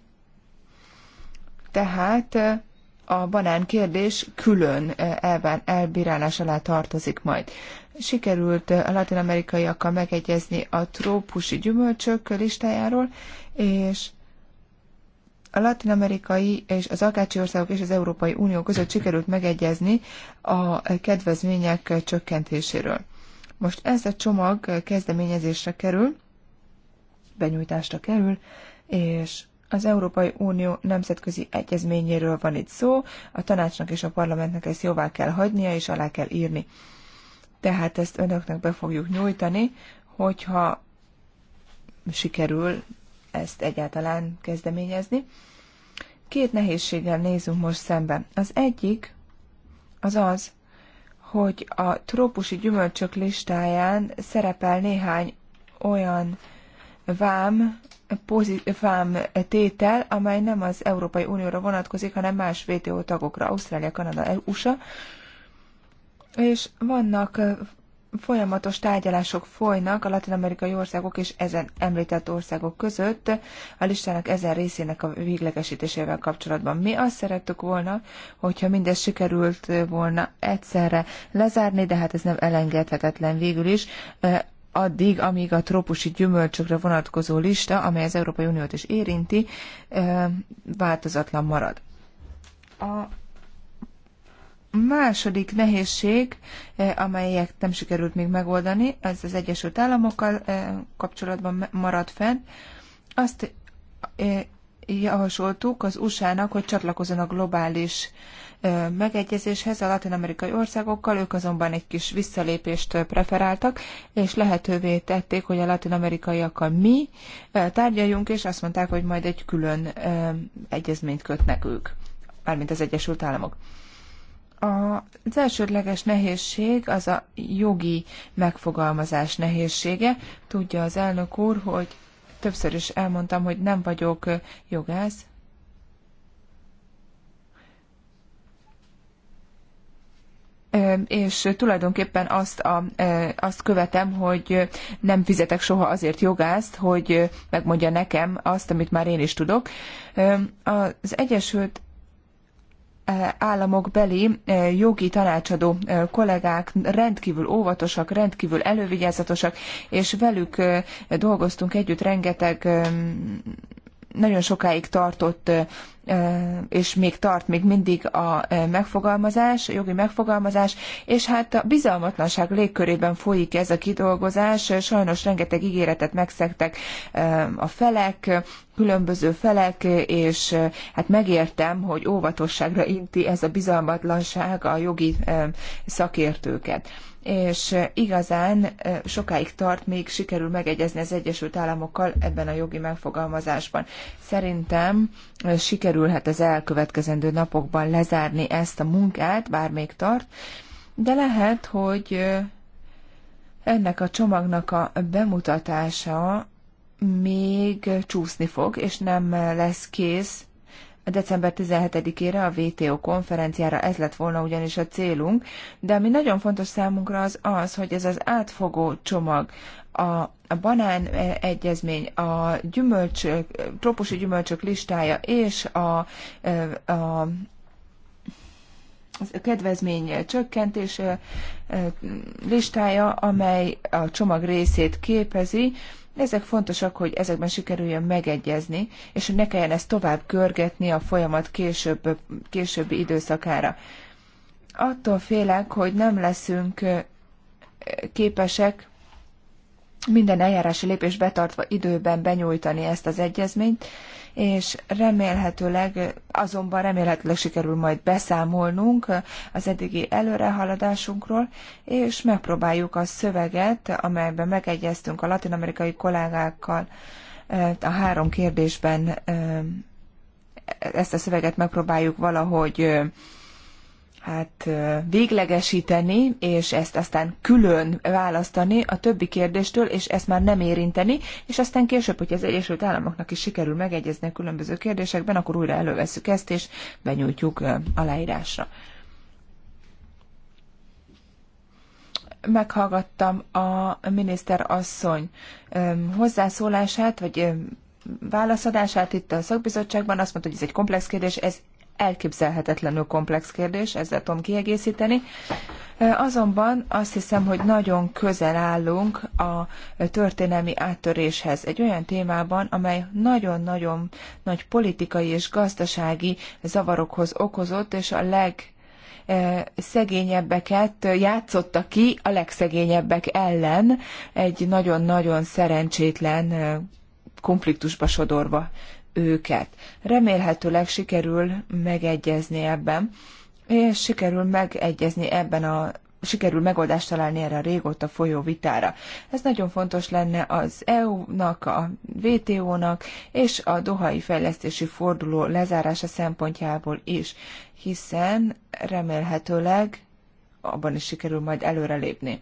Tehát eh, a banán kérdés külön eh, elván, elbírálás alá tartozik majd. Sikerült eh, a latin-amerikaiakkal megegyezni a trópusi gyümölcsök listájáról, és a latin-amerikai és az akácsi országok és az Európai Unió között sikerült megegyezni a kedvezmények csökkentéséről. Most ez a csomag kezdeményezésre kerül, benyújtásra kerül, és az Európai Unió nemzetközi egyezményéről van itt szó, a tanácsnak és a parlamentnek ezt jóvá kell hagynia és alá kell írni. Tehát ezt önöknek be fogjuk nyújtani, hogyha sikerül ezt egyáltalán kezdeményezni. Két nehézséggel nézünk most szembe. Az egyik az az, hogy a trópusi gyümölcsök listáján szerepel néhány olyan vám, pozit, tétel, amely nem az Európai Unióra vonatkozik, hanem más WTO tagokra, Ausztrália, Kanada, e USA, és vannak folyamatos tárgyalások folynak a latin-amerikai országok és ezen említett országok között a listának ezen részének a véglegesítésével kapcsolatban. Mi azt szerettük volna, hogyha mindez sikerült volna egyszerre lezárni, de hát ez nem elengedhetetlen végül is addig, amíg a trópusi gyümölcsökre vonatkozó lista, amely az Európai Uniót is érinti, változatlan marad. A második nehézség, amelyek nem sikerült még megoldani, ez az Egyesült Államokkal kapcsolatban marad fent, Azt javasoltuk az USA-nak, hogy csatlakozzon a globális megegyezéshez a latin-amerikai országokkal, ők azonban egy kis visszalépést preferáltak, és lehetővé tették, hogy a latin-amerikaiakkal mi tárgyaljunk, és azt mondták, hogy majd egy külön egyezményt kötnek ők, mármint az Egyesült Államok. Az elsődleges nehézség az a jogi megfogalmazás nehézsége. Tudja az elnök úr, hogy többször is elmondtam, hogy nem vagyok jogász, és tulajdonképpen azt, a, azt követem, hogy nem fizetek soha azért jogást, hogy megmondja nekem azt, amit már én is tudok. Az Egyesült államok beli jogi tanácsadó kollégák rendkívül óvatosak, rendkívül elővigyázatosak, és velük dolgoztunk együtt rengeteg nagyon sokáig tartott, és még tart még mindig a megfogalmazás, a jogi megfogalmazás, és hát a bizalmatlanság légkörében folyik ez a kidolgozás. Sajnos rengeteg ígéretet megszektek a felek, különböző felek, és hát megértem, hogy óvatosságra inti ez a bizalmatlanság a jogi szakértőket és eh, igazán eh, sokáig tart, még sikerül megegyezni az Egyesült Államokkal ebben a jogi megfogalmazásban. Szerintem eh, sikerülhet az elkövetkezendő napokban lezárni ezt a munkát, bár még tart, de lehet, hogy ennek a csomagnak a bemutatása még csúszni fog, és nem lesz kész a december 17-ére a WTO konferenciára ez lett volna ugyanis a célunk, de ami nagyon fontos számunkra az az, hogy ez az átfogó csomag, a, a banán e, egyezmény, a gyümölcsök, e, trópusi gyümölcsök listája és a, e, a a kedvezmény csökkentés listája, amely a csomag részét képezi, ezek fontosak, hogy ezekben sikerüljön megegyezni, és hogy ne kelljen ezt tovább körgetni a folyamat később, későbbi időszakára. Attól félek, hogy nem leszünk képesek minden eljárási lépés betartva időben benyújtani ezt az egyezményt, és remélhetőleg, azonban remélhetőleg sikerül majd beszámolnunk az eddigi előrehaladásunkról, és megpróbáljuk a szöveget, amelyben megegyeztünk a latinamerikai kollégákkal a három kérdésben ezt a szöveget megpróbáljuk valahogy hát véglegesíteni, és ezt aztán külön választani a többi kérdéstől, és ezt már nem érinteni, és aztán később, hogy az Egyesült Államoknak is sikerül megegyezni a különböző kérdésekben, akkor újra előveszük ezt, és benyújtjuk aláírásra. Meghallgattam a miniszter asszony hozzászólását, vagy válaszadását itt a szakbizottságban, azt mondta, hogy ez egy komplex kérdés, ez elképzelhetetlenül komplex kérdés, ezzel tudom kiegészíteni. Azonban azt hiszem, hogy nagyon közel állunk a történelmi áttöréshez egy olyan témában, amely nagyon-nagyon nagy politikai és gazdasági zavarokhoz okozott, és a leg szegényebbeket játszotta ki a legszegényebbek ellen egy nagyon-nagyon szerencsétlen konfliktusba sodorva őket. Remélhetőleg sikerül megegyezni ebben, és sikerül megegyezni ebben a sikerül megoldást találni erre a régóta folyó vitára. Ez nagyon fontos lenne az EU-nak, a WTO-nak és a Dohai Fejlesztési Forduló lezárása szempontjából is, hiszen remélhetőleg abban is sikerül majd előrelépni.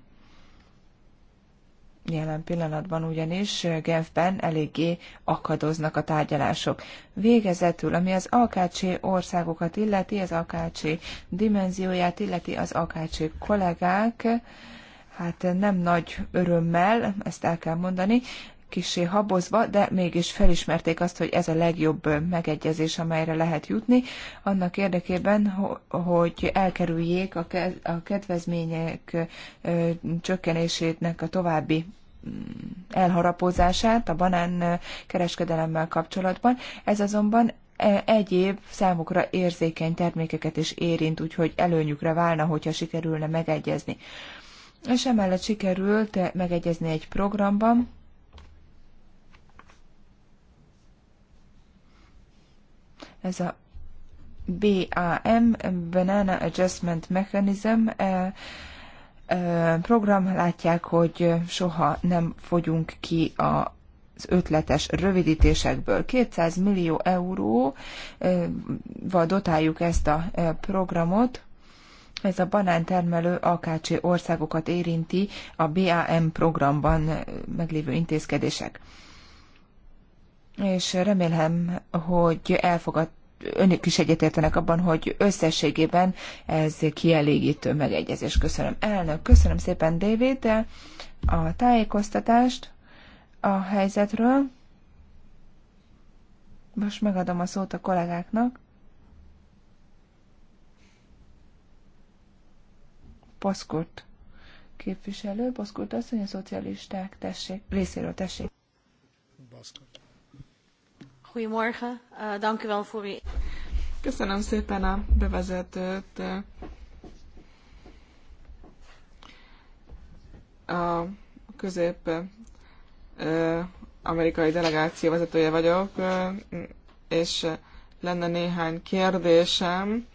Jelen pillanatban ugyanis Genfben eléggé akadoznak a tárgyalások. Végezetül, ami az AKC országokat illeti, az AKC dimenzióját illeti, az AKC kollégák, hát nem nagy örömmel, ezt el kell mondani, kisé habozva, de mégis felismerték azt, hogy ez a legjobb megegyezés, amelyre lehet jutni, annak érdekében, hogy elkerüljék a kedvezmények csökkenésének a további mm, elharapózását a banán kereskedelemmel kapcsolatban. Ez azonban e, egyéb számukra érzékeny termékeket is érint, úgyhogy előnyükre válna, hogyha sikerülne megegyezni. És emellett sikerült megegyezni egy programban, ez a BAM, Banana Adjustment Mechanism eh, eh, program, látják, hogy soha nem fogyunk ki a az ötletes rövidítésekből. 200 millió euróval dotáljuk ezt a eh, programot. Ez a banántermelő AKC országokat érinti a BAM programban meglévő intézkedések és remélem, hogy elfogad, önök is egyetértenek abban, hogy összességében ez kielégítő megegyezés. Köszönöm elnök, köszönöm szépen David, de a tájékoztatást a helyzetről. Most megadom a szót a kollégáknak. Poszkurt képviselő, Poszkurt asszony, a szocialisták tessék, részéről tessék. Baszkurt. Goedemorgen, eh, dank u wel voor uw... Köszönöm szépen a bevezetőt. A közép eh, amerikai delegáció vezetője vagyok, eh, és lenne néhány kérdésem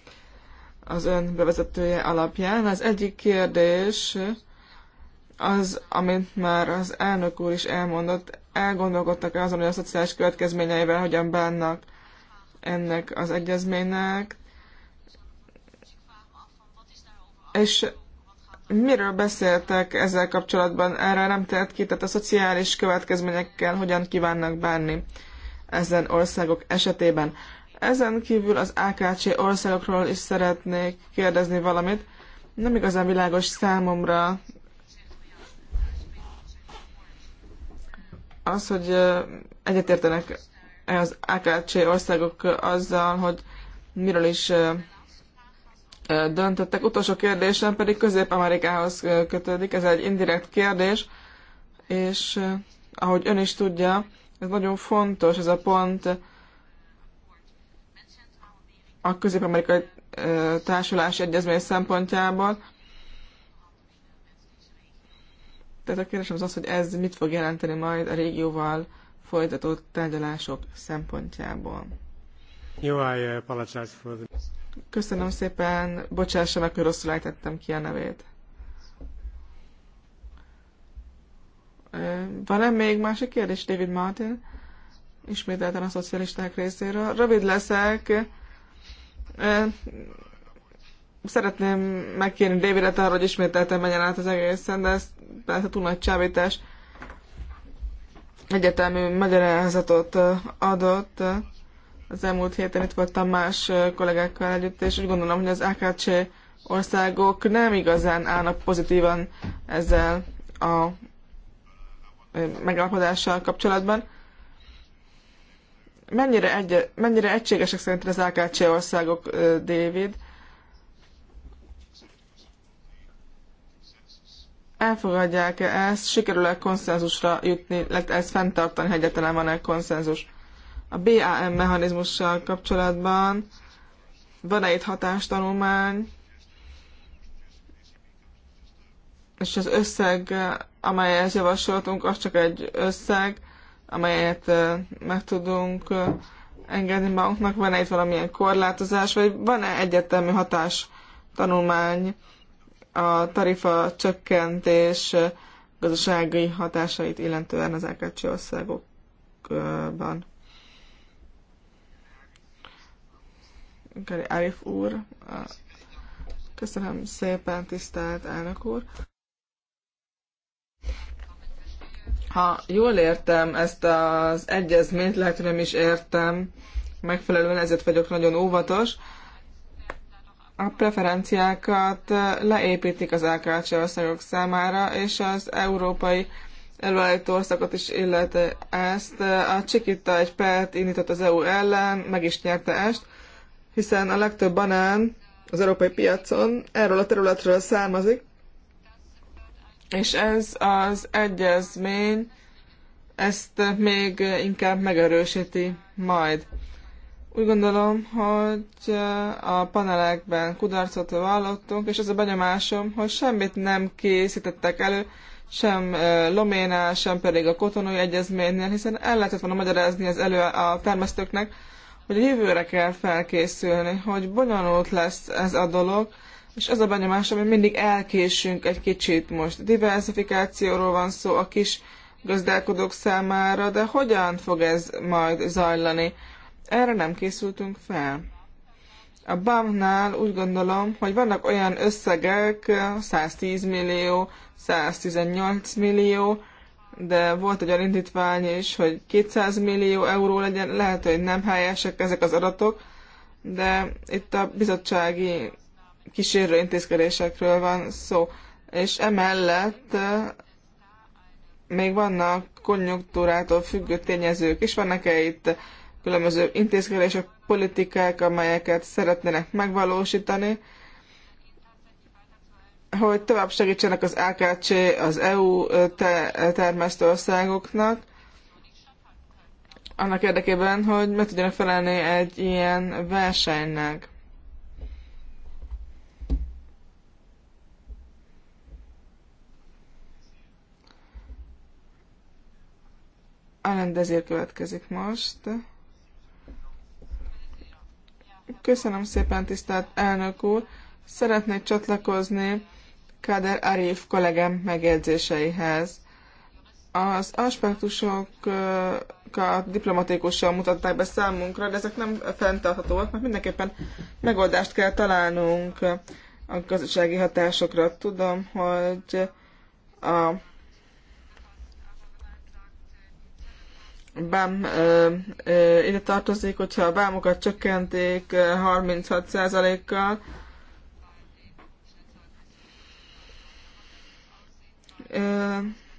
az ön bevezetője alapján. Az egyik kérdés az, amit már az elnök úr is elmondott, elgondolkodtak-e azon, hogy a szociális következményeivel hogyan bánnak ennek az egyezménynek, és miről beszéltek ezzel kapcsolatban? Erre nem tett ki, tehát a szociális következményekkel hogyan kívánnak bánni ezen országok esetében. Ezen kívül az AKC országokról is szeretnék kérdezni valamit. Nem igazán világos számomra az, hogy egyetértenek az AKC országok azzal, hogy miről is döntöttek. Utolsó kérdésem pedig Közép-Amerikához kötődik, ez egy indirekt kérdés, és ahogy ön is tudja, ez nagyon fontos, ez a pont a közép-amerikai társulási egyezmény szempontjából. Tehát a kérdésem az az, hogy ez mit fog jelenteni majd a régióval folytatott tárgyalások szempontjából. Jó, I apologize for Köszönöm szépen, bocsássanak, hogy rosszul ejtettem ki a nevét. Van-e még másik kérdés, David Martin? Ismételten a szocialisták részéről. Rövid leszek. Szeretném megkérni Davidet arra, hogy ismételten menjen át az egészen, de ezt látható nagy csábítás egyetemű magyarázatot adott. Az elmúlt héten itt voltam más kollégákkal együtt, és úgy gondolom, hogy az AKC országok nem igazán állnak pozitívan ezzel a megállapodással kapcsolatban. Mennyire, egy, mennyire egységesek szerint az AKC országok, David? elfogadják-e ezt, sikerül-e konszenzusra jutni, lehet ezt fenntartani, ha egyáltalán van-e konszenzus. A BAM mechanizmussal kapcsolatban van-e itt hatástanulmány, és az összeg, amelyet javasoltunk, az csak egy összeg, amelyet meg tudunk engedni magunknak, van-e itt valamilyen korlátozás, vagy van-e egyetemű hatás tanulmány a tarifa csökkentés gazdasági hatásait illetően az elkácsi országokban. Kari Arif úr, köszönöm szépen, tisztelt elnök úr. Ha jól értem ezt az egyezményt, lehet, hogy nem is értem megfelelően, ezért vagyok nagyon óvatos, a preferenciákat leépítik az elkácsi országok számára, és az európai előállító országot is illeti ezt. A Csikita egy pert indított az EU ellen, meg is nyerte ezt, hiszen a legtöbb banán az európai piacon erről a területről származik, és ez az egyezmény ezt még inkább megerősíti majd. Úgy gondolom, hogy a panelekben kudarcot vallottunk, és az a benyomásom, hogy semmit nem készítettek elő, sem Loménál, sem pedig a kotonói egyezménynél, hiszen el lehetett volna magyarázni az elő a termesztőknek, hogy a jövőre kell felkészülni, hogy bonyolult lesz ez a dolog, és az a benyomás, hogy mindig elkésünk egy kicsit most. Diversifikációról van szó a kis gazdálkodók számára, de hogyan fog ez majd zajlani? Erre nem készültünk fel. A BAM-nál úgy gondolom, hogy vannak olyan összegek, 110 millió, 118 millió, de volt egy olyan indítvány is, hogy 200 millió euró legyen, lehet, hogy nem helyesek ezek az adatok, de itt a bizottsági kísérő intézkedésekről van szó. És emellett eh, még vannak konjunktúrától függő tényezők is, vannak-e itt különböző intézkedések, politikák, amelyeket szeretnének megvalósítani, hogy tovább segítsenek az AKC, az EU termesztő országoknak, annak érdekében, hogy meg tudjanak felelni egy ilyen versenynek. Ellen Dezir következik most. Köszönöm szépen, tisztelt elnök úr! Szeretnék csatlakozni Kader Arif kollégám megjegyzéseihez. Az aspektusokat diplomatikusan mutatták be számunkra, de ezek nem fenntarthatóak, mert mindenképpen megoldást kell találnunk a gazdasági hatásokra. Tudom, hogy a BAM ide tartozik, hogyha a BAM-okat csökkenték 36%-kal,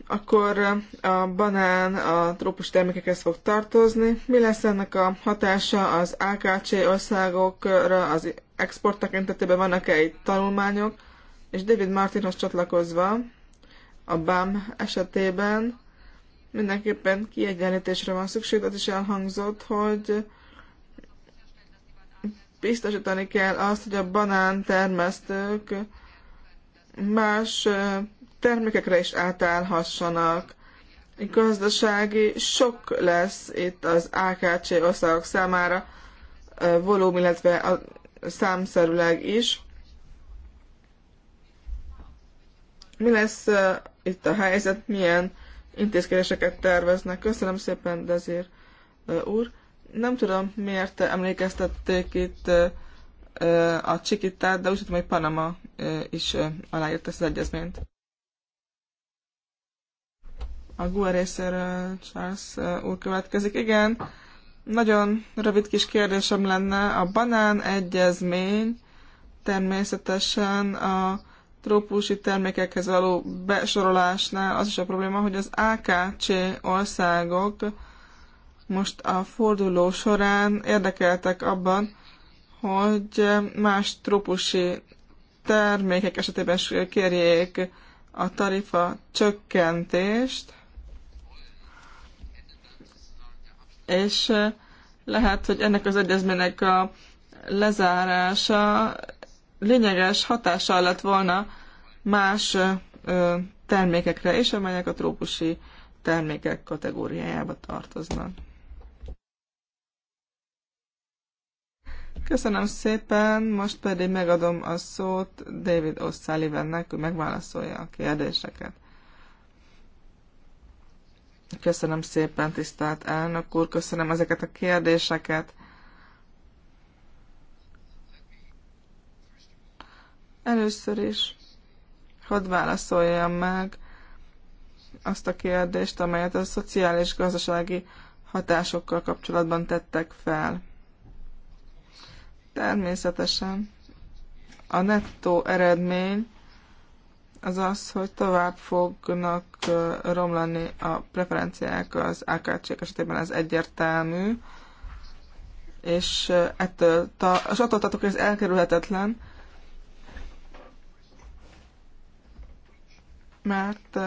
akkor a banán a trópus termékekhez fog tartozni. Mi lesz ennek a hatása az AKC országokra, az export tekintetében vannak-e itt tanulmányok? És David Martinhoz csatlakozva, a BAM esetében Mindenképpen kiegyenlítésre van szükség, az is elhangzott, hogy biztosítani kell azt, hogy a banán termesztők más termékekre is átállhassanak. Gazdasági sok lesz itt az AKC országok számára, volum, illetve a számszerűleg is. Mi lesz itt a helyzet, milyen intézkedéseket terveznek. Köszönöm szépen, Dezir úr. Nem tudom, miért emlékeztették itt a csikitát, de úgy tudom, hogy Panama is aláírta ezt az egyezményt. A GUA részéről Charles úr következik. Igen, nagyon rövid kis kérdésem lenne. A banán egyezmény természetesen a trópusi termékekhez való besorolásnál az is a probléma, hogy az AKC országok most a forduló során érdekeltek abban, hogy más trópusi termékek esetében is kérjék a tarifa csökkentést, és lehet, hogy ennek az egyezménynek a lezárása lényeges hatása lett volna más termékekre is, amelyek a trópusi termékek kategóriájába tartoznak. Köszönöm szépen, most pedig megadom a szót David O'Sullivannek, hogy megválaszolja a kérdéseket. Köszönöm szépen, tisztelt elnök úr, köszönöm ezeket a kérdéseket. Először is hadd válaszoljam meg azt a kérdést, amelyet a szociális-gazdasági hatásokkal kapcsolatban tettek fel. Természetesen a nettó eredmény az az, hogy tovább fognak romlani a preferenciák az akc esetében, ez egyértelmű, és ettől, ta, és attól tartok, hogy ez elkerülhetetlen, mert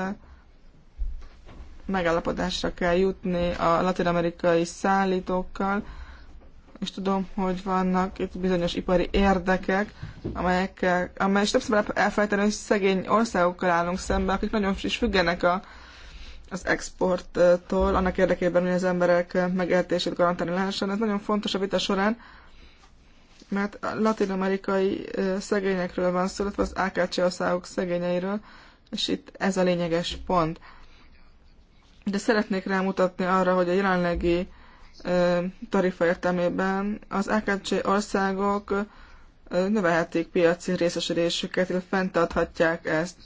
megállapodásra kell jutni a latinamerikai szállítókkal, és tudom, hogy vannak itt bizonyos ipari érdekek, amelyekkel, amely is többször elfelejteni, hogy szegény országokkal állunk szemben, akik nagyon is függenek a, az exporttól, annak érdekében, hogy az emberek megértését garantálni lehessen. Ez nagyon fontos a vita során, mert a latin-amerikai szegényekről van szó, illetve az AKC országok szegényeiről, és itt ez a lényeges pont. De szeretnék rámutatni arra, hogy a jelenlegi tarifa értelmében az AKC országok növelhetik piaci részesedésüket, illetve fenntarthatják ezt.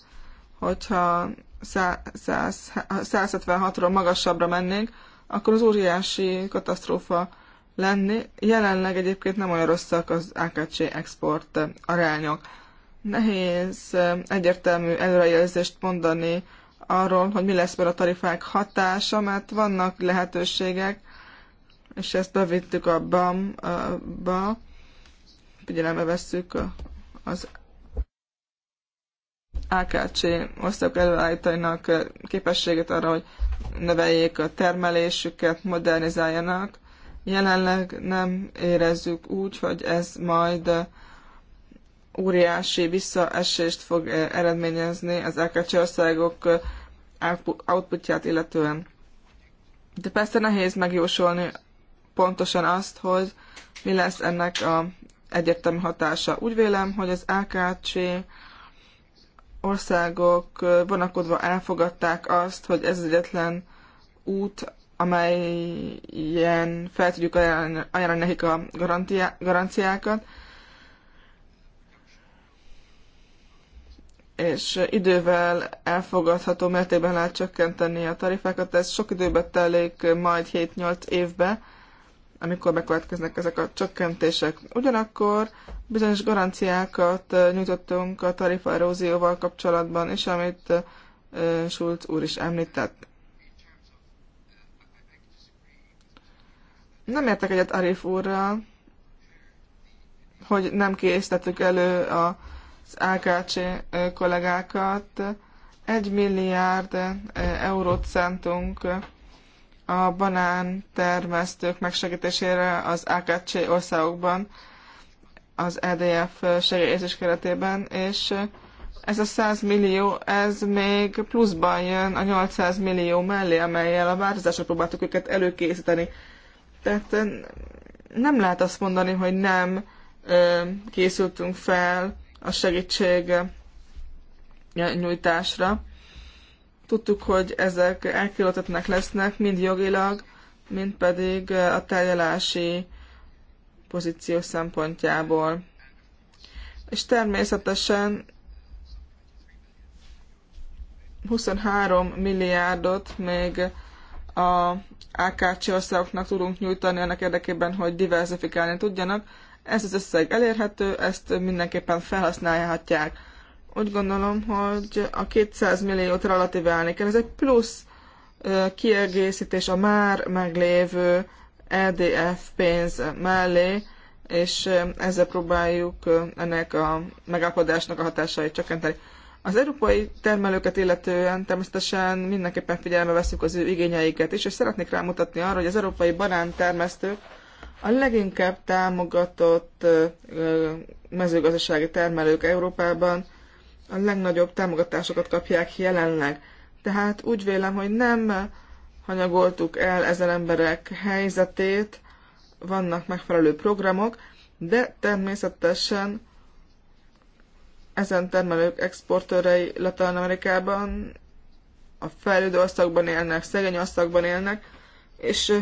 Hogyha 176-ról magasabbra mennénk, akkor az óriási katasztrófa lenni. Jelenleg egyébként nem olyan rosszak az AKC export arányok. Nehéz egyértelmű előrejelzést mondani arról, hogy mi lesz a tarifák hatása, mert vannak lehetőségek, és ezt bevittük a BAM-ba, figyelembe vesszük az AKC országok előállítainak képességet arra, hogy növeljék a termelésüket, modernizáljanak. Jelenleg nem érezzük úgy, hogy ez majd óriási visszaesést fog eh, eredményezni az LKC országok eh, outputját illetően. De persze nehéz megjósolni pontosan azt, hogy mi lesz ennek a egyértelmű hatása. Úgy vélem, hogy az LKC országok eh, vonakodva elfogadták azt, hogy ez egyetlen út, amelyen fel tudjuk ajánlani nekik a garantiá- garanciákat, és idővel elfogadható mértékben lehet csökkenteni a tarifákat, ez sok időbe telik majd 7-8 évbe, amikor bekövetkeznek ezek a csökkentések. Ugyanakkor bizonyos garanciákat nyújtottunk a tarifaerózióval kapcsolatban, és amit Schulz úr is említett. Nem értek egyet Arif úrral, hogy nem készítettük elő a az AKC kollégákat. Egy milliárd eurót szántunk a banán termesztők megsegítésére az AKC országokban, az EDF segélyezés keretében, és ez a 100 millió, ez még pluszban jön a 800 millió mellé, amelyel a változásra próbáltuk őket előkészíteni. Tehát nem lehet azt mondani, hogy nem készültünk fel a segítség nyújtásra. Tudtuk, hogy ezek elkülötetnek lesznek, mind jogilag, mind pedig a tárgyalási pozíció szempontjából. És természetesen 23 milliárdot még a AKC országoknak tudunk nyújtani annak érdekében, hogy diversifikálni tudjanak, ez az összeg elérhető, ezt mindenképpen felhasználhatják. Úgy gondolom, hogy a 200 milliót relatíválni kell. Ez egy plusz kiegészítés a már meglévő EDF pénz mellé, és ezzel próbáljuk ennek a megállapodásnak a hatásait csökkenteni. Az európai termelőket illetően természetesen mindenképpen figyelme veszük az ő igényeiket is, és szeretnék rámutatni arra, hogy az európai banántermesztők a leginkább támogatott mezőgazdasági termelők Európában a legnagyobb támogatásokat kapják jelenleg. Tehát úgy vélem, hogy nem hanyagoltuk el ezen emberek helyzetét, vannak megfelelő programok, de természetesen ezen termelők exportőrei Latin-Amerikában, a fejlődő országban élnek, szegény országban élnek, és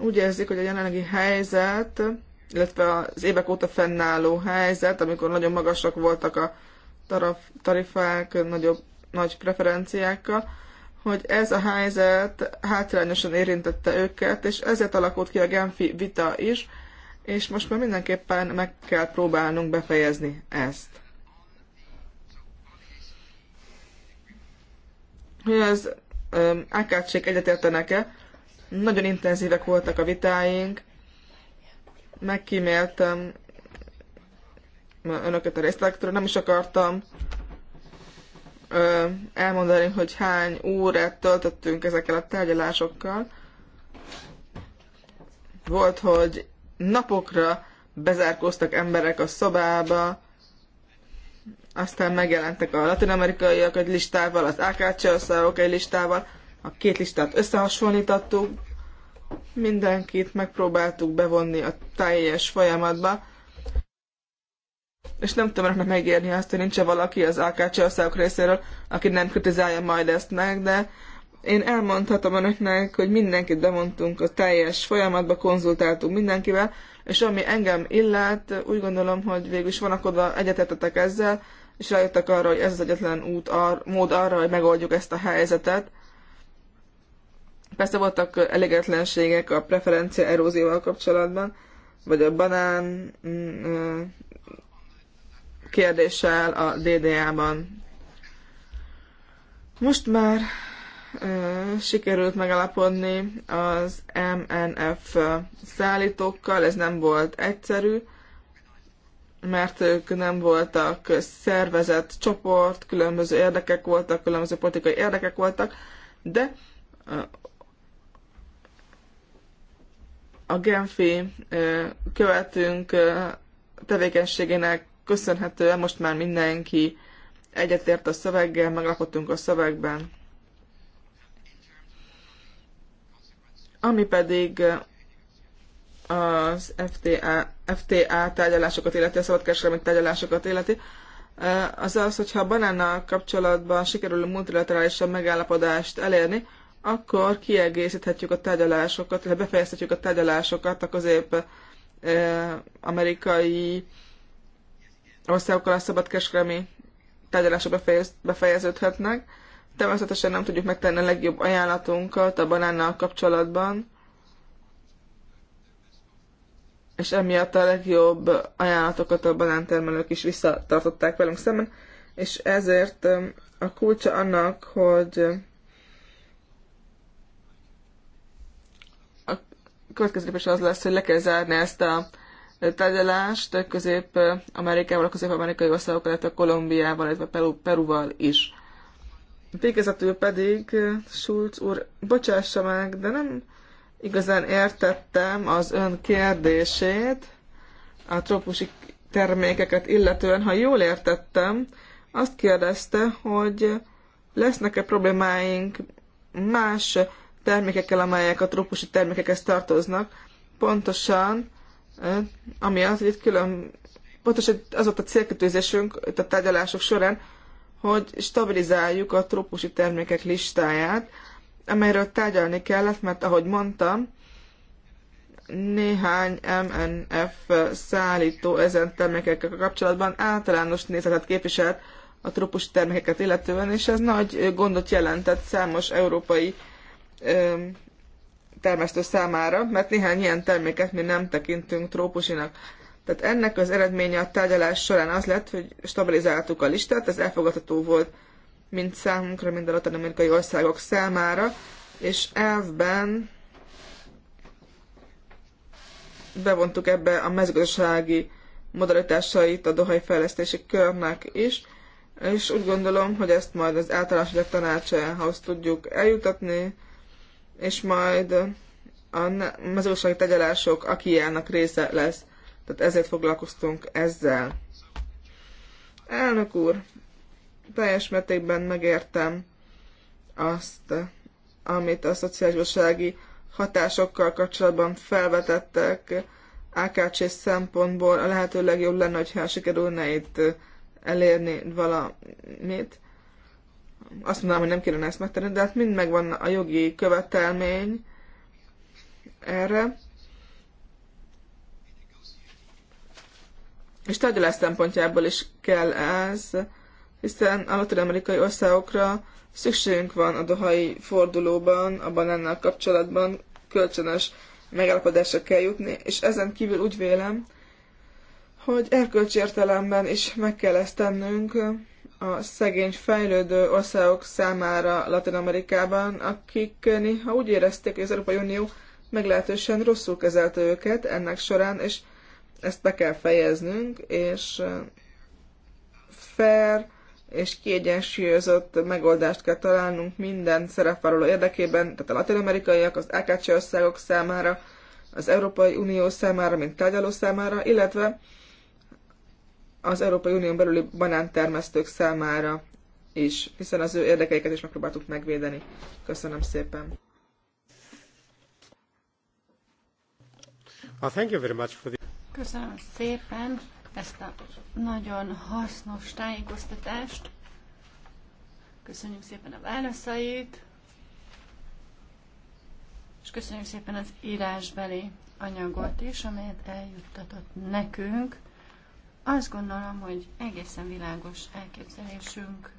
úgy érzik, hogy a jelenlegi helyzet, illetve az évek óta fennálló helyzet, amikor nagyon magasak voltak a taraf, tarifák, nagyobb, nagy preferenciákkal, hogy ez a helyzet hátrányosan érintette őket, és ezért alakult ki a Genfi vita is, és most már mindenképpen meg kell próbálnunk befejezni ezt. Hogy az um, egyetértenek-e nagyon intenzívek voltak a vitáink, megkíméltem önöket a részletekről, nem is akartam ö, elmondani, hogy hány órát töltöttünk ezekkel a tárgyalásokkal. Volt, hogy napokra bezárkóztak emberek a szobába, aztán megjelentek a latinamerikaiak egy listával, az AKC egy listával, a két listát összehasonlítottuk, mindenkit megpróbáltuk bevonni a teljes folyamatba, és nem tudom önöknek megérni azt, hogy nincsen valaki az AKC országok részéről, aki nem kritizálja majd ezt meg, de én elmondhatom önöknek, hogy mindenkit bemondtunk a teljes folyamatba, konzultáltunk mindenkivel, és ami engem illet, úgy gondolom, hogy végül is vannak oda egyetetetek ezzel, és rájöttek arra, hogy ez az egyetlen út, ar, mód arra, hogy megoldjuk ezt a helyzetet. Persze voltak elégetlenségek a preferencia erózióval kapcsolatban, vagy a banán mm, kérdéssel a DDA-ban. Most már sikerült megalapodni az MNF szállítókkal, ez nem volt egyszerű, mert ők nem voltak szervezett csoport, különböző érdekek voltak, különböző politikai érdekek voltak, de a Genfi követünk tevékenységének köszönhetően most már mindenki egyetért a szöveggel, megalkottunk a szövegben. Ami pedig az FTA, FTA tárgyalásokat illeti, a szabadkereskedelmi tárgyalásokat illeti, az az, hogyha a banánnal kapcsolatban sikerül multilaterálisan megállapodást elérni, akkor kiegészíthetjük a tárgyalásokat, ha befejezhetjük a tárgyalásokat a közép-amerikai eh, országokkal a szabadkereskedelmi tárgyalások befejeződhetnek. Természetesen nem tudjuk megtenni a legjobb ajánlatunkat a banánnal kapcsolatban, és emiatt a legjobb ajánlatokat a banántermelők is visszatartották velünk szemben, és ezért eh, a kulcsa annak, hogy következő lépés az lesz, hogy le kell zárni ezt a tárgyalást Közép-Amerikával, a közép-amerikai országokkal, illetve Kolumbiával, illetve Peru, Peruval is. Végezetül pedig Schulz úr, bocsássa meg, de nem igazán értettem az ön kérdését a trópusi termékeket illetően. Ha jól értettem, azt kérdezte, hogy lesznek-e problémáink más termékekkel, amelyek a trópusi termékekhez tartoznak, pontosan amiatt, hogy itt külön, pontosan az volt a célkötőzésünk itt a tárgyalások során, hogy stabilizáljuk a trópusi termékek listáját, amelyről tárgyalni kellett, mert ahogy mondtam, néhány MNF szállító ezen termékekkel kapcsolatban általános nézetet képviselt a trópusi termékeket illetően, és ez nagy gondot jelentett számos európai termesztő számára, mert néhány ilyen terméket mi nem tekintünk trópusinak. Tehát ennek az eredménye a tárgyalás során az lett, hogy stabilizáltuk a listát, ez elfogadható volt mind számunkra, mind a latin-amerikai országok számára, és elvben bevontuk ebbe a mezőgazdasági modalitásait a Dohai fejlesztési körnek is, és úgy gondolom, hogy ezt majd az általános tanácsához tudjuk eljutatni, és majd a mezőgazdasági tegyelások akiának része lesz. Tehát ezért foglalkoztunk ezzel. Elnök úr, teljes mértékben megértem azt, amit a szociálisgazdasági hatásokkal kapcsolatban felvetettek AKC szempontból. A lehető legjobb lenne, hogyha sikerülne itt elérni valamit azt mondanám, hogy nem kellene ezt megtenni, de hát mind megvan a jogi követelmény erre. És tárgyalás szempontjából is kell ez, hiszen a latin-amerikai országokra szükségünk van a dohai fordulóban, a banánnal kapcsolatban kölcsönös megállapodásra kell jutni, és ezen kívül úgy vélem, hogy erkölcsi értelemben is meg kell ezt tennünk, a szegény fejlődő országok számára Latin Amerikában, akik eh, néha úgy érezték, hogy az Európai Unió meglehetősen rosszul kezelte őket ennek során, és ezt be kell fejeznünk, és eh, fair és kiegyensúlyozott megoldást kell találnunk minden szerepvállaló érdekében, tehát a latin-amerikaiak, az AKC országok számára, az Európai Unió számára, mint tárgyaló számára, illetve az Európai Unión belüli banántermesztők számára is, hiszen az ő érdekeiket is megpróbáltuk megvédeni. Köszönöm szépen. Köszönöm szépen ezt a nagyon hasznos tájékoztatást. Köszönjük szépen a válaszait, és köszönjük szépen az írásbeli anyagot is, amelyet eljuttatott nekünk. Azt gondolom, hogy egészen világos elképzelésünk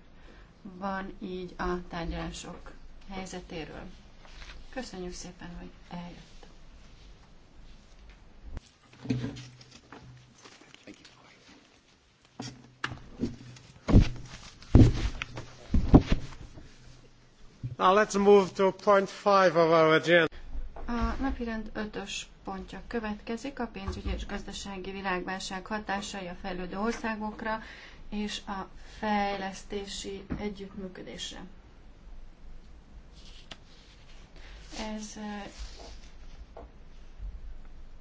van így a tárgyalások helyzetéről. Köszönjük szépen, hogy eljött. Now let's move to point five of our agenda. A napirend ötös pontja következik, a pénzügyi és gazdasági világválság hatásai a fejlődő országokra és a fejlesztési együttműködésre. Ez eh,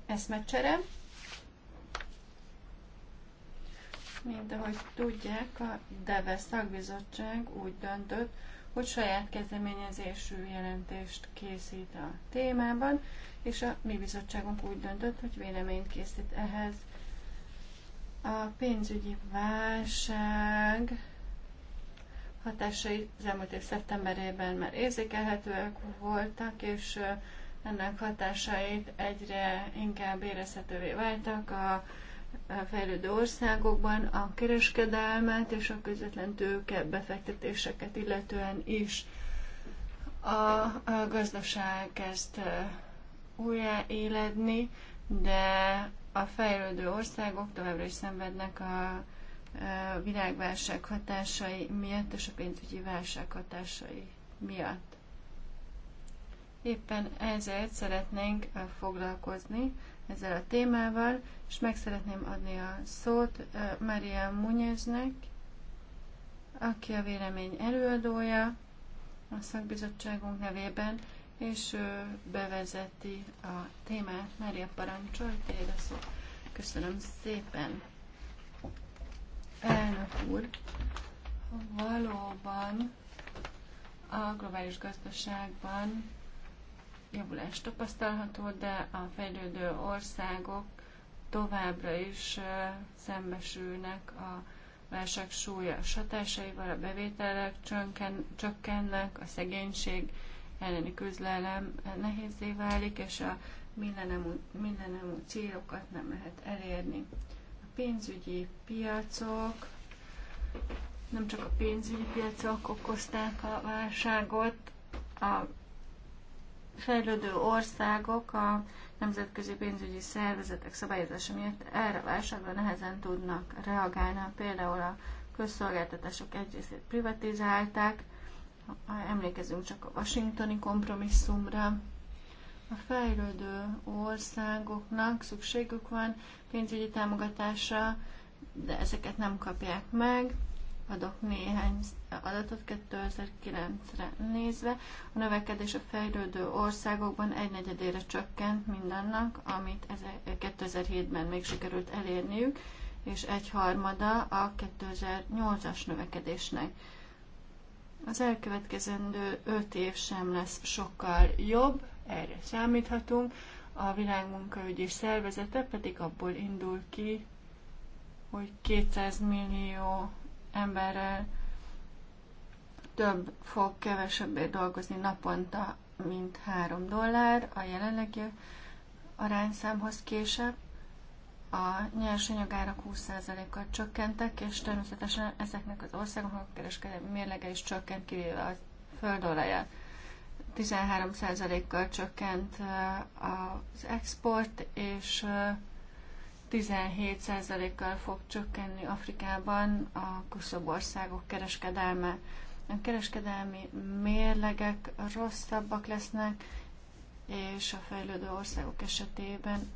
eszmecsere. Mint ahogy tudják, a DEVE szakbizottság úgy döntött, hogy saját kezdeményezésű jelentést készít a témában, és a mi bizottságunk úgy döntött, hogy véleményt készít ehhez. A pénzügyi válság hatásai az elmúlt év szeptemberében már érzékelhetőek voltak, és ennek hatásait egyre inkább érezhetővé váltak a fejlődő országokban a kereskedelmet és a közvetlen tőke befektetéseket illetően is a gazdaság kezd újjáéledni, de a fejlődő országok továbbra is szenvednek a világválság hatásai miatt és a pénzügyi válság hatásai miatt. Éppen ezért szeretnénk foglalkozni ezzel a témával, és meg szeretném adni a szót Maria Munyeznek, aki a vélemény előadója a szakbizottságunk nevében, és ő bevezeti a témát. Maria parancsolj, tiéd a szó. Köszönöm szépen. Elnök úr, valóban a globális gazdaságban javulás tapasztalható, de a fejlődő országok továbbra is szembesülnek a válság súlyos hatásaival, a bevételek csönken, csökkennek, a szegénység elleni küzdelem nehézé válik, és a mindenemú, mindenemú célokat nem lehet elérni. A pénzügyi piacok, nem csak a pénzügyi piacok okozták a válságot, a fejlődő országok a nemzetközi pénzügyi szervezetek szabályozása miatt erre a válságra nehezen tudnak reagálni. Például a közszolgáltatások egy részét privatizálták, emlékezünk csak a washingtoni kompromisszumra. A fejlődő országoknak szükségük van pénzügyi támogatásra, de ezeket nem kapják meg adok néhány adatot 2009-re nézve. A növekedés a fejlődő országokban egynegyedére csökkent mindannak, amit 2007-ben még sikerült elérniük, és egyharmada a 2008-as növekedésnek. Az elkövetkezendő 5 év sem lesz sokkal jobb, erre számíthatunk. A világmunkaügyi szervezete pedig abból indul ki, hogy 200 millió emberrel több fog kevesebbé dolgozni naponta, mint 3 dollár a jelenlegi arányszámhoz később. A nyersanyagárak 20%-kal csökkentek, és természetesen ezeknek az országoknak a kereskedelmi mérlege is csökkent, kivéve a földolaja. 13%-kal csökkent az export, és 17%-kal fog csökkenni Afrikában a kuszobb országok kereskedelme. A kereskedelmi mérlegek rosszabbak lesznek, és a fejlődő országok esetében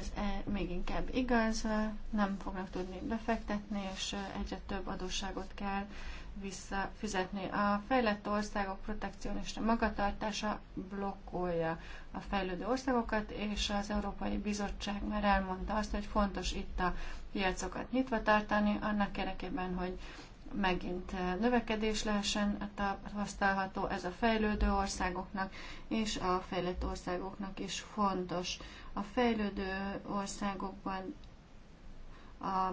ez e, még inkább igaz, nem fognak tudni befektetni, és egyre több adósságot kell visszafizetni. A fejlett országok protekcionista magatartása blokkolja a fejlődő országokat, és az Európai Bizottság már elmondta azt, hogy fontos itt a piacokat nyitva tartani, annak érdekében, hogy megint növekedés lehessen tapasztalható ez a fejlődő országoknak és a fejlett országoknak is fontos. A fejlődő országokban a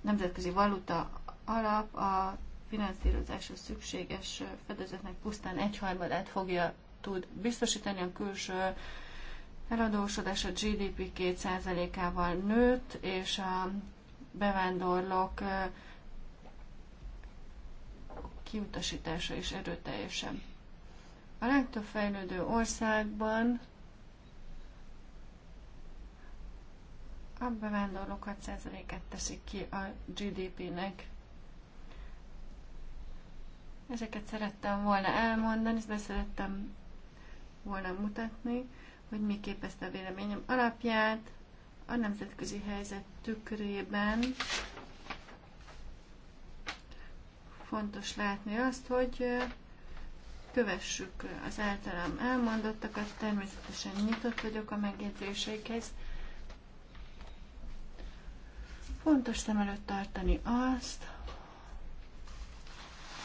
Nemzetközi Valuta alap a finanszírozáshoz szükséges fedezetnek pusztán egyharmadát fogja tud biztosítani a külső eladósodás a GDP 2%-ával nőtt, és a bevándorlók kiutasítása is erőteljesen. A legtöbb fejlődő országban a bevándorlók 6%-et teszik ki a GDP-nek. Ezeket szerettem volna elmondani, ezt szerettem volna mutatni, hogy mi képezte a véleményem alapját a nemzetközi helyzet tükrében. Fontos látni azt, hogy kövessük az általam elmondottakat, természetesen nyitott vagyok a megjegyzéseikhez. Fontos szem előtt tartani azt,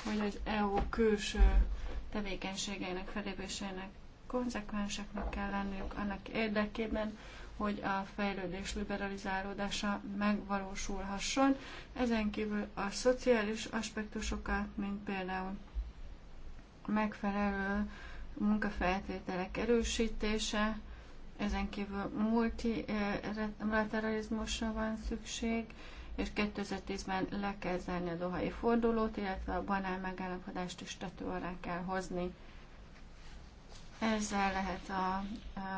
hogy az EU külső tevékenységeinek, felépéseinek konzekvenseknek kell lenniük annak érdekében, hogy a fejlődés liberalizálódása megvalósulhasson. Ezen kívül a szociális aspektusokat, mint például megfelelő munkafeltételek erősítése, ezen kívül multilateralizmusra van szükség, és 2010-ben le kell zárni a dohai fordulót, illetve a banál megállapodást is tető alá kell hozni. Ezzel lehet a,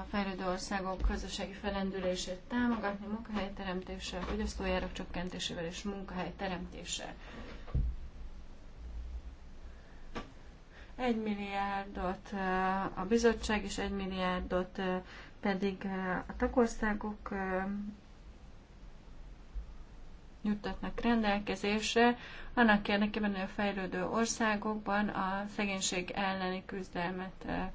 fejlődő országok közösségi felendülését támogatni, munkahelyteremtéssel, fogyasztójárak csökkentésével és munkahelyteremtéssel. Egy milliárdot a bizottság és egy milliárdot pedig a tagországok juttatnak rendelkezésre, annak érdekében, hogy a fejlődő országokban a szegénység elleni küzdelmet eh,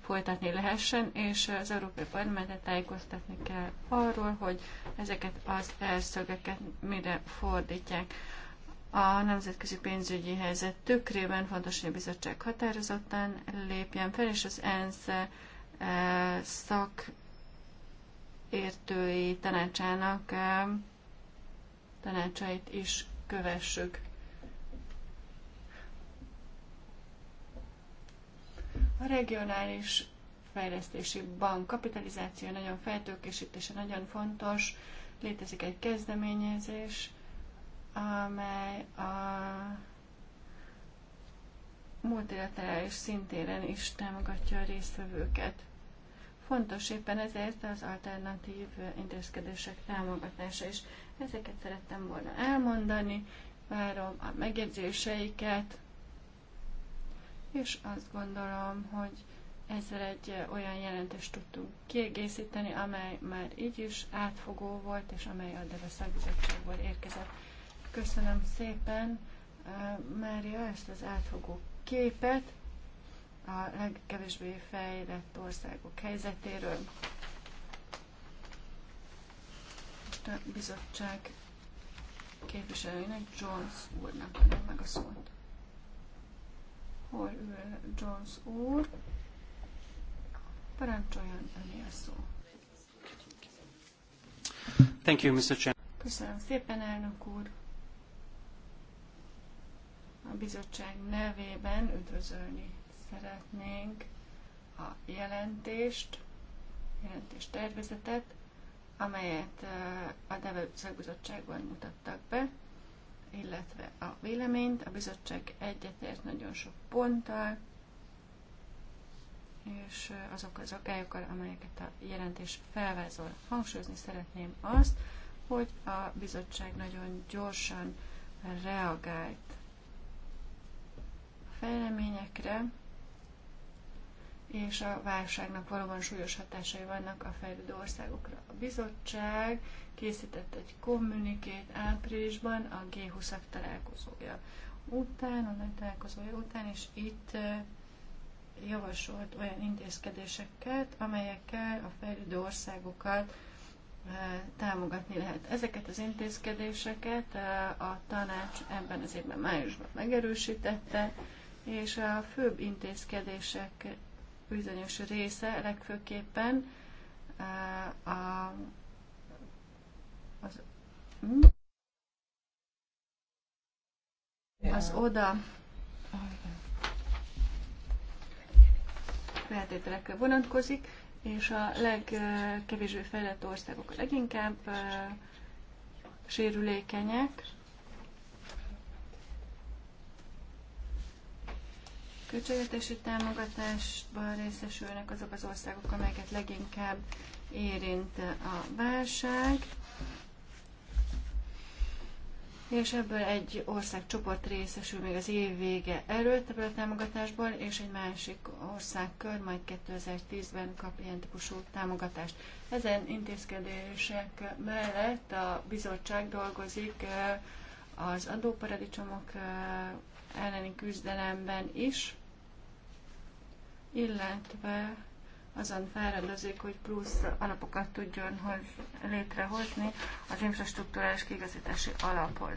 folytatni lehessen, és az Európai Parlamentet tájékoztatni kell arról, hogy ezeket az elszögeket mire fordítják. A nemzetközi pénzügyi helyzet tükrében fontos, hogy a bizottság határozottan lépjen fel, és az ENSZ eh, szakértői tanácsának eh, tanácsait is kövessük. A regionális fejlesztési bank kapitalizáció nagyon feltőkésítése nagyon fontos. Létezik egy kezdeményezés, amely a multilaterális szintéren is támogatja a résztvevőket. Fontos éppen ezért az alternatív intézkedések támogatása is. Ezeket szerettem volna elmondani, várom a megjegyzéseiket, és azt gondolom, hogy ezzel egy olyan jelentést tudtunk kiegészíteni, amely már így is átfogó volt, és amely a Deve Szakbizottságból érkezett. Köszönöm szépen, Mária, ezt az átfogó képet a legkevésbé fejlett országok helyzetéről. Most a bizottság képviselőinek Jones úrnak adom meg a szót. Hol ül Jones úr? Parancsoljon öné a szó. Thank you, Mr. Chairman. Köszönöm szépen, elnök úr. A bizottság nevében üdvözölni szeretnénk a jelentést, jelentés tervezetet, amelyet a DEVE bizottságban mutattak be, illetve a véleményt. A bizottság egyetért nagyon sok ponttal, és azok az akályokkal, amelyeket a jelentés felvázol. Hangsúlyozni szeretném azt, hogy a bizottság nagyon gyorsan reagált a fejleményekre, és a válságnak valóban súlyos hatásai vannak a fejlődő országokra. A bizottság készített egy kommunikét áprilisban a G20-ak találkozója után, a nagy találkozója után, és itt javasolt olyan intézkedéseket, amelyekkel a fejlődő országokat támogatni lehet. Ezeket az intézkedéseket a tanács ebben az évben májusban megerősítette, és a főbb intézkedések bizonyos része legfőképpen eh, a, az, hm? az oda feltételekre vonatkozik, és a legkevésbé fejlett országok leginkább eh, sérülékenyek, költségvetési támogatásban részesülnek azok az országok, amelyeket leginkább érint a válság. És ebből egy országcsoport részesül még az év vége előtt ebből a támogatásból, és egy másik országkör majd 2010-ben kap ilyen típusú támogatást. Ezen intézkedések mellett a bizottság dolgozik eh, az adóparadicsomok eh, elleni küzdelemben is, illetve azon fáradozik, hogy plusz alapokat tudjon hogy létrehozni az infrastruktúrális kigazítási alaphoz.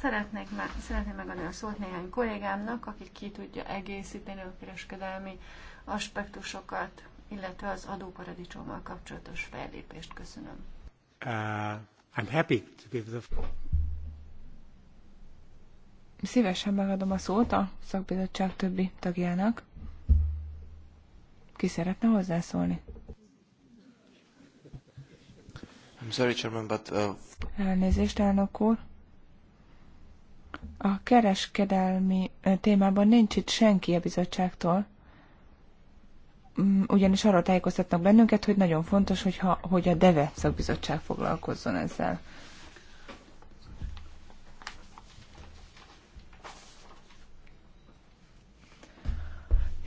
Szeretnék me- szeretném megadni a szót néhány kollégámnak, akik ki tudja egészíteni a kereskedelmi aspektusokat, illetve az adóparadicsommal kapcsolatos fellépést. Köszönöm. Uh, I'm happy to give the... Szívesen megadom a szót a szakbizottság többi tagjának. Ki szeretne hozzászólni? I'm sorry, Chairman, but, uh... Elnézést, elnök úr. A kereskedelmi témában nincs itt senki a bizottságtól, mm, ugyanis arról tájékoztatnak bennünket, hogy nagyon fontos, hogyha, hogy a DEVE szakbizottság foglalkozzon ezzel.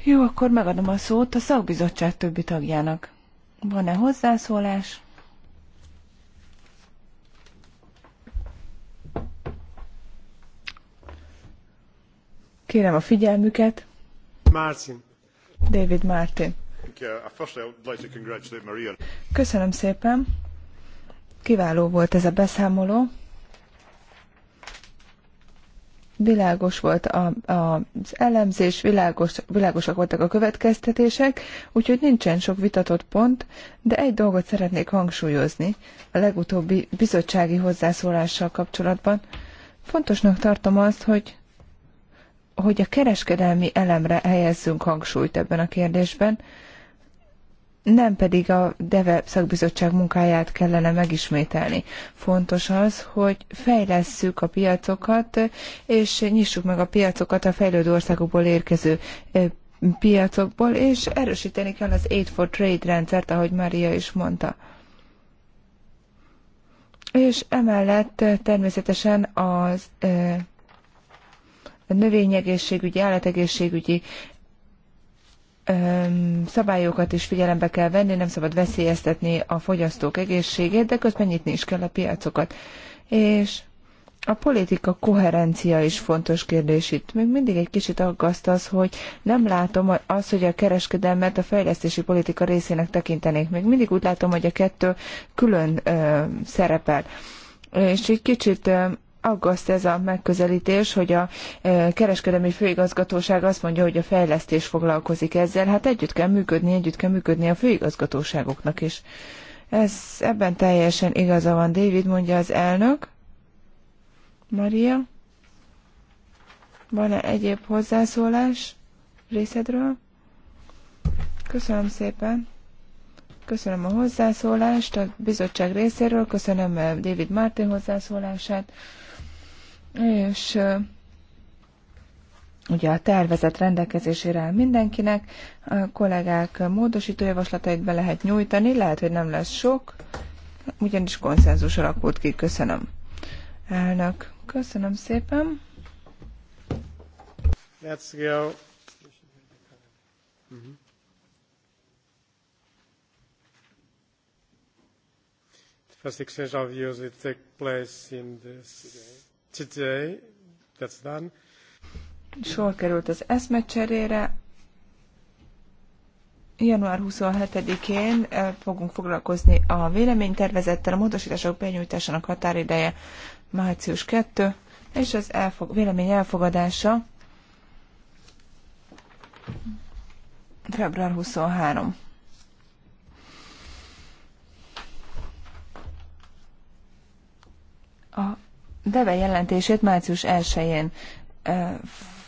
Jó, akkor megadom a szót a szakbizottság többi tagjának. Van-e hozzászólás? Kérem a figyelmüket. Martin. David Martin. Köszönöm szépen. Kiváló volt ez a beszámoló világos volt a, a, az elemzés, világos, világosak voltak a következtetések, úgyhogy nincsen sok vitatott pont, de egy dolgot szeretnék hangsúlyozni a legutóbbi bizottsági hozzászólással kapcsolatban. Fontosnak tartom azt, hogy hogy a kereskedelmi elemre helyezzünk hangsúlyt ebben a kérdésben, nem pedig a DEVE szakbizottság munkáját kellene megismételni. Fontos az, hogy fejlesszük a piacokat, és nyissuk meg a piacokat a fejlődő országokból érkező piacokból, és erősíteni kell az Aid for Trade rendszert, ahogy Maria is mondta. És emellett természetesen az növényegészségügyi, állategészségügyi szabályokat is figyelembe kell venni, nem szabad veszélyeztetni a fogyasztók egészségét, de közben nyitni is kell a piacokat. És a politika koherencia is fontos kérdés itt. Még mindig egy kicsit aggaszt az, hogy nem látom az, hogy a kereskedelmet a fejlesztési politika részének tekintenék. Még mindig úgy látom, hogy a kettő külön ö, szerepel. És egy kicsit aggaszt ez a megközelítés, hogy a e, kereskedelmi főigazgatóság azt mondja, hogy a fejlesztés foglalkozik ezzel. Hát együtt kell működni, együtt kell működni a főigazgatóságoknak is. Ez, ebben teljesen igaza van, David, mondja az elnök. Maria, van-e egyéb hozzászólás részedről? Köszönöm szépen. Köszönöm a hozzászólást a bizottság részéről, köszönöm eh, David Martin hozzászólását és ugye a tervezet rendelkezésére áll mindenkinek, a kollégák módosító javaslatait be lehet nyújtani, lehet, hogy nem lesz sok, ugyanis konszenzus alakult ki. Köszönöm. Elnök, köszönöm szépen. Let's go. Mm-hmm. The first exchange of views will take place in this today. That's done. Sor került az eszmecserére. Január 27-én eh, fogunk foglalkozni a véleménytervezettel, a módosítások benyújtásának határideje március 2, és az elfog, vélemény elfogadása február 23. A DEVE jelentését március 1-én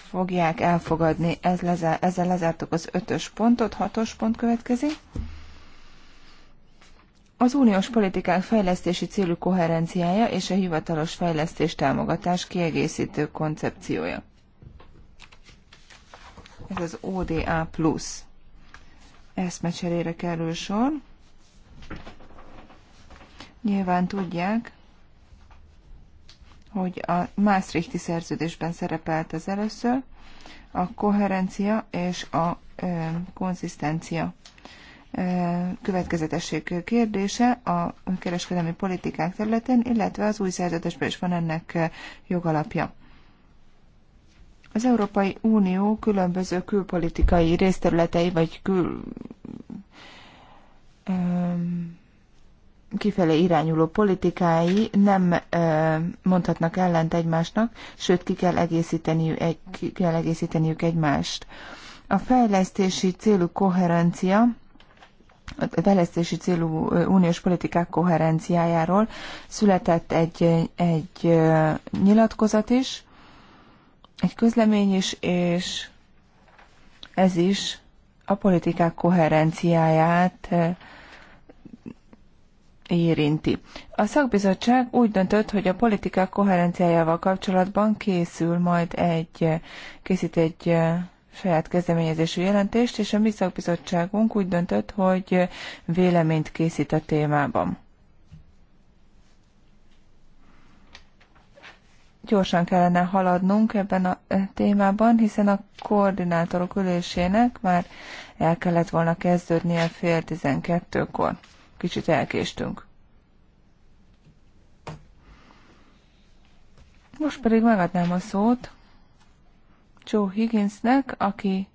fogják elfogadni. Ez lezár, ezzel lezártuk az ötös pontot, hatos pont következik. Az uniós politikák fejlesztési célú koherenciája és a hivatalos fejlesztés támogatás kiegészítő koncepciója. Ez az ODA+. Eszmecserére kerül sor. Nyilván tudják, hogy a Maastrichti szerződésben szerepelt az először, a koherencia és a ö, konzisztencia következetesség kérdése a kereskedelmi politikák területén, illetve az új szerződésben is van ennek jogalapja. Az Európai Unió különböző külpolitikai részterületei, vagy kül, Ö, kifelé irányuló politikái nem mondhatnak ellent egymásnak, sőt ki kell, egészíteniük, egy, ki kell egészíteniük egymást. A fejlesztési célú koherencia, a fejlesztési célú uniós politikák koherenciájáról született egy, egy nyilatkozat is, egy közlemény is, és ez is a politikák koherenciáját érinti. A szakbizottság úgy döntött, hogy a politikák koherenciájával kapcsolatban készül majd egy, készít egy saját kezdeményezésű jelentést, és a mi szakbizottságunk úgy döntött, hogy véleményt készít a témában. Gyorsan kellene haladnunk ebben a e, témában, hiszen a koordinátorok ülésének már el kellett volna kezdődnie fél tizenkettőkor kicsit elkéstünk. Most pedig megadnám a szót Joe Higginsnek, aki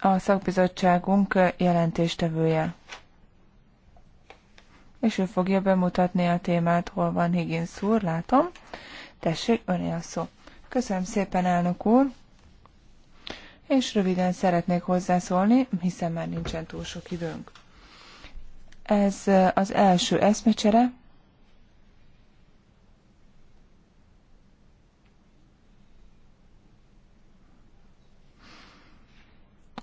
a szakbizottságunk jelentéstevője. És ő fogja bemutatni a témát, hol van Higgins úr, látom. Tessék, öné a szó. Köszönöm szépen, elnök úr. És röviden szeretnék hozzászólni, hiszen már nincsen túl sok időnk. Ez az első eszmecsere.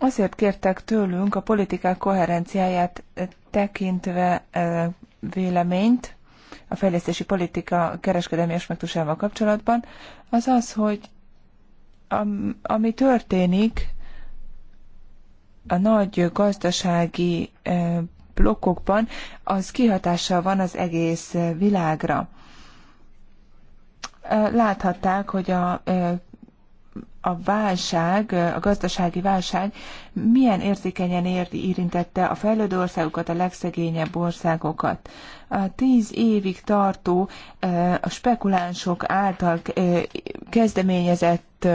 Azért kértek tőlünk a politikák koherenciáját tekintve véleményt a fejlesztési politika kereskedelmi aspektusával kapcsolatban, az az, hogy ami történik a nagy gazdasági blokkokban, az kihatással van az egész világra. Láthatták, hogy a a válság, a gazdasági válság milyen érzékenyen érintette a fejlődő országokat, a legszegényebb országokat. A tíz évig tartó a spekulánsok által kezdeményezett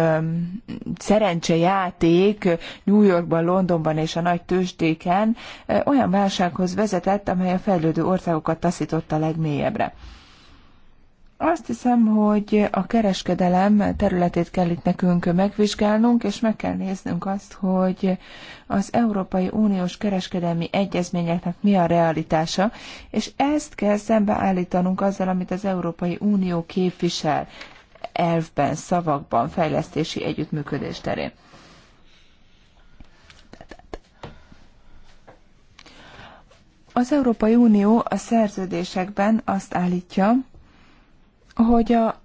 szerencsejáték New Yorkban, Londonban és a nagy tőzsdéken olyan válsághoz vezetett, amely a fejlődő országokat taszította legmélyebbre. Azt hiszem, hogy a kereskedelem területét kell itt nekünk megvizsgálnunk, és meg kell néznünk azt, hogy az Európai Uniós kereskedelmi egyezményeknek mi a realitása, és ezt kell szembeállítanunk azzal, amit az Európai Unió képvisel elvben, szavakban, fejlesztési együttműködés terén. Az Európai Unió a szerződésekben azt állítja, hogy a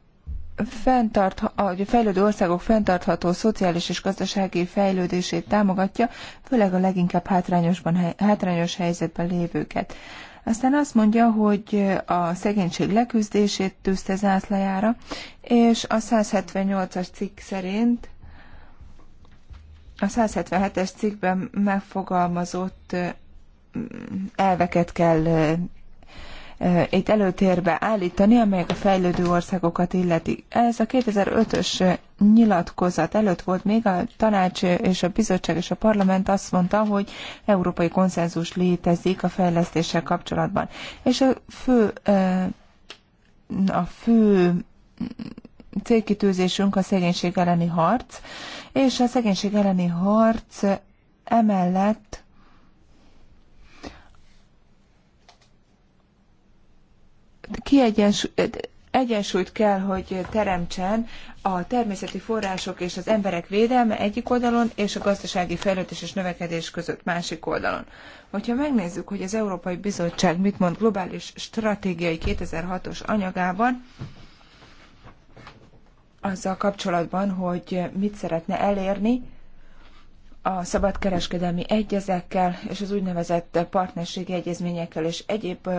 fenntart, a fejlődő országok fenntartható szociális és gazdasági fejlődését támogatja, főleg a leginkább hátrányosban, hátrányos helyzetben lévőket. Aztán azt mondja, hogy a szegénység leküzdését tűzte zászlajára, és a 178-as cikk szerint a 177-es cikkben megfogalmazott elveket kell Eh, itt előtérbe állítani, amelyek a fejlődő országokat illeti. Ez a 2005-ös nyilatkozat előtt volt még a tanács és a bizottság és a parlament azt mondta, hogy európai konszenzus létezik a fejlesztéssel kapcsolatban. És a fő, eh, a fő célkitűzésünk a szegénység elleni harc, és a szegénység elleni harc emellett kiegyens, egyensúlyt kell, hogy teremtsen a természeti források és az emberek védelme egyik oldalon, és a gazdasági fejlődés és növekedés között másik oldalon. Hogyha megnézzük, hogy az Európai Bizottság mit mond globális stratégiai 2006-os anyagában, azzal kapcsolatban, hogy mit szeretne elérni, a szabadkereskedelmi egyezekkel és az úgynevezett partnerségi egyezményekkel és egyéb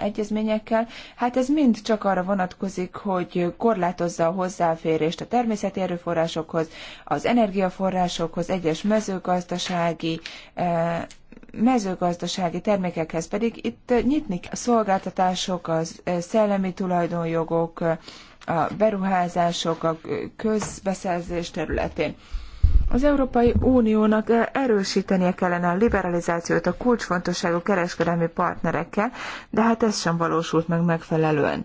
egyezményekkel, hát ez mind csak arra vonatkozik, hogy korlátozza a hozzáférést a természeti erőforrásokhoz, az energiaforrásokhoz, egyes mezőgazdasági mezőgazdasági termékekhez pedig itt nyitni a szolgáltatások, az szellemi tulajdonjogok, a beruházások a közbeszerzés területén. Az Európai Uniónak eh, erősítenie kellene a liberalizációt a kulcsfontosságú kereskedelmi partnerekkel, de hát ez sem valósult meg megfelelően.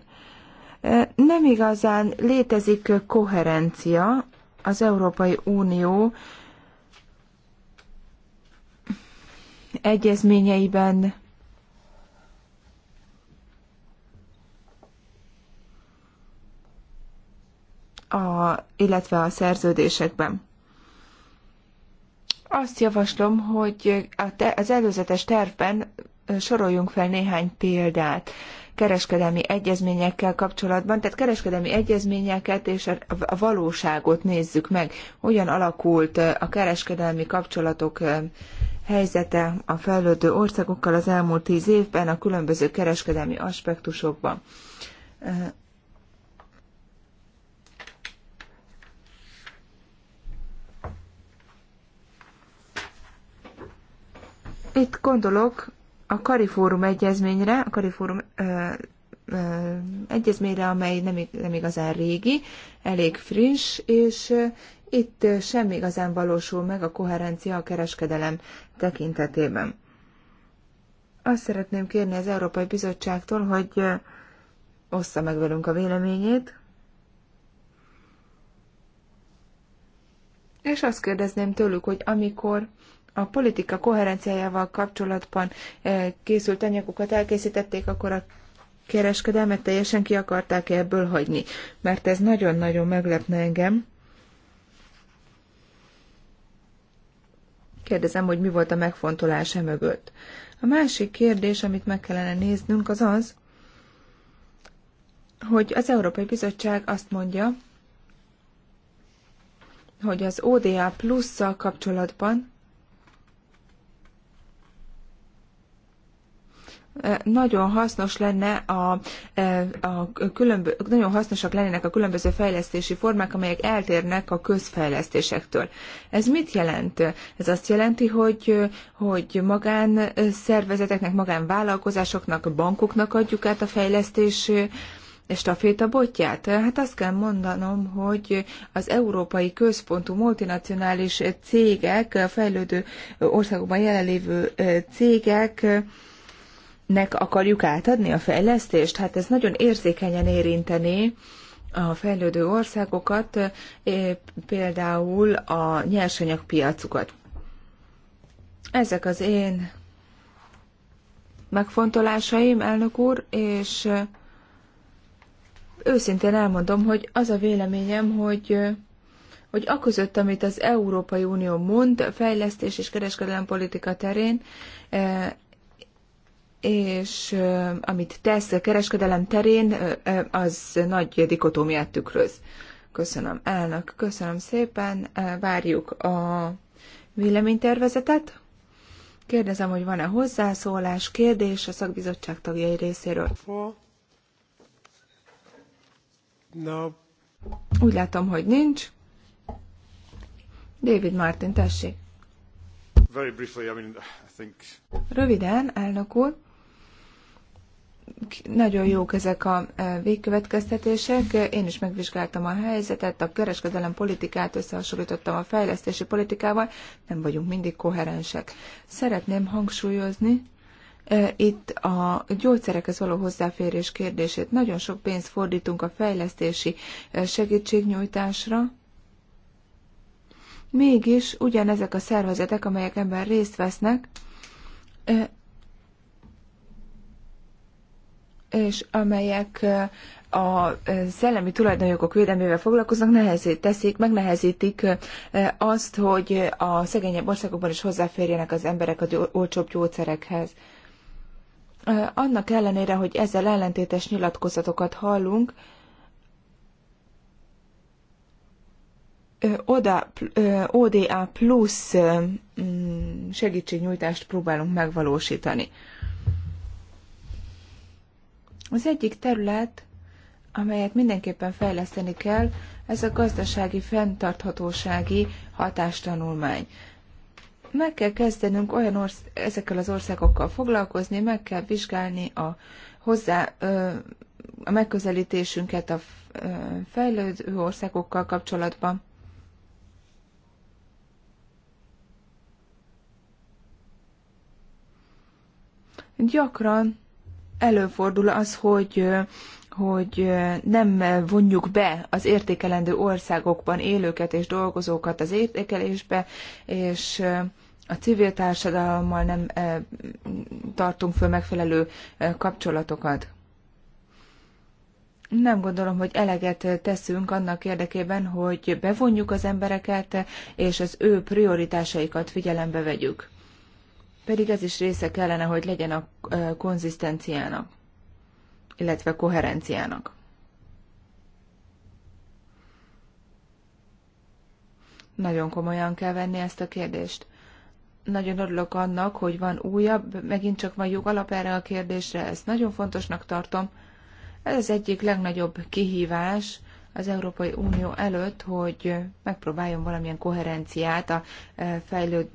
Eh, nem igazán létezik eh, koherencia az Európai Unió egyezményeiben, a, illetve a szerződésekben. Azt javaslom, hogy az előzetes tervben soroljunk fel néhány példát kereskedelmi egyezményekkel kapcsolatban, tehát kereskedelmi egyezményeket és a valóságot nézzük meg, hogyan alakult a kereskedelmi kapcsolatok helyzete a fejlődő országokkal az elmúlt tíz évben a különböző kereskedelmi aspektusokban. Itt gondolok a Karifórum egyezményre, a Karifórum egyezményre, amely nem, nem igazán régi, elég friss, és ö, itt sem igazán valósul meg a koherencia a kereskedelem tekintetében. Azt szeretném kérni az Európai Bizottságtól, hogy ossza meg velünk a véleményét, és azt kérdezném tőlük, hogy amikor a politika koherenciájával kapcsolatban eh, készült anyagokat elkészítették, akkor a kereskedelmet teljesen ki akarták ebből hagyni, mert ez nagyon-nagyon meglepne engem. Kérdezem, hogy mi volt a e mögött. A másik kérdés, amit meg kellene néznünk, az az, hogy az Európai Bizottság azt mondja, hogy az ODA plusszal kapcsolatban nagyon hasznos lenne a, a különbö, nagyon hasznosak lennének a különböző fejlesztési formák, amelyek eltérnek a közfejlesztésektől. Ez mit jelent? Ez azt jelenti, hogy, hogy magán szervezeteknek, magánvállalkozásoknak, bankoknak adjuk át a fejlesztés botját. Hát azt kell mondanom, hogy az európai központú multinacionális cégek, fejlődő országokban jelenlévő cégek nek akarjuk átadni a fejlesztést? Hát ez nagyon érzékenyen érinteni a fejlődő országokat, például a nyersanyagpiacukat. Ezek az én megfontolásaim, elnök úr, és őszintén elmondom, hogy az a véleményem, hogy hogy aközött, amit az Európai Unió mond fejlesztés és kereskedelem politika terén, és amit tesz a kereskedelem terén, az nagy dikotómiát tükröz. Köszönöm, elnök, köszönöm szépen, várjuk a véleménytervezetet. Kérdezem, hogy van-e hozzászólás, kérdés a szakbizottság tagjai részéről. No. Úgy látom, hogy nincs. David Martin, tessék. Very briefly, I mean, I think... Röviden, elnök úr nagyon jók ezek a e, végkövetkeztetések. Én is megvizsgáltam a helyzetet, a kereskedelem politikát összehasonlítottam a fejlesztési politikával, nem vagyunk mindig koherensek. Szeretném hangsúlyozni, e, itt a gyógyszerekhez való hozzáférés kérdését. Nagyon sok pénzt fordítunk a fejlesztési e, segítségnyújtásra, mégis ugyanezek a szervezetek, amelyek ebben részt vesznek, és amelyek a szellemi tulajdonjogok védelmével foglalkoznak, nehezít, teszik, megnehezítik azt, hogy a szegényebb országokban is hozzáférjenek az emberek az olcsóbb gyógyszerekhez. Annak ellenére, hogy ezzel ellentétes nyilatkozatokat hallunk, ODA, ODA plusz mm, segítségnyújtást próbálunk megvalósítani. Az egyik terület, amelyet mindenképpen fejleszteni kell, ez a gazdasági fenntarthatósági hatástanulmány. Meg kell kezdenünk olyan orsz- ezekkel az országokkal foglalkozni, meg kell vizsgálni a hozzá ö, a megközelítésünket a fejlődő országokkal kapcsolatban. Gyakran előfordul az, hogy hogy nem vonjuk be az értékelendő országokban élőket és dolgozókat az értékelésbe, és a civil társadalommal nem eh, tartunk föl megfelelő eh, kapcsolatokat. Nem gondolom, hogy eleget teszünk annak érdekében, hogy bevonjuk az embereket, és az ő prioritásaikat figyelembe vegyük. Pedig ez is része kellene, hogy legyen a konzisztenciának, illetve koherenciának. Nagyon komolyan kell venni ezt a kérdést. Nagyon örülök annak, hogy van újabb, megint csak van alap erre a kérdésre, ezt nagyon fontosnak tartom. Ez az egyik legnagyobb kihívás, az Európai Unió előtt, hogy megpróbáljon valamilyen koherenciát a e,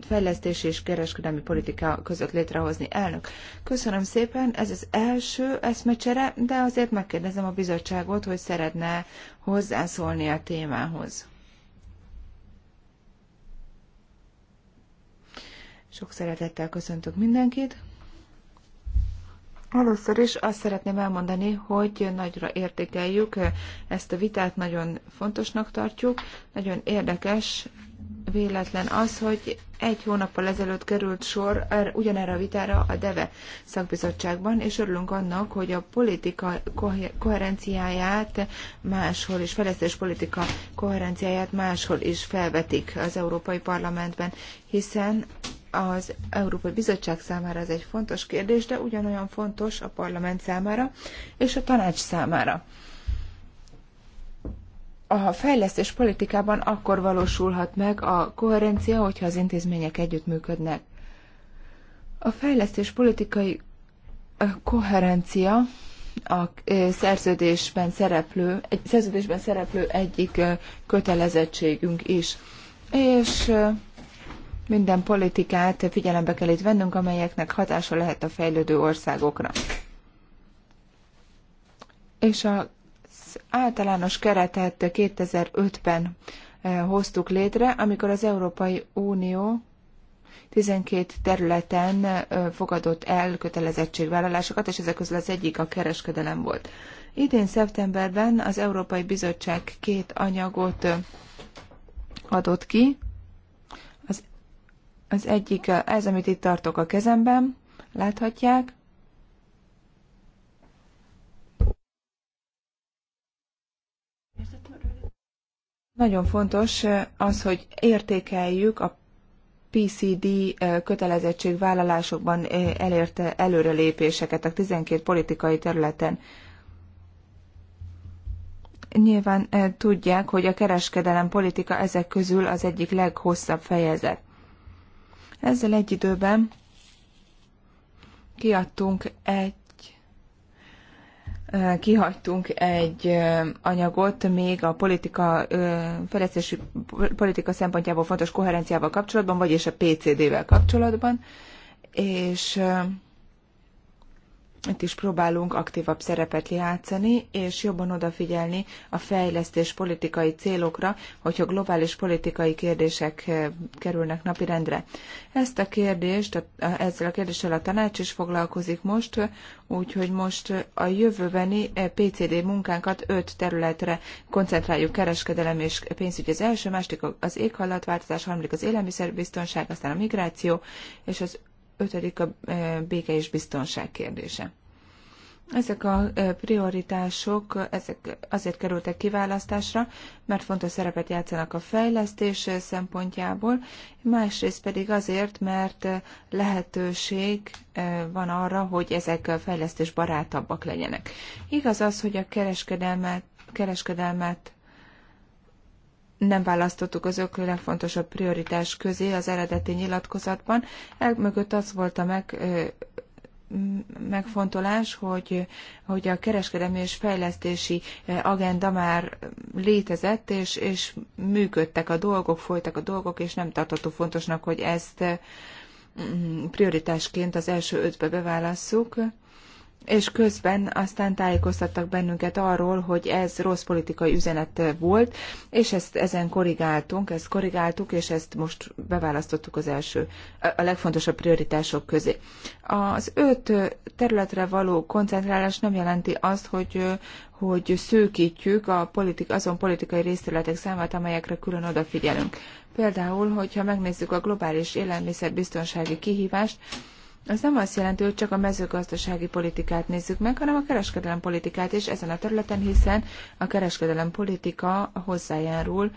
fejlesztési és kereskedelmi politika között létrehozni. Elnök, köszönöm szépen, ez az első eszmecsere, de azért megkérdezem a bizottságot, hogy szeretne hozzászólni a témához. Sok szeretettel köszöntök mindenkit! Először is azt szeretném elmondani, hogy nagyra értékeljük ezt a vitát, nagyon fontosnak tartjuk. Nagyon érdekes, véletlen az, hogy egy hónappal ezelőtt került sor er, ugyanerre a vitára a DEVE szakbizottságban, és örülünk annak, hogy a politika koherenciáját máshol is, fejlesztés politika koherenciáját máshol is felvetik az Európai Parlamentben, hiszen az Európai Bizottság számára ez egy fontos kérdés, de ugyanolyan fontos a parlament számára és a tanács számára. A fejlesztés politikában akkor valósulhat meg a koherencia, hogyha az intézmények együttműködnek. A fejlesztés politikai koherencia a szerződésben szereplő, egy szerződésben szereplő egyik kötelezettségünk is. És minden politikát figyelembe kell itt vennünk, amelyeknek hatása lehet a fejlődő országokra. És az általános keretet 2005-ben eh, hoztuk létre, amikor az Európai Unió 12 területen eh, fogadott el kötelezettségvállalásokat, és ezek közül az egyik a kereskedelem volt. Idén szeptemberben az Európai Bizottság két anyagot eh, adott ki, az egyik, ez, amit itt tartok a kezemben, láthatják. Nagyon fontos az, hogy értékeljük a PCD eh, kötelezettségvállalásokban eh, elérte előrelépéseket a 12 politikai területen. Nyilván eh, tudják, hogy a kereskedelem politika ezek közül az egyik leghosszabb fejezet. Ezzel egy időben kiadtunk egy kihagytunk egy anyagot még a politika, fejlesztési politika szempontjából fontos koherenciával kapcsolatban, vagyis a PCD-vel kapcsolatban, és itt is próbálunk aktívabb szerepet játszani, és jobban odafigyelni a fejlesztés politikai célokra, hogyha globális politikai kérdések eh, kerülnek napirendre. Ezt a kérdést, ezzel a kérdéssel a tanács is foglalkozik most, úgyhogy most a jövőbeni eh, PCD munkánkat öt területre koncentráljuk, kereskedelem és pénzügy az első, második az éghajlatváltozás, harmadik az élelmiszerbiztonság, aztán a migráció, és az ötödik a e, béke és biztonság kérdése. Ezek a e, prioritások ezek azért kerültek kiválasztásra, mert fontos szerepet játszanak a fejlesztés e, szempontjából, másrészt pedig azért, mert lehetőség van arra, hogy ezek fejlesztés barátabbak legyenek. Igaz az, hogy a kereskedelmet, kereskedelmet nem választottuk az ök legfontosabb prioritás közé az eredeti nyilatkozatban. El mögött az volt a meg, megfontolás, hogy, hogy a kereskedelmi és fejlesztési agenda már létezett, és, és működtek a dolgok, folytak a dolgok, és nem tartottuk fontosnak, hogy ezt prioritásként az első ötbe beválasszuk és közben aztán tájékoztattak bennünket arról, hogy ez rossz politikai üzenet volt, és ezt ezen korrigáltunk, ezt korrigáltuk, és ezt most beválasztottuk az első, a legfontosabb prioritások közé. Az öt területre való koncentrálás nem jelenti azt, hogy hogy szűkítjük a politik, azon politikai részterületek számát, amelyekre külön odafigyelünk. Például, hogyha megnézzük a globális élelmiszerbiztonsági kihívást, ez nem azt jelenti, hogy csak a mezőgazdasági politikát nézzük meg, hanem a kereskedelem politikát is ezen a területen, hiszen a kereskedelem politika hozzájárul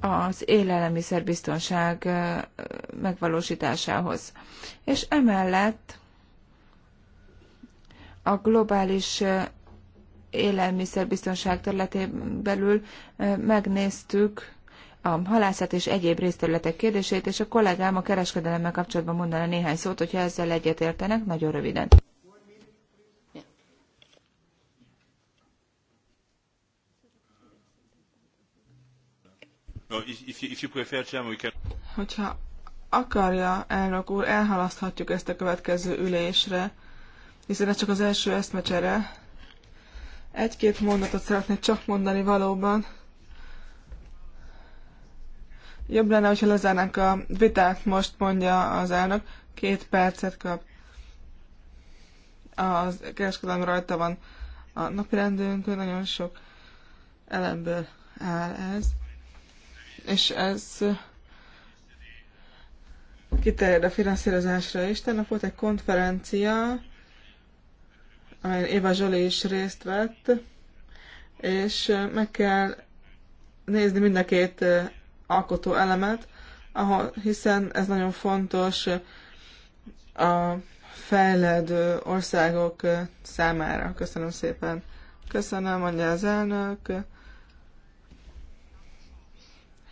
az élelmiszerbiztonság megvalósításához. És emellett a globális élelmiszerbiztonság területén belül megnéztük a halászat és egyéb részterületek kérdését, és a kollégám a kereskedelemmel kapcsolatban mondana néhány szót, hogyha ezzel egyetértenek, nagyon röviden. Hogyha akarja, elnök úr, elhalaszthatjuk ezt a következő ülésre, hiszen ez csak az első eszmecsere. Egy-két mondatot szeretnék csak mondani valóban. Jobb lenne, hogyha lezárnánk a vitát, most mondja az elnök. Két percet kap. A kereskedelem rajta van a napirendünkön, nagyon sok elemből áll ez. És ez kiterjed a finanszírozásra is. Tegnap volt egy konferencia, amelyen Éva Zsoli is részt vett, és meg kell nézni mind a két alkotó elemet, ahol, hiszen ez nagyon fontos a fejledő országok számára. Köszönöm szépen. Köszönöm, mondja az elnök.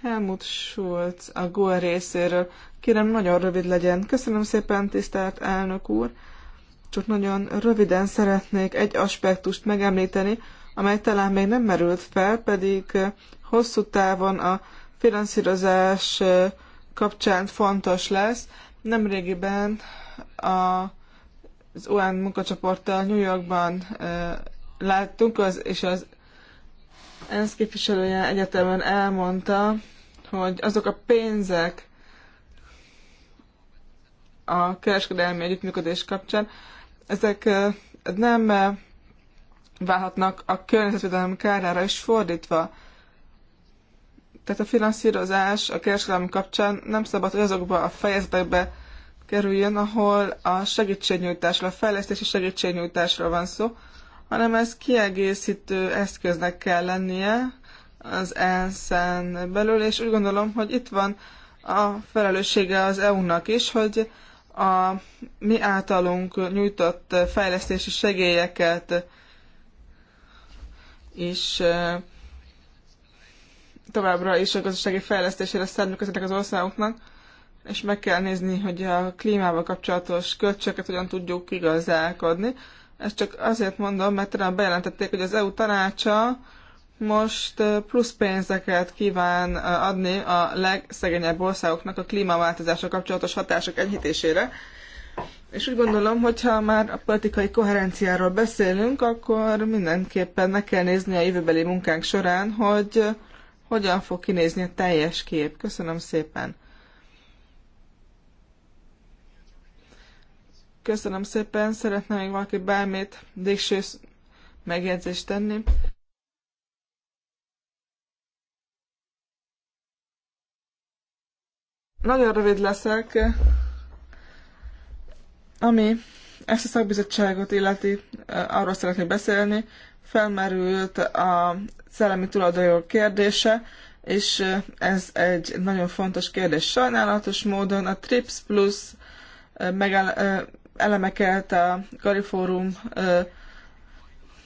Helmut Schulz a GOL részéről. Kérem, nagyon rövid legyen. Köszönöm szépen, tisztelt elnök úr. Csak nagyon röviden szeretnék egy aspektust megemlíteni, amely talán még nem merült fel, pedig hosszú távon a finanszírozás kapcsán fontos lesz. Nemrégiben a, az UN munkacsoporttal New Yorkban e, láttunk, az, és az ENSZ képviselője egyetemen elmondta, hogy azok a pénzek a kereskedelmi együttműködés kapcsán, ezek nem válhatnak a környezetvédelem kárára is fordítva. Tehát a finanszírozás a kereskedelem kapcsán nem szabad, hogy azokba a fejezetekbe kerüljön, ahol a segítségnyújtásra, a fejlesztési segítségnyújtásra van szó, hanem ez kiegészítő eszköznek kell lennie az ENSZ-en belül, és úgy gondolom, hogy itt van a felelőssége az EU-nak is, hogy a mi általunk nyújtott fejlesztési segélyeket is eh, továbbra is a gazdasági fejlesztésére szánjuk ezeknek az országoknak, és meg kell nézni, hogy a klímával kapcsolatos költségeket hogyan tudjuk igazálkodni. Ezt csak azért mondom, mert talán bejelentették, hogy az EU tanácsa most plusz pénzeket kíván adni a legszegényebb országoknak a klímaváltozással kapcsolatos hatások enyhítésére. És úgy gondolom, hogyha már a politikai koherenciáról beszélünk, akkor mindenképpen meg kell nézni a jövőbeli munkánk során, hogy hogyan fog kinézni a teljes kép. Köszönöm szépen. Köszönöm szépen. Szeretne még valaki bármit végső megjegyzést tenni? Nagyon rövid leszek, ami ezt a szakbizottságot illeti, arról szeretnék beszélni. Felmerült a szellemi tulajdonjog kérdése, és ez egy nagyon fontos kérdés. Sajnálatos módon a TRIPS Plus elemeket a Kariforum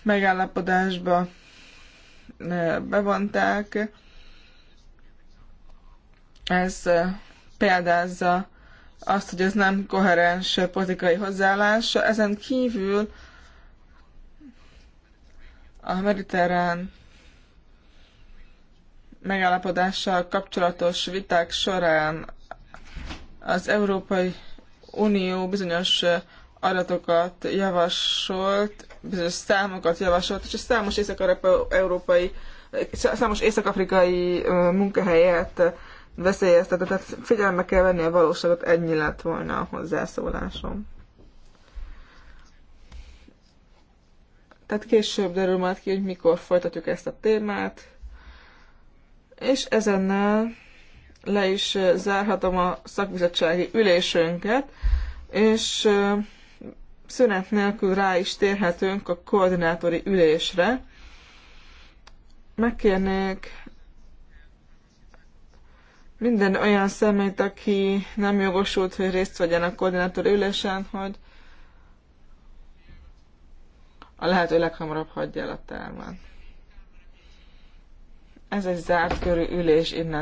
megállapodásba bevonták. Ez példázza azt, hogy ez nem koherens politikai hozzáállása. Ezen kívül a mediterrán megállapodással kapcsolatos viták során az Európai Unió bizonyos adatokat javasolt, bizonyos számokat javasolt, és számos észak-európai, számos észak-afrikai munkahelyet veszélyeztetett, tehát figyelembe kell venni a valóságot, ennyi lett volna a hozzászólásom. Tehát később derül majd ki, hogy mikor folytatjuk ezt a témát. És ezennel le is zárhatom a szakbizottsági ülésünket, és szünet nélkül rá is térhetünk a koordinátori ülésre. Megkérnék minden olyan szemét, aki nem jogosult, hogy részt vegyen a koordinátori ülésen, hogy a lehető leghamarabb hagyja el a termet. Ez egy zárt körű ülés innen.